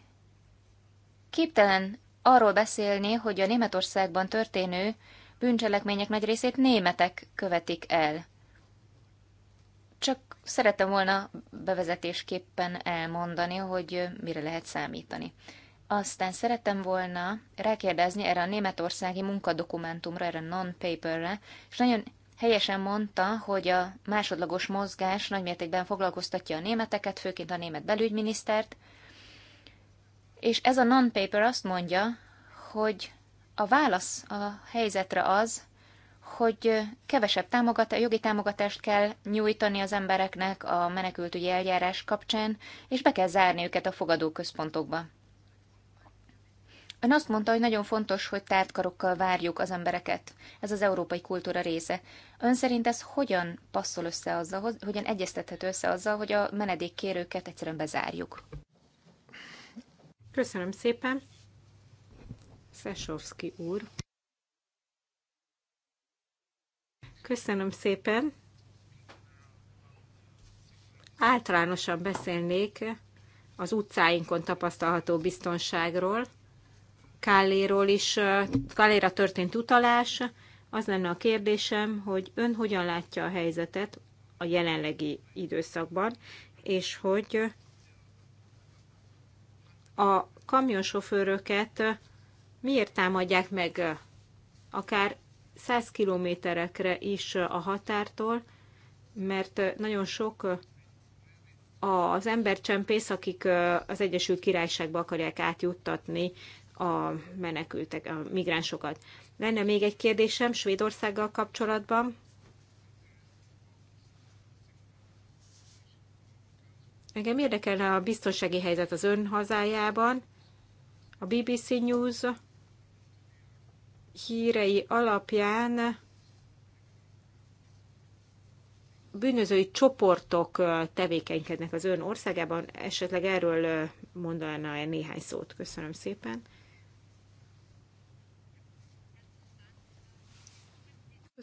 képtelen arról beszélni, hogy a Németországban történő bűncselekmények nagy részét németek követik el. Csak szerettem volna bevezetésképpen elmondani, hogy mire lehet számítani. Aztán szerettem volna rákérdezni erre a németországi munkadokumentumra, erre a non-paperre, és nagyon helyesen mondta, hogy a másodlagos mozgás nagymértékben foglalkoztatja a németeket, főként a német belügyminisztert, és ez a non-paper azt mondja, hogy a válasz a helyzetre az, hogy kevesebb támogatá- jogi támogatást kell nyújtani az embereknek a menekültügyi eljárás kapcsán, és be kell zárni őket a fogadóközpontokba. Ön azt mondta, hogy nagyon fontos, hogy tártkarokkal várjuk az embereket. Ez az európai kultúra része. Ön szerint ez hogyan passzol össze azzal, hogyan egyeztethető össze azzal, hogy a menedékkérőket egyszerűen bezárjuk? Köszönöm szépen. Szesovszki úr. Köszönöm szépen. Általánosan beszélnék az utcáinkon tapasztalható biztonságról. kálléról is, kálléra történt utalás. Az lenne a kérdésem, hogy ön hogyan látja a helyzetet a jelenlegi időszakban, és hogy a kamionsofőröket miért támadják meg akár 100 kilométerekre is a határtól, mert nagyon sok az embercsempész, akik az Egyesült Királyságba akarják átjuttatni a menekültek, a migránsokat. Lenne még egy kérdésem Svédországgal kapcsolatban. Engem érdekelne a biztonsági helyzet az ön hazájában. A BBC News hírei alapján bűnözői csoportok tevékenykednek az ön országában. Esetleg erről mondaná -e néhány szót. Köszönöm szépen.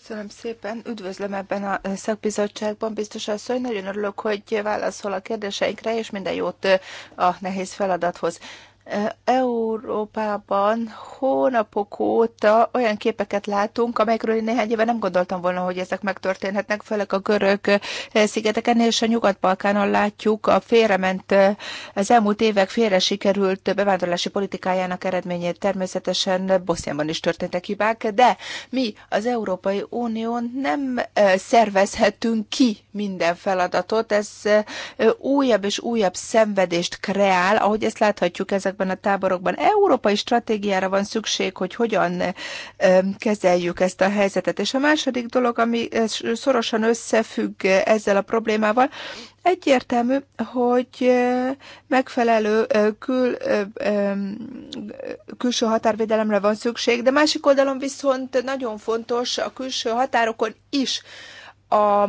Köszönöm szépen, üdvözlöm ebben a szakbizottságban, biztos asszony, nagyon örülök, hogy válaszol a kérdéseinkre, és minden jót a nehéz feladathoz. Európában hónapok óta olyan képeket látunk, amelyekről én néhány éve nem gondoltam volna, hogy ezek megtörténhetnek, főleg a görög eh, szigeteken és a Nyugat-Balkánon látjuk a félrement, eh, az elmúlt évek félre sikerült bevándorlási politikájának eredményét természetesen Boszniában is történtek hibák, de mi az Európai Unión nem eh, szervezhetünk ki minden feladatot, ez újabb és újabb szenvedést kreál, ahogy ezt láthatjuk ezek ezekben a táborokban. Európai stratégiára van szükség, hogy hogyan kezeljük ezt a helyzetet. És a második dolog, ami szorosan összefügg ezzel a problémával, egyértelmű, hogy megfelelő kül, külső határvédelemre van szükség, de másik oldalon viszont nagyon fontos a külső határokon is a,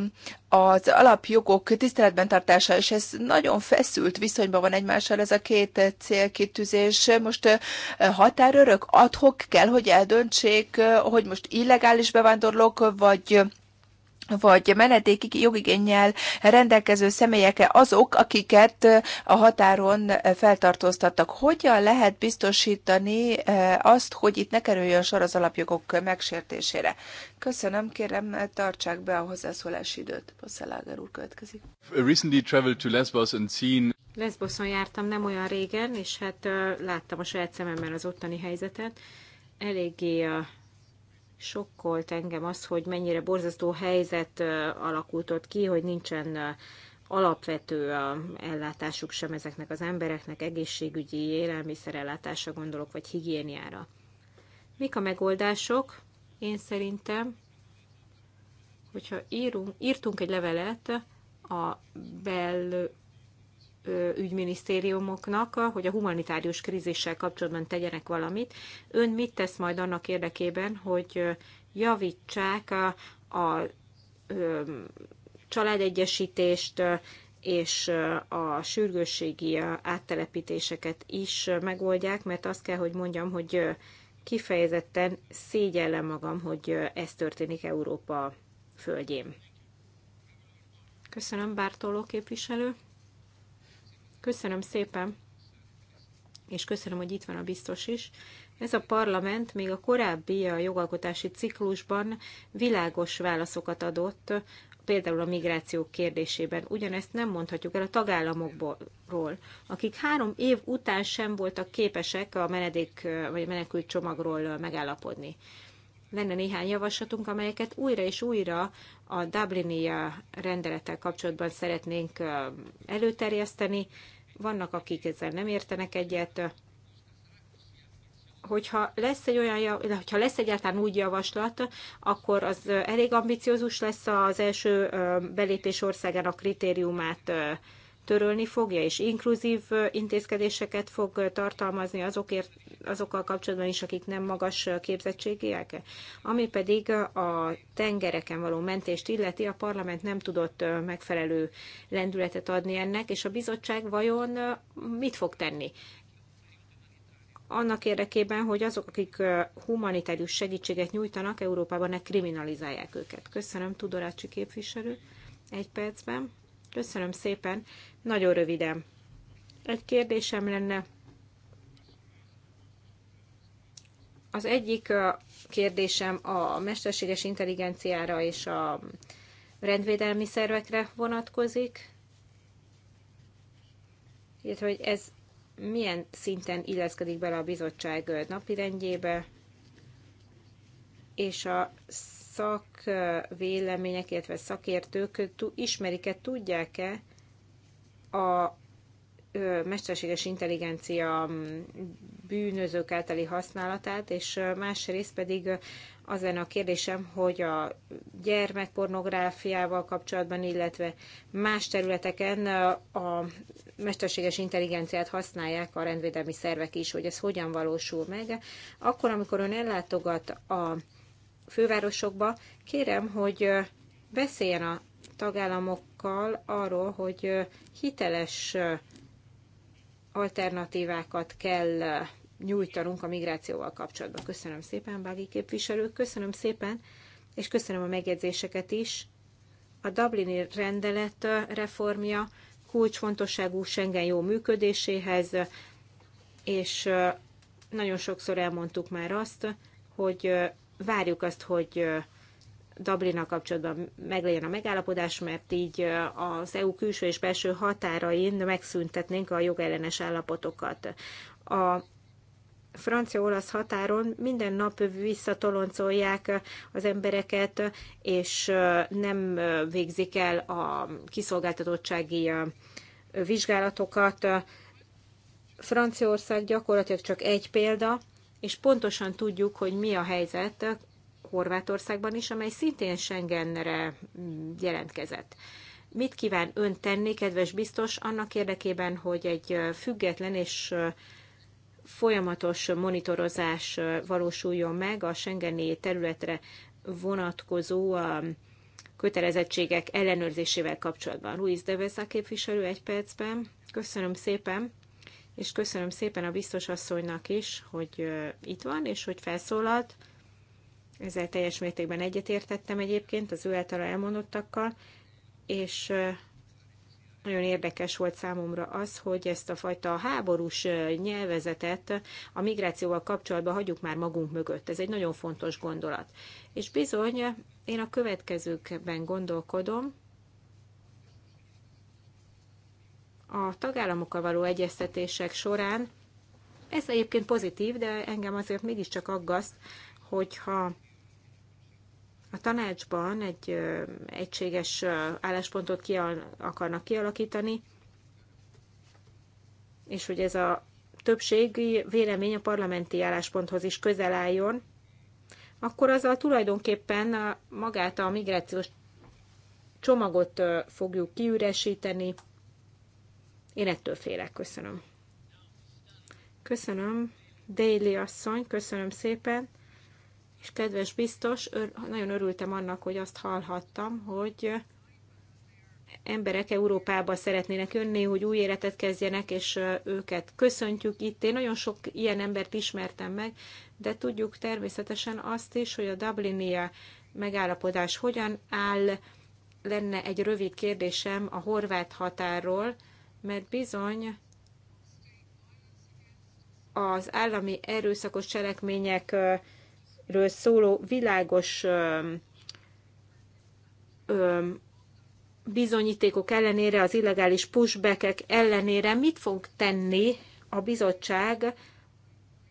az alapjogok tiszteletben tartása, és ez nagyon feszült viszonyban van egymással ez a két célkitűzés. Most határőrök adhok kell, hogy eldöntsék, hogy most illegális bevándorlók, vagy vagy menedéki jogigényel rendelkező személyeke azok, akiket a határon feltartóztattak. Hogyan lehet biztosítani azt, hogy itt ne kerüljön sor az alapjogok megsértésére? Köszönöm, kérem, tartsák be a hozzászólási időt. Passzeláger úr következik. Recently to Lesbos and seen Lesboson jártam nem olyan régen, és hát láttam a saját szememmel az ottani helyzetet. Eléggé sokkolt engem az, hogy mennyire borzasztó helyzet alakult ott ki, hogy nincsen alapvető ellátásuk sem ezeknek az embereknek, egészségügyi élelmiszerellátásra gondolok, vagy higiéniára. Mik a megoldások? Én szerintem, hogyha írunk, írtunk egy levelet a bel, ügyminisztériumoknak, hogy a humanitárius krízissel kapcsolatban tegyenek valamit. Ön mit tesz majd annak érdekében, hogy javítsák a, a családegyesítést és a sürgősségi áttelepítéseket is megoldják, mert azt kell, hogy mondjam, hogy kifejezetten szégyellem magam, hogy ez történik Európa földjén. Köszönöm, Bártoló képviselő. Köszönöm szépen, és köszönöm, hogy itt van a biztos is. Ez a parlament még a korábbi a jogalkotási ciklusban világos válaszokat adott, például a migráció kérdésében. Ugyanezt nem mondhatjuk el a tagállamokról, akik három év után sem voltak képesek a menedék vagy a menekült csomagról megállapodni lenne néhány javaslatunk, amelyeket újra és újra a Dublini eh, rendelettel kapcsolatban szeretnénk eh, előterjeszteni. Vannak, akik ezzel nem értenek egyet. Hogyha lesz, egy olyan, hogyha lesz egyáltalán úgy javaslat, akkor az eh, elég ambiciózus lesz az első belépés országának kritériumát törölni fogja, és inkluzív intézkedéseket fog tartalmazni azokért, azokkal kapcsolatban is, akik nem magas képzettségiek. Ami pedig a tengereken való mentést illeti, a parlament nem tudott megfelelő lendületet adni ennek, és a bizottság vajon mit fog tenni? annak érdekében, hogy azok, akik humanitárius segítséget nyújtanak, Európában ne kriminalizálják őket. Köszönöm, Tudorácsi képviselő. Egy percben. Köszönöm szépen. Nagyon röviden. Egy kérdésem lenne. Az egyik kérdésem a mesterséges intelligenciára és a rendvédelmi szervekre vonatkozik, illetve hogy ez milyen szinten illeszkedik bele a bizottság napirendjébe, és a szakvélemények, illetve szakértők ismerik-e, tudják-e a mesterséges intelligencia bűnözők általi használatát, és másrészt pedig az lenne a kérdésem, hogy a gyermekpornográfiával kapcsolatban, illetve más területeken a mesterséges intelligenciát használják a rendvédelmi szervek is, hogy ez hogyan valósul meg. Akkor, amikor ön ellátogat a fővárosokba. Kérem, hogy beszéljen a tagállamokkal arról, hogy hiteles alternatívákat kell nyújtanunk a migrációval kapcsolatban. Köszönöm szépen, Bági képviselők, köszönöm szépen, és köszönöm a megjegyzéseket is. A Dublini rendelet reformja kulcsfontosságú Schengen jó működéséhez, és nagyon sokszor elmondtuk már azt, hogy várjuk azt, hogy Dublinnal kapcsolatban meglegyen a megállapodás, mert így az EU külső és belső határain megszüntetnénk a jogellenes állapotokat. A francia-olasz határon minden nap visszatoloncolják az embereket, és nem végzik el a kiszolgáltatottsági vizsgálatokat. Franciaország gyakorlatilag csak egy példa, és pontosan tudjuk, hogy mi a helyzet Horvátországban is, amely szintén Schengenre mm, jelentkezett. Mit kíván ön tenni, kedves biztos, annak érdekében, hogy egy független és folyamatos monitorozás valósuljon meg a Schengeni területre vonatkozó kötelezettségek ellenőrzésével kapcsolatban. Ruiz Devesa képviselő egy percben. Köszönöm szépen és köszönöm szépen a biztos asszonynak is, hogy itt van, és hogy felszólalt. Ezzel teljes mértékben egyetértettem egyébként az ő általa elmondottakkal, és nagyon érdekes volt számomra az, hogy ezt a fajta háborús nyelvezetet a migrációval kapcsolatban hagyjuk már magunk mögött. Ez egy nagyon fontos gondolat. És bizony, én a következőkben gondolkodom, a tagállamokkal való egyeztetések során. Ez egyébként pozitív, de engem azért mégiscsak aggaszt, hogyha a tanácsban egy ö, egységes ö, álláspontot ki akarnak kialakítani, és hogy ez a többségi vélemény a parlamenti állásponthoz is közel álljon, akkor azzal tulajdonképpen magát a migrációs csomagot fogjuk kiüresíteni, én ettől félek, köszönöm. Köszönöm, Déli asszony, köszönöm szépen. És kedves biztos, ör- nagyon örültem annak, hogy azt hallhattam, hogy emberek Európába szeretnének jönni, hogy új életet kezdjenek, és őket köszöntjük itt. Én nagyon sok ilyen embert ismertem meg, de tudjuk természetesen azt is, hogy a Dublinia megállapodás hogyan áll. Lenne egy rövid kérdésem a horvát határról mert bizony az állami erőszakos cselekményekről szóló világos bizonyítékok ellenére, az illegális pushbackek ellenére mit fog tenni a bizottság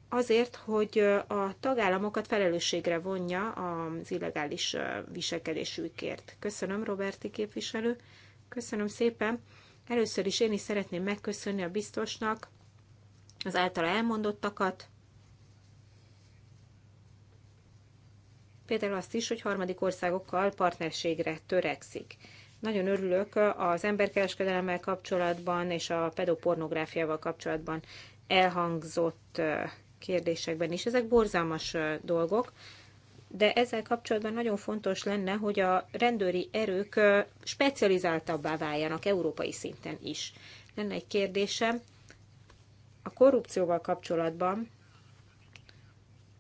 azért, hogy a tagállamokat felelősségre vonja az illegális viselkedésükért. Köszönöm, Roberti képviselő. Köszönöm szépen. Először is én is szeretném megköszönni a biztosnak az általa elmondottakat, például azt is, hogy harmadik országokkal partnerségre törekszik. Nagyon örülök az emberkereskedelemmel kapcsolatban és a pedopornográfiával kapcsolatban elhangzott kérdésekben is. Ezek borzalmas dolgok, de ezzel kapcsolatban nagyon fontos lenne, hogy a rendőri erők specializáltabbá váljanak európai szinten is. Lenne egy kérdésem, a korrupcióval kapcsolatban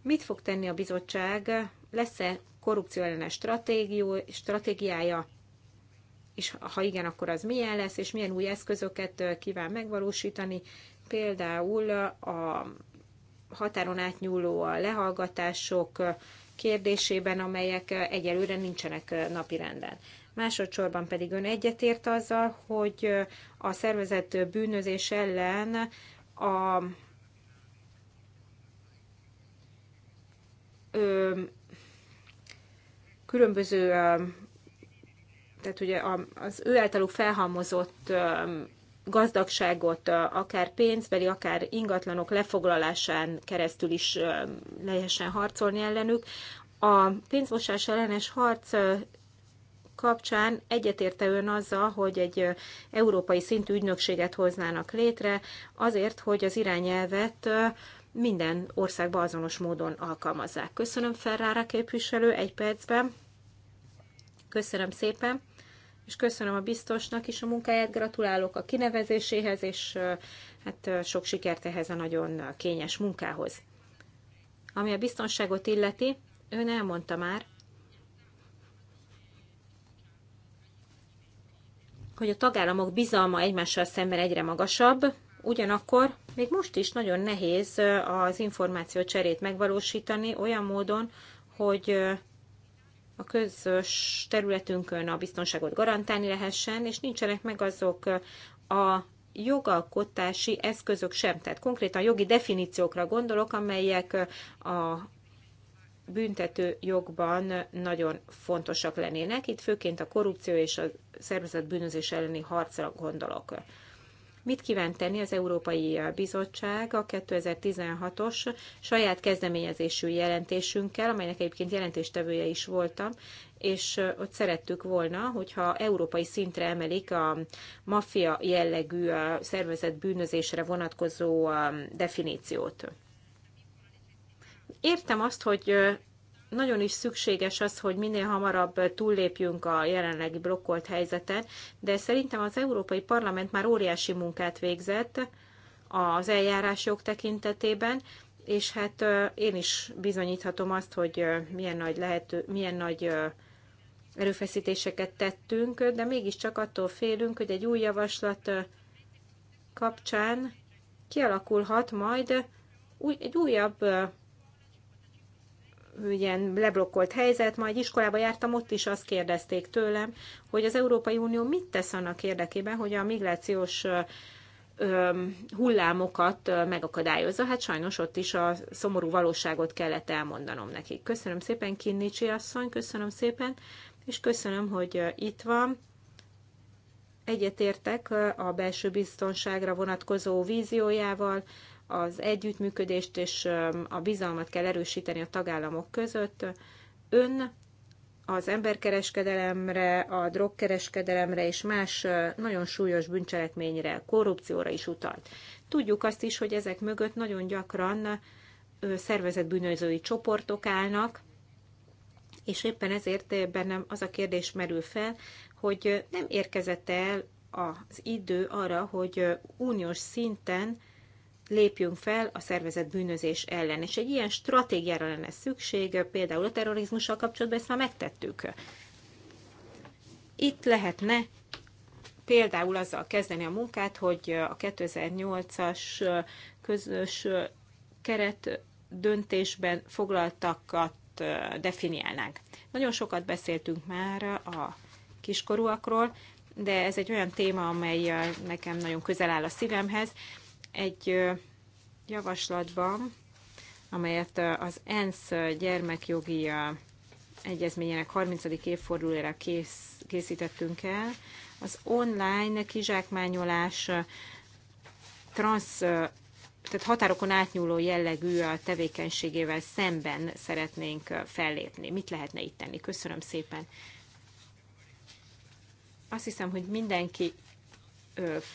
mit fog tenni a bizottság? Lesz-e korrupció ellenes stratégiája? És ha igen, akkor az milyen lesz, és milyen új eszközöket kíván megvalósítani? Például a határon átnyúló a lehallgatások, kérdésében, amelyek egyelőre nincsenek napirenden. Másodszorban pedig ön egyetért azzal, hogy a szervezett bűnözés ellen a ö, különböző, ö, tehát ugye az ő általuk felhalmozott ö, gazdagságot akár pénzbeli, akár ingatlanok lefoglalásán keresztül is lehessen harcolni ellenük. A pénzmosás ellenes harc kapcsán egyetérte ön azzal, hogy egy európai szintű ügynökséget hoznának létre, azért, hogy az irányelvet minden országban azonos módon alkalmazzák. Köszönöm Ferrara képviselő egy percben. Köszönöm szépen és köszönöm a biztosnak is a munkáját, gratulálok a kinevezéséhez, és hát sok sikert ehhez a nagyon kényes munkához. Ami a biztonságot illeti, ön elmondta már, hogy a tagállamok bizalma egymással szemben egyre magasabb, ugyanakkor még most is nagyon nehéz az információ cserét megvalósítani olyan módon, hogy a közös területünkön a biztonságot garantálni lehessen, és nincsenek meg azok a jogalkotási eszközök sem. Tehát konkrétan jogi definíciókra gondolok, amelyek a büntető jogban nagyon fontosak lennének. Itt főként a korrupció és a szervezet bűnözés elleni harcra gondolok. Mit kíván tenni az Európai Bizottság a 2016-os saját kezdeményezésű jelentésünkkel, amelynek egyébként jelentéstevője is voltam, és ott szerettük volna, hogyha európai szintre emelik a maffia jellegű szervezet bűnözésre vonatkozó definíciót. Értem azt, hogy nagyon is szükséges az, hogy minél hamarabb túllépjünk a jelenlegi blokkolt helyzeten, de szerintem az Európai Parlament már óriási munkát végzett az eljárások tekintetében, és hát én is bizonyíthatom azt, hogy milyen nagy, lehető, milyen nagy erőfeszítéseket tettünk, de mégiscsak attól félünk, hogy egy új javaslat kapcsán kialakulhat majd egy újabb ilyen leblokkolt helyzet, majd iskolába jártam, ott is azt kérdezték tőlem, hogy az Európai Unió mit tesz annak érdekében, hogy a migrációs hullámokat megakadályozza. Hát sajnos ott is a szomorú valóságot kellett elmondanom nekik. Köszönöm szépen, Kinnicsi asszony, köszönöm szépen, és köszönöm, hogy itt van. Egyetértek a belső biztonságra vonatkozó víziójával, az együttműködést és a bizalmat kell erősíteni a tagállamok között. Ön az emberkereskedelemre, a drogkereskedelemre és más nagyon súlyos bűncselekményre, korrupcióra is utalt. Tudjuk azt is, hogy ezek mögött nagyon gyakran szervezetbűnözői csoportok állnak, és éppen ezért bennem az a kérdés merül fel, hogy nem érkezett el az idő arra, hogy uniós szinten lépjünk fel a szervezett bűnözés ellen. És egy ilyen stratégiára lenne szükség, például a terrorizmussal kapcsolatban ezt már megtettük. Itt lehetne például azzal kezdeni a munkát, hogy a 2008-as közös keret döntésben foglaltakat definiálnánk. Nagyon sokat beszéltünk már a kiskorúakról, de ez egy olyan téma, amely nekem nagyon közel áll a szívemhez, egy javaslatban, amelyet az ENSZ gyermekjogi egyezményének 30. évfordulóra kész, készítettünk el, az online kizsákmányolás trans, tehát határokon átnyúló jellegű a tevékenységével szemben szeretnénk fellépni. Mit lehetne itt tenni? Köszönöm szépen. Azt hiszem, hogy mindenki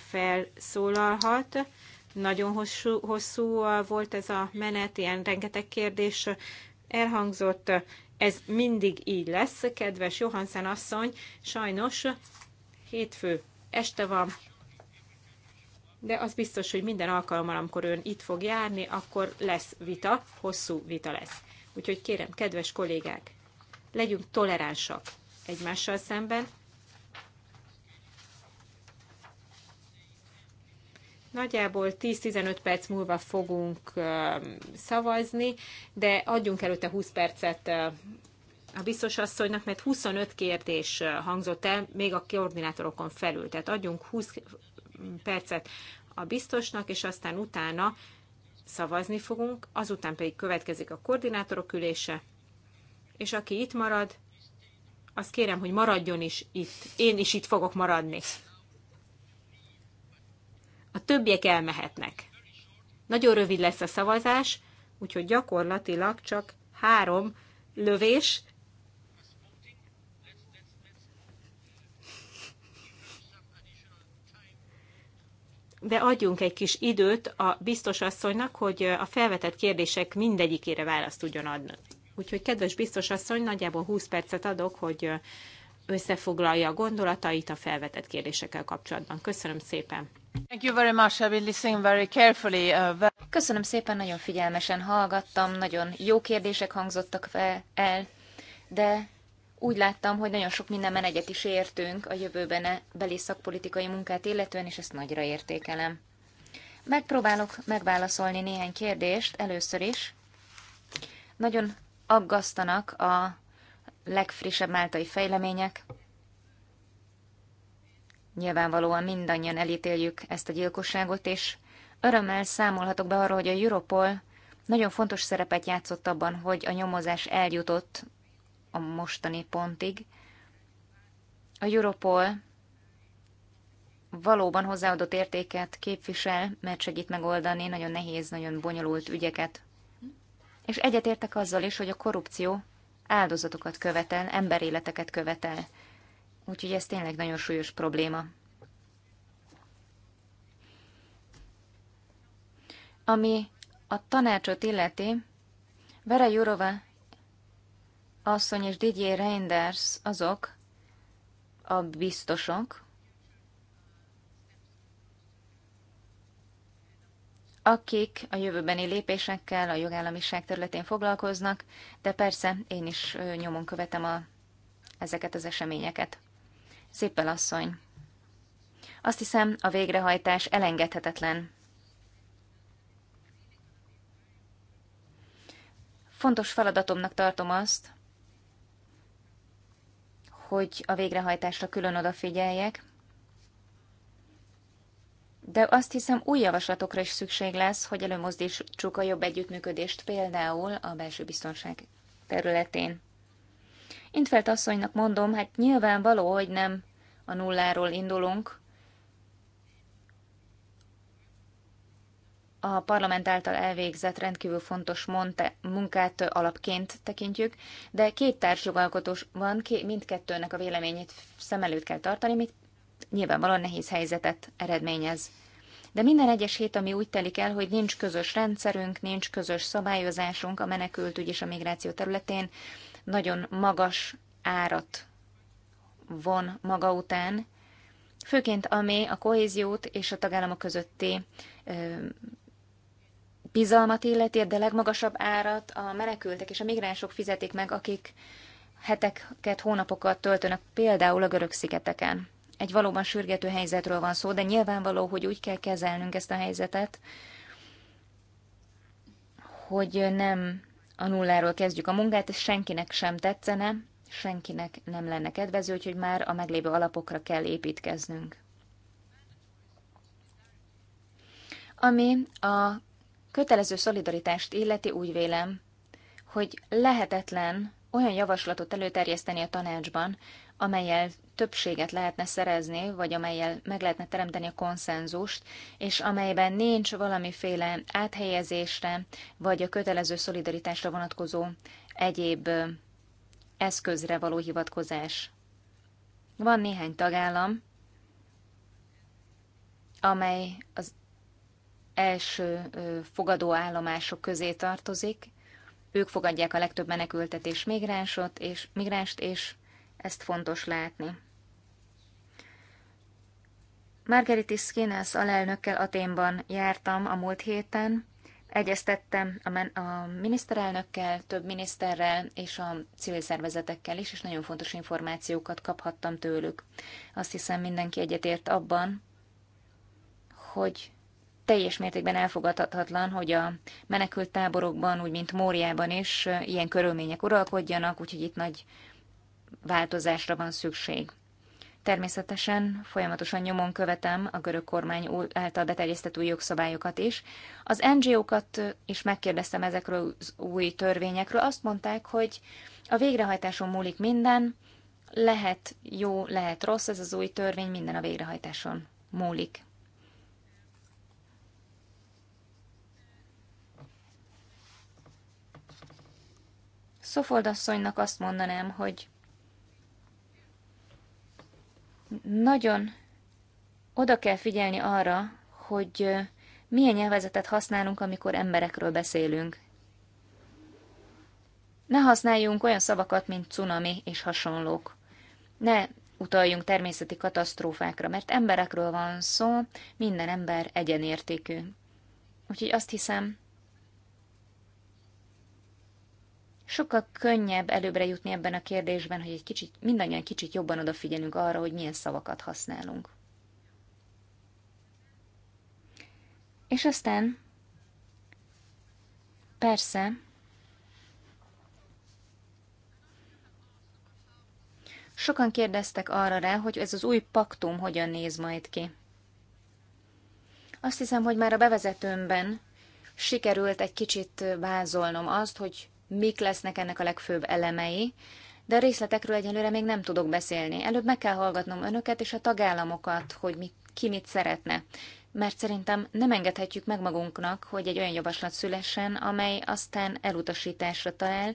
felszólalhat. Nagyon hosszú, hosszú volt ez a menet, ilyen rengeteg kérdés elhangzott. Ez mindig így lesz, kedves Johansen asszony. Sajnos hétfő este van, de az biztos, hogy minden alkalommal, amikor ön itt fog járni, akkor lesz vita, hosszú vita lesz. Úgyhogy kérem, kedves kollégák, legyünk toleránsak egymással szemben, Nagyjából 10-15 perc múlva fogunk szavazni, de adjunk előtte 20 percet a biztos asszonynak, mert 25 kérdés hangzott el, még a koordinátorokon felül. Tehát adjunk 20 percet a biztosnak, és aztán utána szavazni fogunk, azután pedig következik a koordinátorok ülése, és aki itt marad, azt kérem, hogy maradjon is itt. Én is itt fogok maradni a többiek elmehetnek. Nagyon rövid lesz a szavazás, úgyhogy gyakorlatilag csak három lövés. De adjunk egy kis időt a biztos asszonynak, hogy a felvetett kérdések mindegyikére választ tudjon adni. Úgyhogy, kedves biztos asszony, nagyjából 20 percet adok, hogy összefoglalja a gondolatait a felvetett kérdésekkel kapcsolatban. Köszönöm szépen! Uh, Köszönöm szépen, nagyon figyelmesen hallgattam, nagyon jó kérdések hangzottak el, de úgy láttam, hogy nagyon sok mindenben egyet is értünk a jövőben e beli szakpolitikai munkát illetően, és ezt nagyra értékelem. Megpróbálok megválaszolni néhány kérdést először is. Nagyon aggasztanak a legfrissebb máltai fejlemények. Nyilvánvalóan mindannyian elítéljük ezt a gyilkosságot, és örömmel számolhatok be arról, hogy a Europol nagyon fontos szerepet játszott abban, hogy a nyomozás eljutott a mostani pontig. A Europol valóban hozzáadott értéket képvisel, mert segít megoldani nagyon nehéz, nagyon bonyolult ügyeket. És egyetértek azzal is, hogy a korrupció áldozatokat követel, emberéleteket követel. Úgyhogy ez tényleg nagyon súlyos probléma. Ami a tanácsot illeti, Vera Jurova asszony és Didier Reinders azok a biztosok, akik a jövőbeni lépésekkel a jogállamiság területén foglalkoznak, de persze én is nyomon követem a, ezeket az eseményeket. Szippel asszony. Azt hiszem, a végrehajtás elengedhetetlen. Fontos feladatomnak tartom azt, hogy a végrehajtásra külön odafigyeljek, de azt hiszem új javaslatokra is szükség lesz, hogy előmozdítsuk a jobb együttműködést például a belső biztonság területén. Intfelt asszonynak mondom, hát nyilvánvaló, hogy nem a nulláról indulunk. A parlament által elvégzett rendkívül fontos munkát alapként tekintjük, de két társjogalkotós van, mindkettőnek a véleményét szem előtt kell tartani, mit nyilvánvalóan nehéz helyzetet eredményez. De minden egyes hét, ami úgy telik el, hogy nincs közös rendszerünk, nincs közös szabályozásunk a menekültügy és a migráció területén, nagyon magas árat von maga után, főként ami a kohéziót és a tagállamok közötti bizalmat illeti, de legmagasabb árat a menekültek és a migránsok fizetik meg, akik heteket, hónapokat töltönek például a görög szigeteken. Egy valóban sürgető helyzetről van szó, de nyilvánvaló, hogy úgy kell kezelnünk ezt a helyzetet, hogy nem a nulláról kezdjük a munkát, ez senkinek sem tetszene, senkinek nem lenne kedvező, úgyhogy már a meglévő alapokra kell építkeznünk. Ami a kötelező szolidaritást illeti, úgy vélem, hogy lehetetlen olyan javaslatot előterjeszteni a tanácsban, amelyel többséget lehetne szerezni, vagy amelyel meg lehetne teremteni a konszenzust, és amelyben nincs valamiféle áthelyezésre, vagy a kötelező szolidaritásra vonatkozó egyéb eszközre való hivatkozás. Van néhány tagállam, amely az első fogadó állomások közé tartozik. Ők fogadják a legtöbb menekültet és migránsot, és migránst, és ezt fontos látni. Margaritis Skinas alelnökkel Aténban jártam a múlt héten, egyeztettem a, a miniszterelnökkel, több miniszterrel és a civil szervezetekkel is, és nagyon fontos információkat kaphattam tőlük. Azt hiszem mindenki egyetért abban, hogy teljes mértékben elfogadhatatlan, hogy a menekült táborokban, úgy mint Móriában is ilyen körülmények uralkodjanak, úgyhogy itt nagy változásra van szükség. Természetesen folyamatosan nyomon követem a görög kormány által beterjesztett új jogszabályokat is. Az NGO-kat is megkérdeztem ezekről az új törvényekről. Azt mondták, hogy a végrehajtáson múlik minden, lehet jó, lehet rossz, ez az új törvény minden a végrehajtáson múlik. Szofoldasszonynak azt mondanám, hogy nagyon oda kell figyelni arra, hogy milyen nyelvezetet használunk, amikor emberekről beszélünk. Ne használjunk olyan szavakat, mint cunami és hasonlók. Ne utaljunk természeti katasztrófákra, mert emberekről van szó, minden ember egyenértékű. Úgyhogy azt hiszem, sokkal könnyebb előbbre jutni ebben a kérdésben, hogy egy kicsit, mindannyian kicsit jobban odafigyelünk arra, hogy milyen szavakat használunk. És aztán, persze, sokan kérdeztek arra rá, hogy ez az új paktum hogyan néz majd ki. Azt hiszem, hogy már a bevezetőmben sikerült egy kicsit vázolnom azt, hogy mik lesznek ennek a legfőbb elemei, de a részletekről egyelőre még nem tudok beszélni. Előbb meg kell hallgatnom önöket és a tagállamokat, hogy mi, ki mit szeretne. Mert szerintem nem engedhetjük meg magunknak, hogy egy olyan javaslat szülessen, amely aztán elutasításra talál.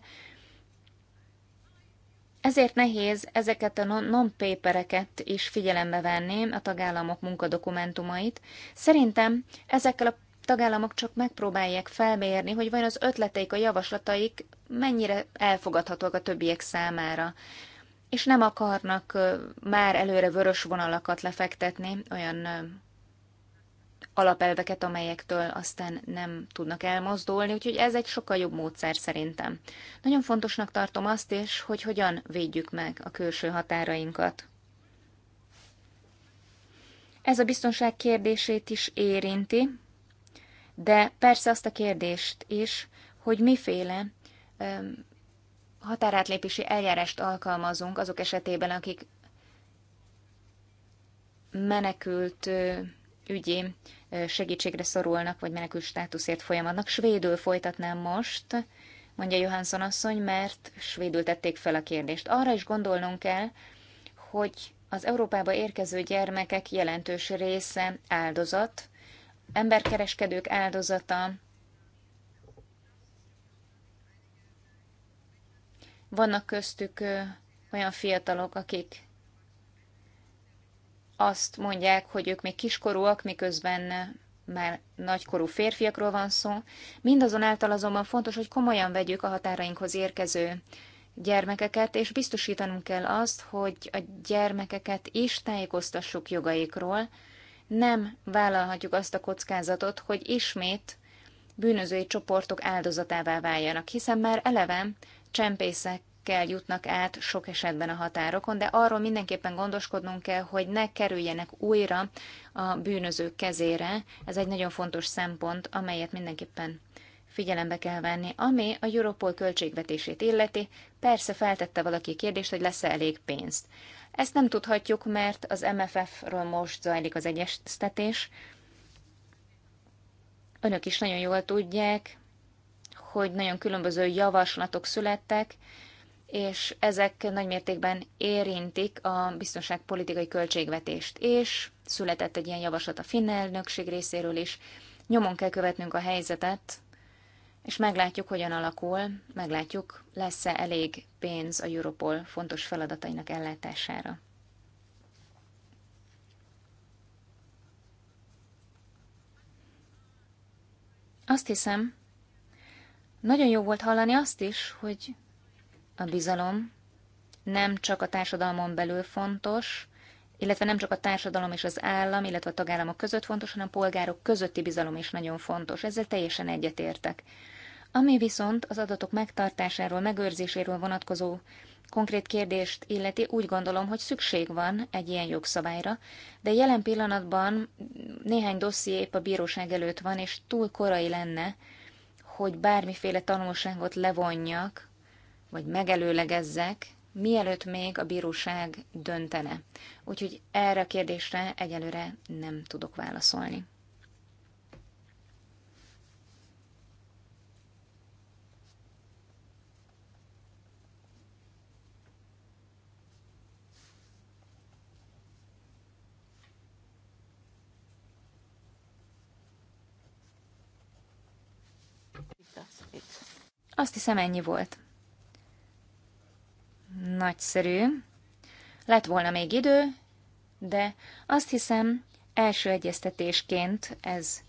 Ezért nehéz ezeket a non-papereket is figyelembe venni, a tagállamok munkadokumentumait. Szerintem ezekkel a tagállamok csak megpróbálják felmérni, hogy vajon az ötleteik, a javaslataik mennyire elfogadhatóak a többiek számára. És nem akarnak már előre vörös vonalakat lefektetni, olyan alapelveket, amelyektől aztán nem tudnak elmozdulni, úgyhogy ez egy sokkal jobb módszer szerintem. Nagyon fontosnak tartom azt is, hogy hogyan védjük meg a külső határainkat. Ez a biztonság kérdését is érinti, de persze azt a kérdést is, hogy miféle határátlépési eljárást alkalmazunk azok esetében, akik menekült ügyi segítségre szorulnak, vagy menekült státuszért folyamadnak. Svédül folytatnám most, mondja Johansson asszony, mert svédül tették fel a kérdést. Arra is gondolnunk kell, hogy az Európába érkező gyermekek jelentős része áldozat, emberkereskedők áldozata, vannak köztük olyan fiatalok, akik azt mondják, hogy ők még kiskorúak, miközben már nagykorú férfiakról van szó. Mindazonáltal azonban fontos, hogy komolyan vegyük a határainkhoz érkező gyermekeket, és biztosítanunk kell azt, hogy a gyermekeket is tájékoztassuk jogaikról, nem vállalhatjuk azt a kockázatot, hogy ismét bűnözői csoportok áldozatává váljanak, hiszen már eleve csempészekkel jutnak át sok esetben a határokon, de arról mindenképpen gondoskodnunk kell, hogy ne kerüljenek újra a bűnözők kezére. Ez egy nagyon fontos szempont, amelyet mindenképpen figyelembe kell venni. Ami a Europol költségvetését illeti, persze feltette valaki a kérdést, hogy lesz-e elég pénzt. Ezt nem tudhatjuk, mert az MFF-ről most zajlik az egyeztetés. Önök is nagyon jól tudják, hogy nagyon különböző javaslatok születtek, és ezek nagymértékben érintik a biztonságpolitikai költségvetést, és született egy ilyen javaslat a finn elnökség részéről is. Nyomon kell követnünk a helyzetet, és meglátjuk, hogyan alakul, meglátjuk, lesz-e elég pénz a Europol fontos feladatainak ellátására. Azt hiszem, nagyon jó volt hallani azt is, hogy a bizalom nem csak a társadalmon belül fontos, illetve nem csak a társadalom és az állam, illetve a tagállamok között fontos, hanem a polgárok közötti bizalom is nagyon fontos. Ezzel teljesen egyetértek. Ami viszont az adatok megtartásáról, megőrzéséről vonatkozó konkrét kérdést illeti, úgy gondolom, hogy szükség van egy ilyen jogszabályra, de jelen pillanatban néhány dosszié épp a bíróság előtt van, és túl korai lenne, hogy bármiféle tanulságot levonjak, vagy megelőlegezzek mielőtt még a bíróság döntene. Úgyhogy erre a kérdésre egyelőre nem tudok válaszolni. Azt hiszem ennyi volt. Nagyszerű. Lett volna még idő, de azt hiszem, első egyeztetésként ez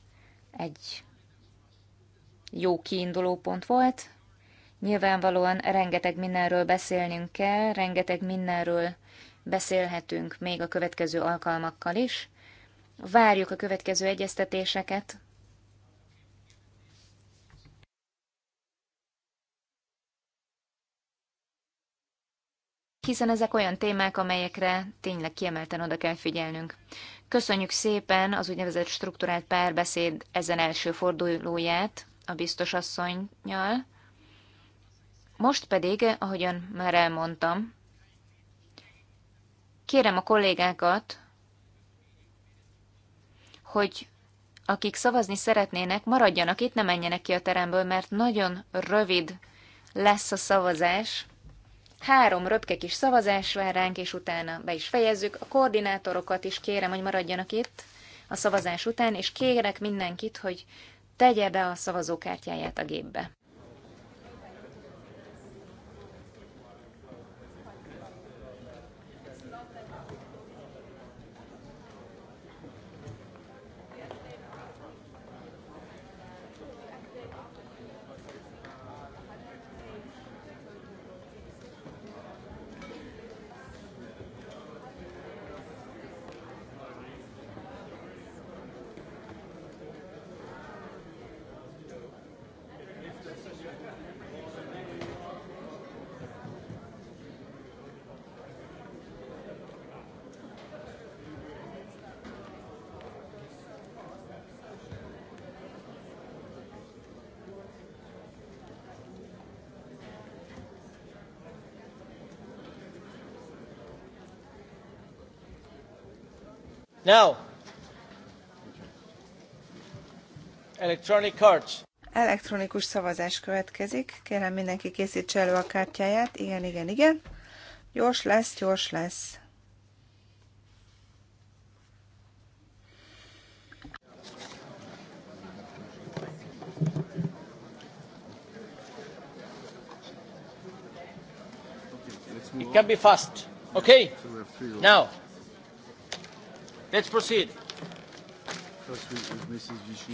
egy jó kiinduló pont volt. Nyilvánvalóan rengeteg mindenről beszélnünk kell, rengeteg mindenről beszélhetünk még a következő alkalmakkal is. Várjuk a következő egyeztetéseket, hiszen ezek olyan témák, amelyekre tényleg kiemelten oda kell figyelnünk. Köszönjük szépen az úgynevezett struktúrált párbeszéd ezen első fordulóját a biztos asszonynyal. Most pedig, ahogyan már elmondtam, kérem a kollégákat, hogy akik szavazni szeretnének, maradjanak itt, ne menjenek ki a teremből, mert nagyon rövid lesz a szavazás. Három röpke kis szavazás vár ránk, és utána be is fejezzük. A koordinátorokat is kérem, hogy maradjanak itt a szavazás után, és kérek mindenkit, hogy tegye be a szavazókártyáját a gépbe. Now. Electronic cards. Elektronikus szavazás következik. Kérem mindenki készítse elő a kártyáját. Igen, igen, igen. Gyors lesz, gyors lesz. It can be fast. Okay. Now. Let's proceed.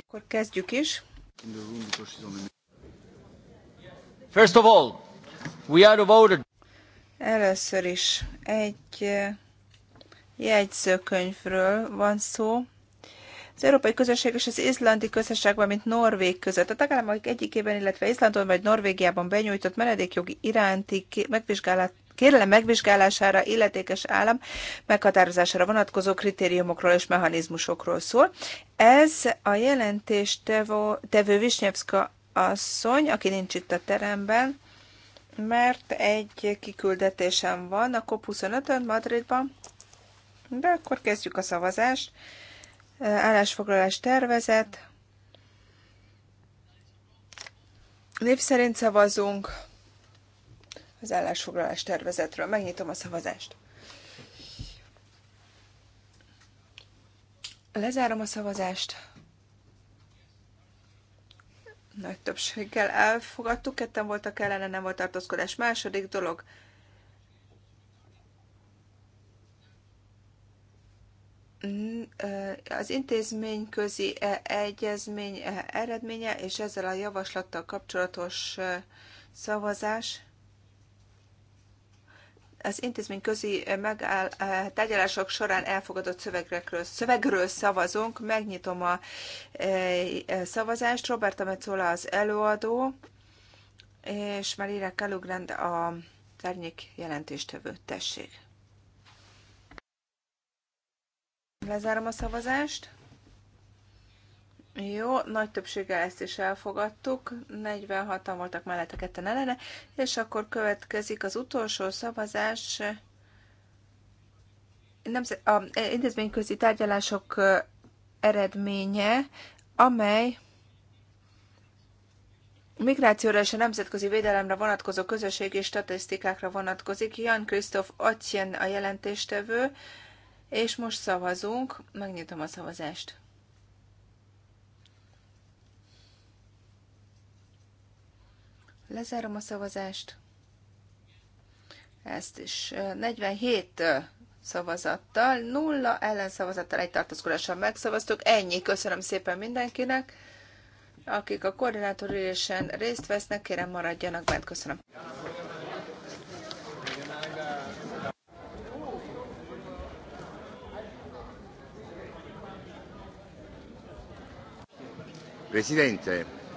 Akkor kezdjük is. First of all, we are voted. Először is egy eh, jegyzőkönyvről van szó. Az Európai Közösség és az Izlandi Közösség, mint Norvég között. A tagállamok egyikében, illetve Izlandon vagy Norvégiában benyújtott menedékjogi iránti megvizsgálat kérelem megvizsgálására illetékes állam meghatározására vonatkozó kritériumokról és mechanizmusokról szól. Ez a jelentést tevő, tevő Visnyevska asszony, aki nincs itt a teremben, mert egy kiküldetésem van a COP25-ön Madridban, de akkor kezdjük a szavazást. Állásfoglalás tervezet. Név szerint szavazunk az állásfoglalás tervezetről. Megnyitom a szavazást. Lezárom a szavazást. Nagy többséggel elfogadtuk, ketten voltak ellene, nem volt tartózkodás. Második dolog, az intézmény közi egyezmény eredménye és ezzel a javaslattal kapcsolatos szavazás az intézményközi eh, megáll, eh, tárgyalások során elfogadott szövegekről, szövegről szavazunk. Megnyitom a eh, szavazást. Roberta Metzola az előadó, és Marira Kalugrand a tárnyék jelentéstevő. Tessék! Lezárom a szavazást. Jó, nagy többséggel ezt is elfogadtuk, 46-an voltak mellette ketten ellene, és akkor következik az utolsó szavazás, nem, a intézményközi tárgyalások eredménye, amely migrációra és a nemzetközi védelemre vonatkozó közösségi statisztikákra vonatkozik. Jan Krisztof Atjen a jelentéstevő, és most szavazunk, megnyitom a szavazást. Lezárom a szavazást. Ezt is 47 szavazattal, nulla ellenszavazattal, egy tartózkodással megszavaztuk. Ennyi, köszönöm szépen mindenkinek. Akik a koordinátorülésen részt vesznek, kérem maradjanak bent. Köszönöm. Presidente.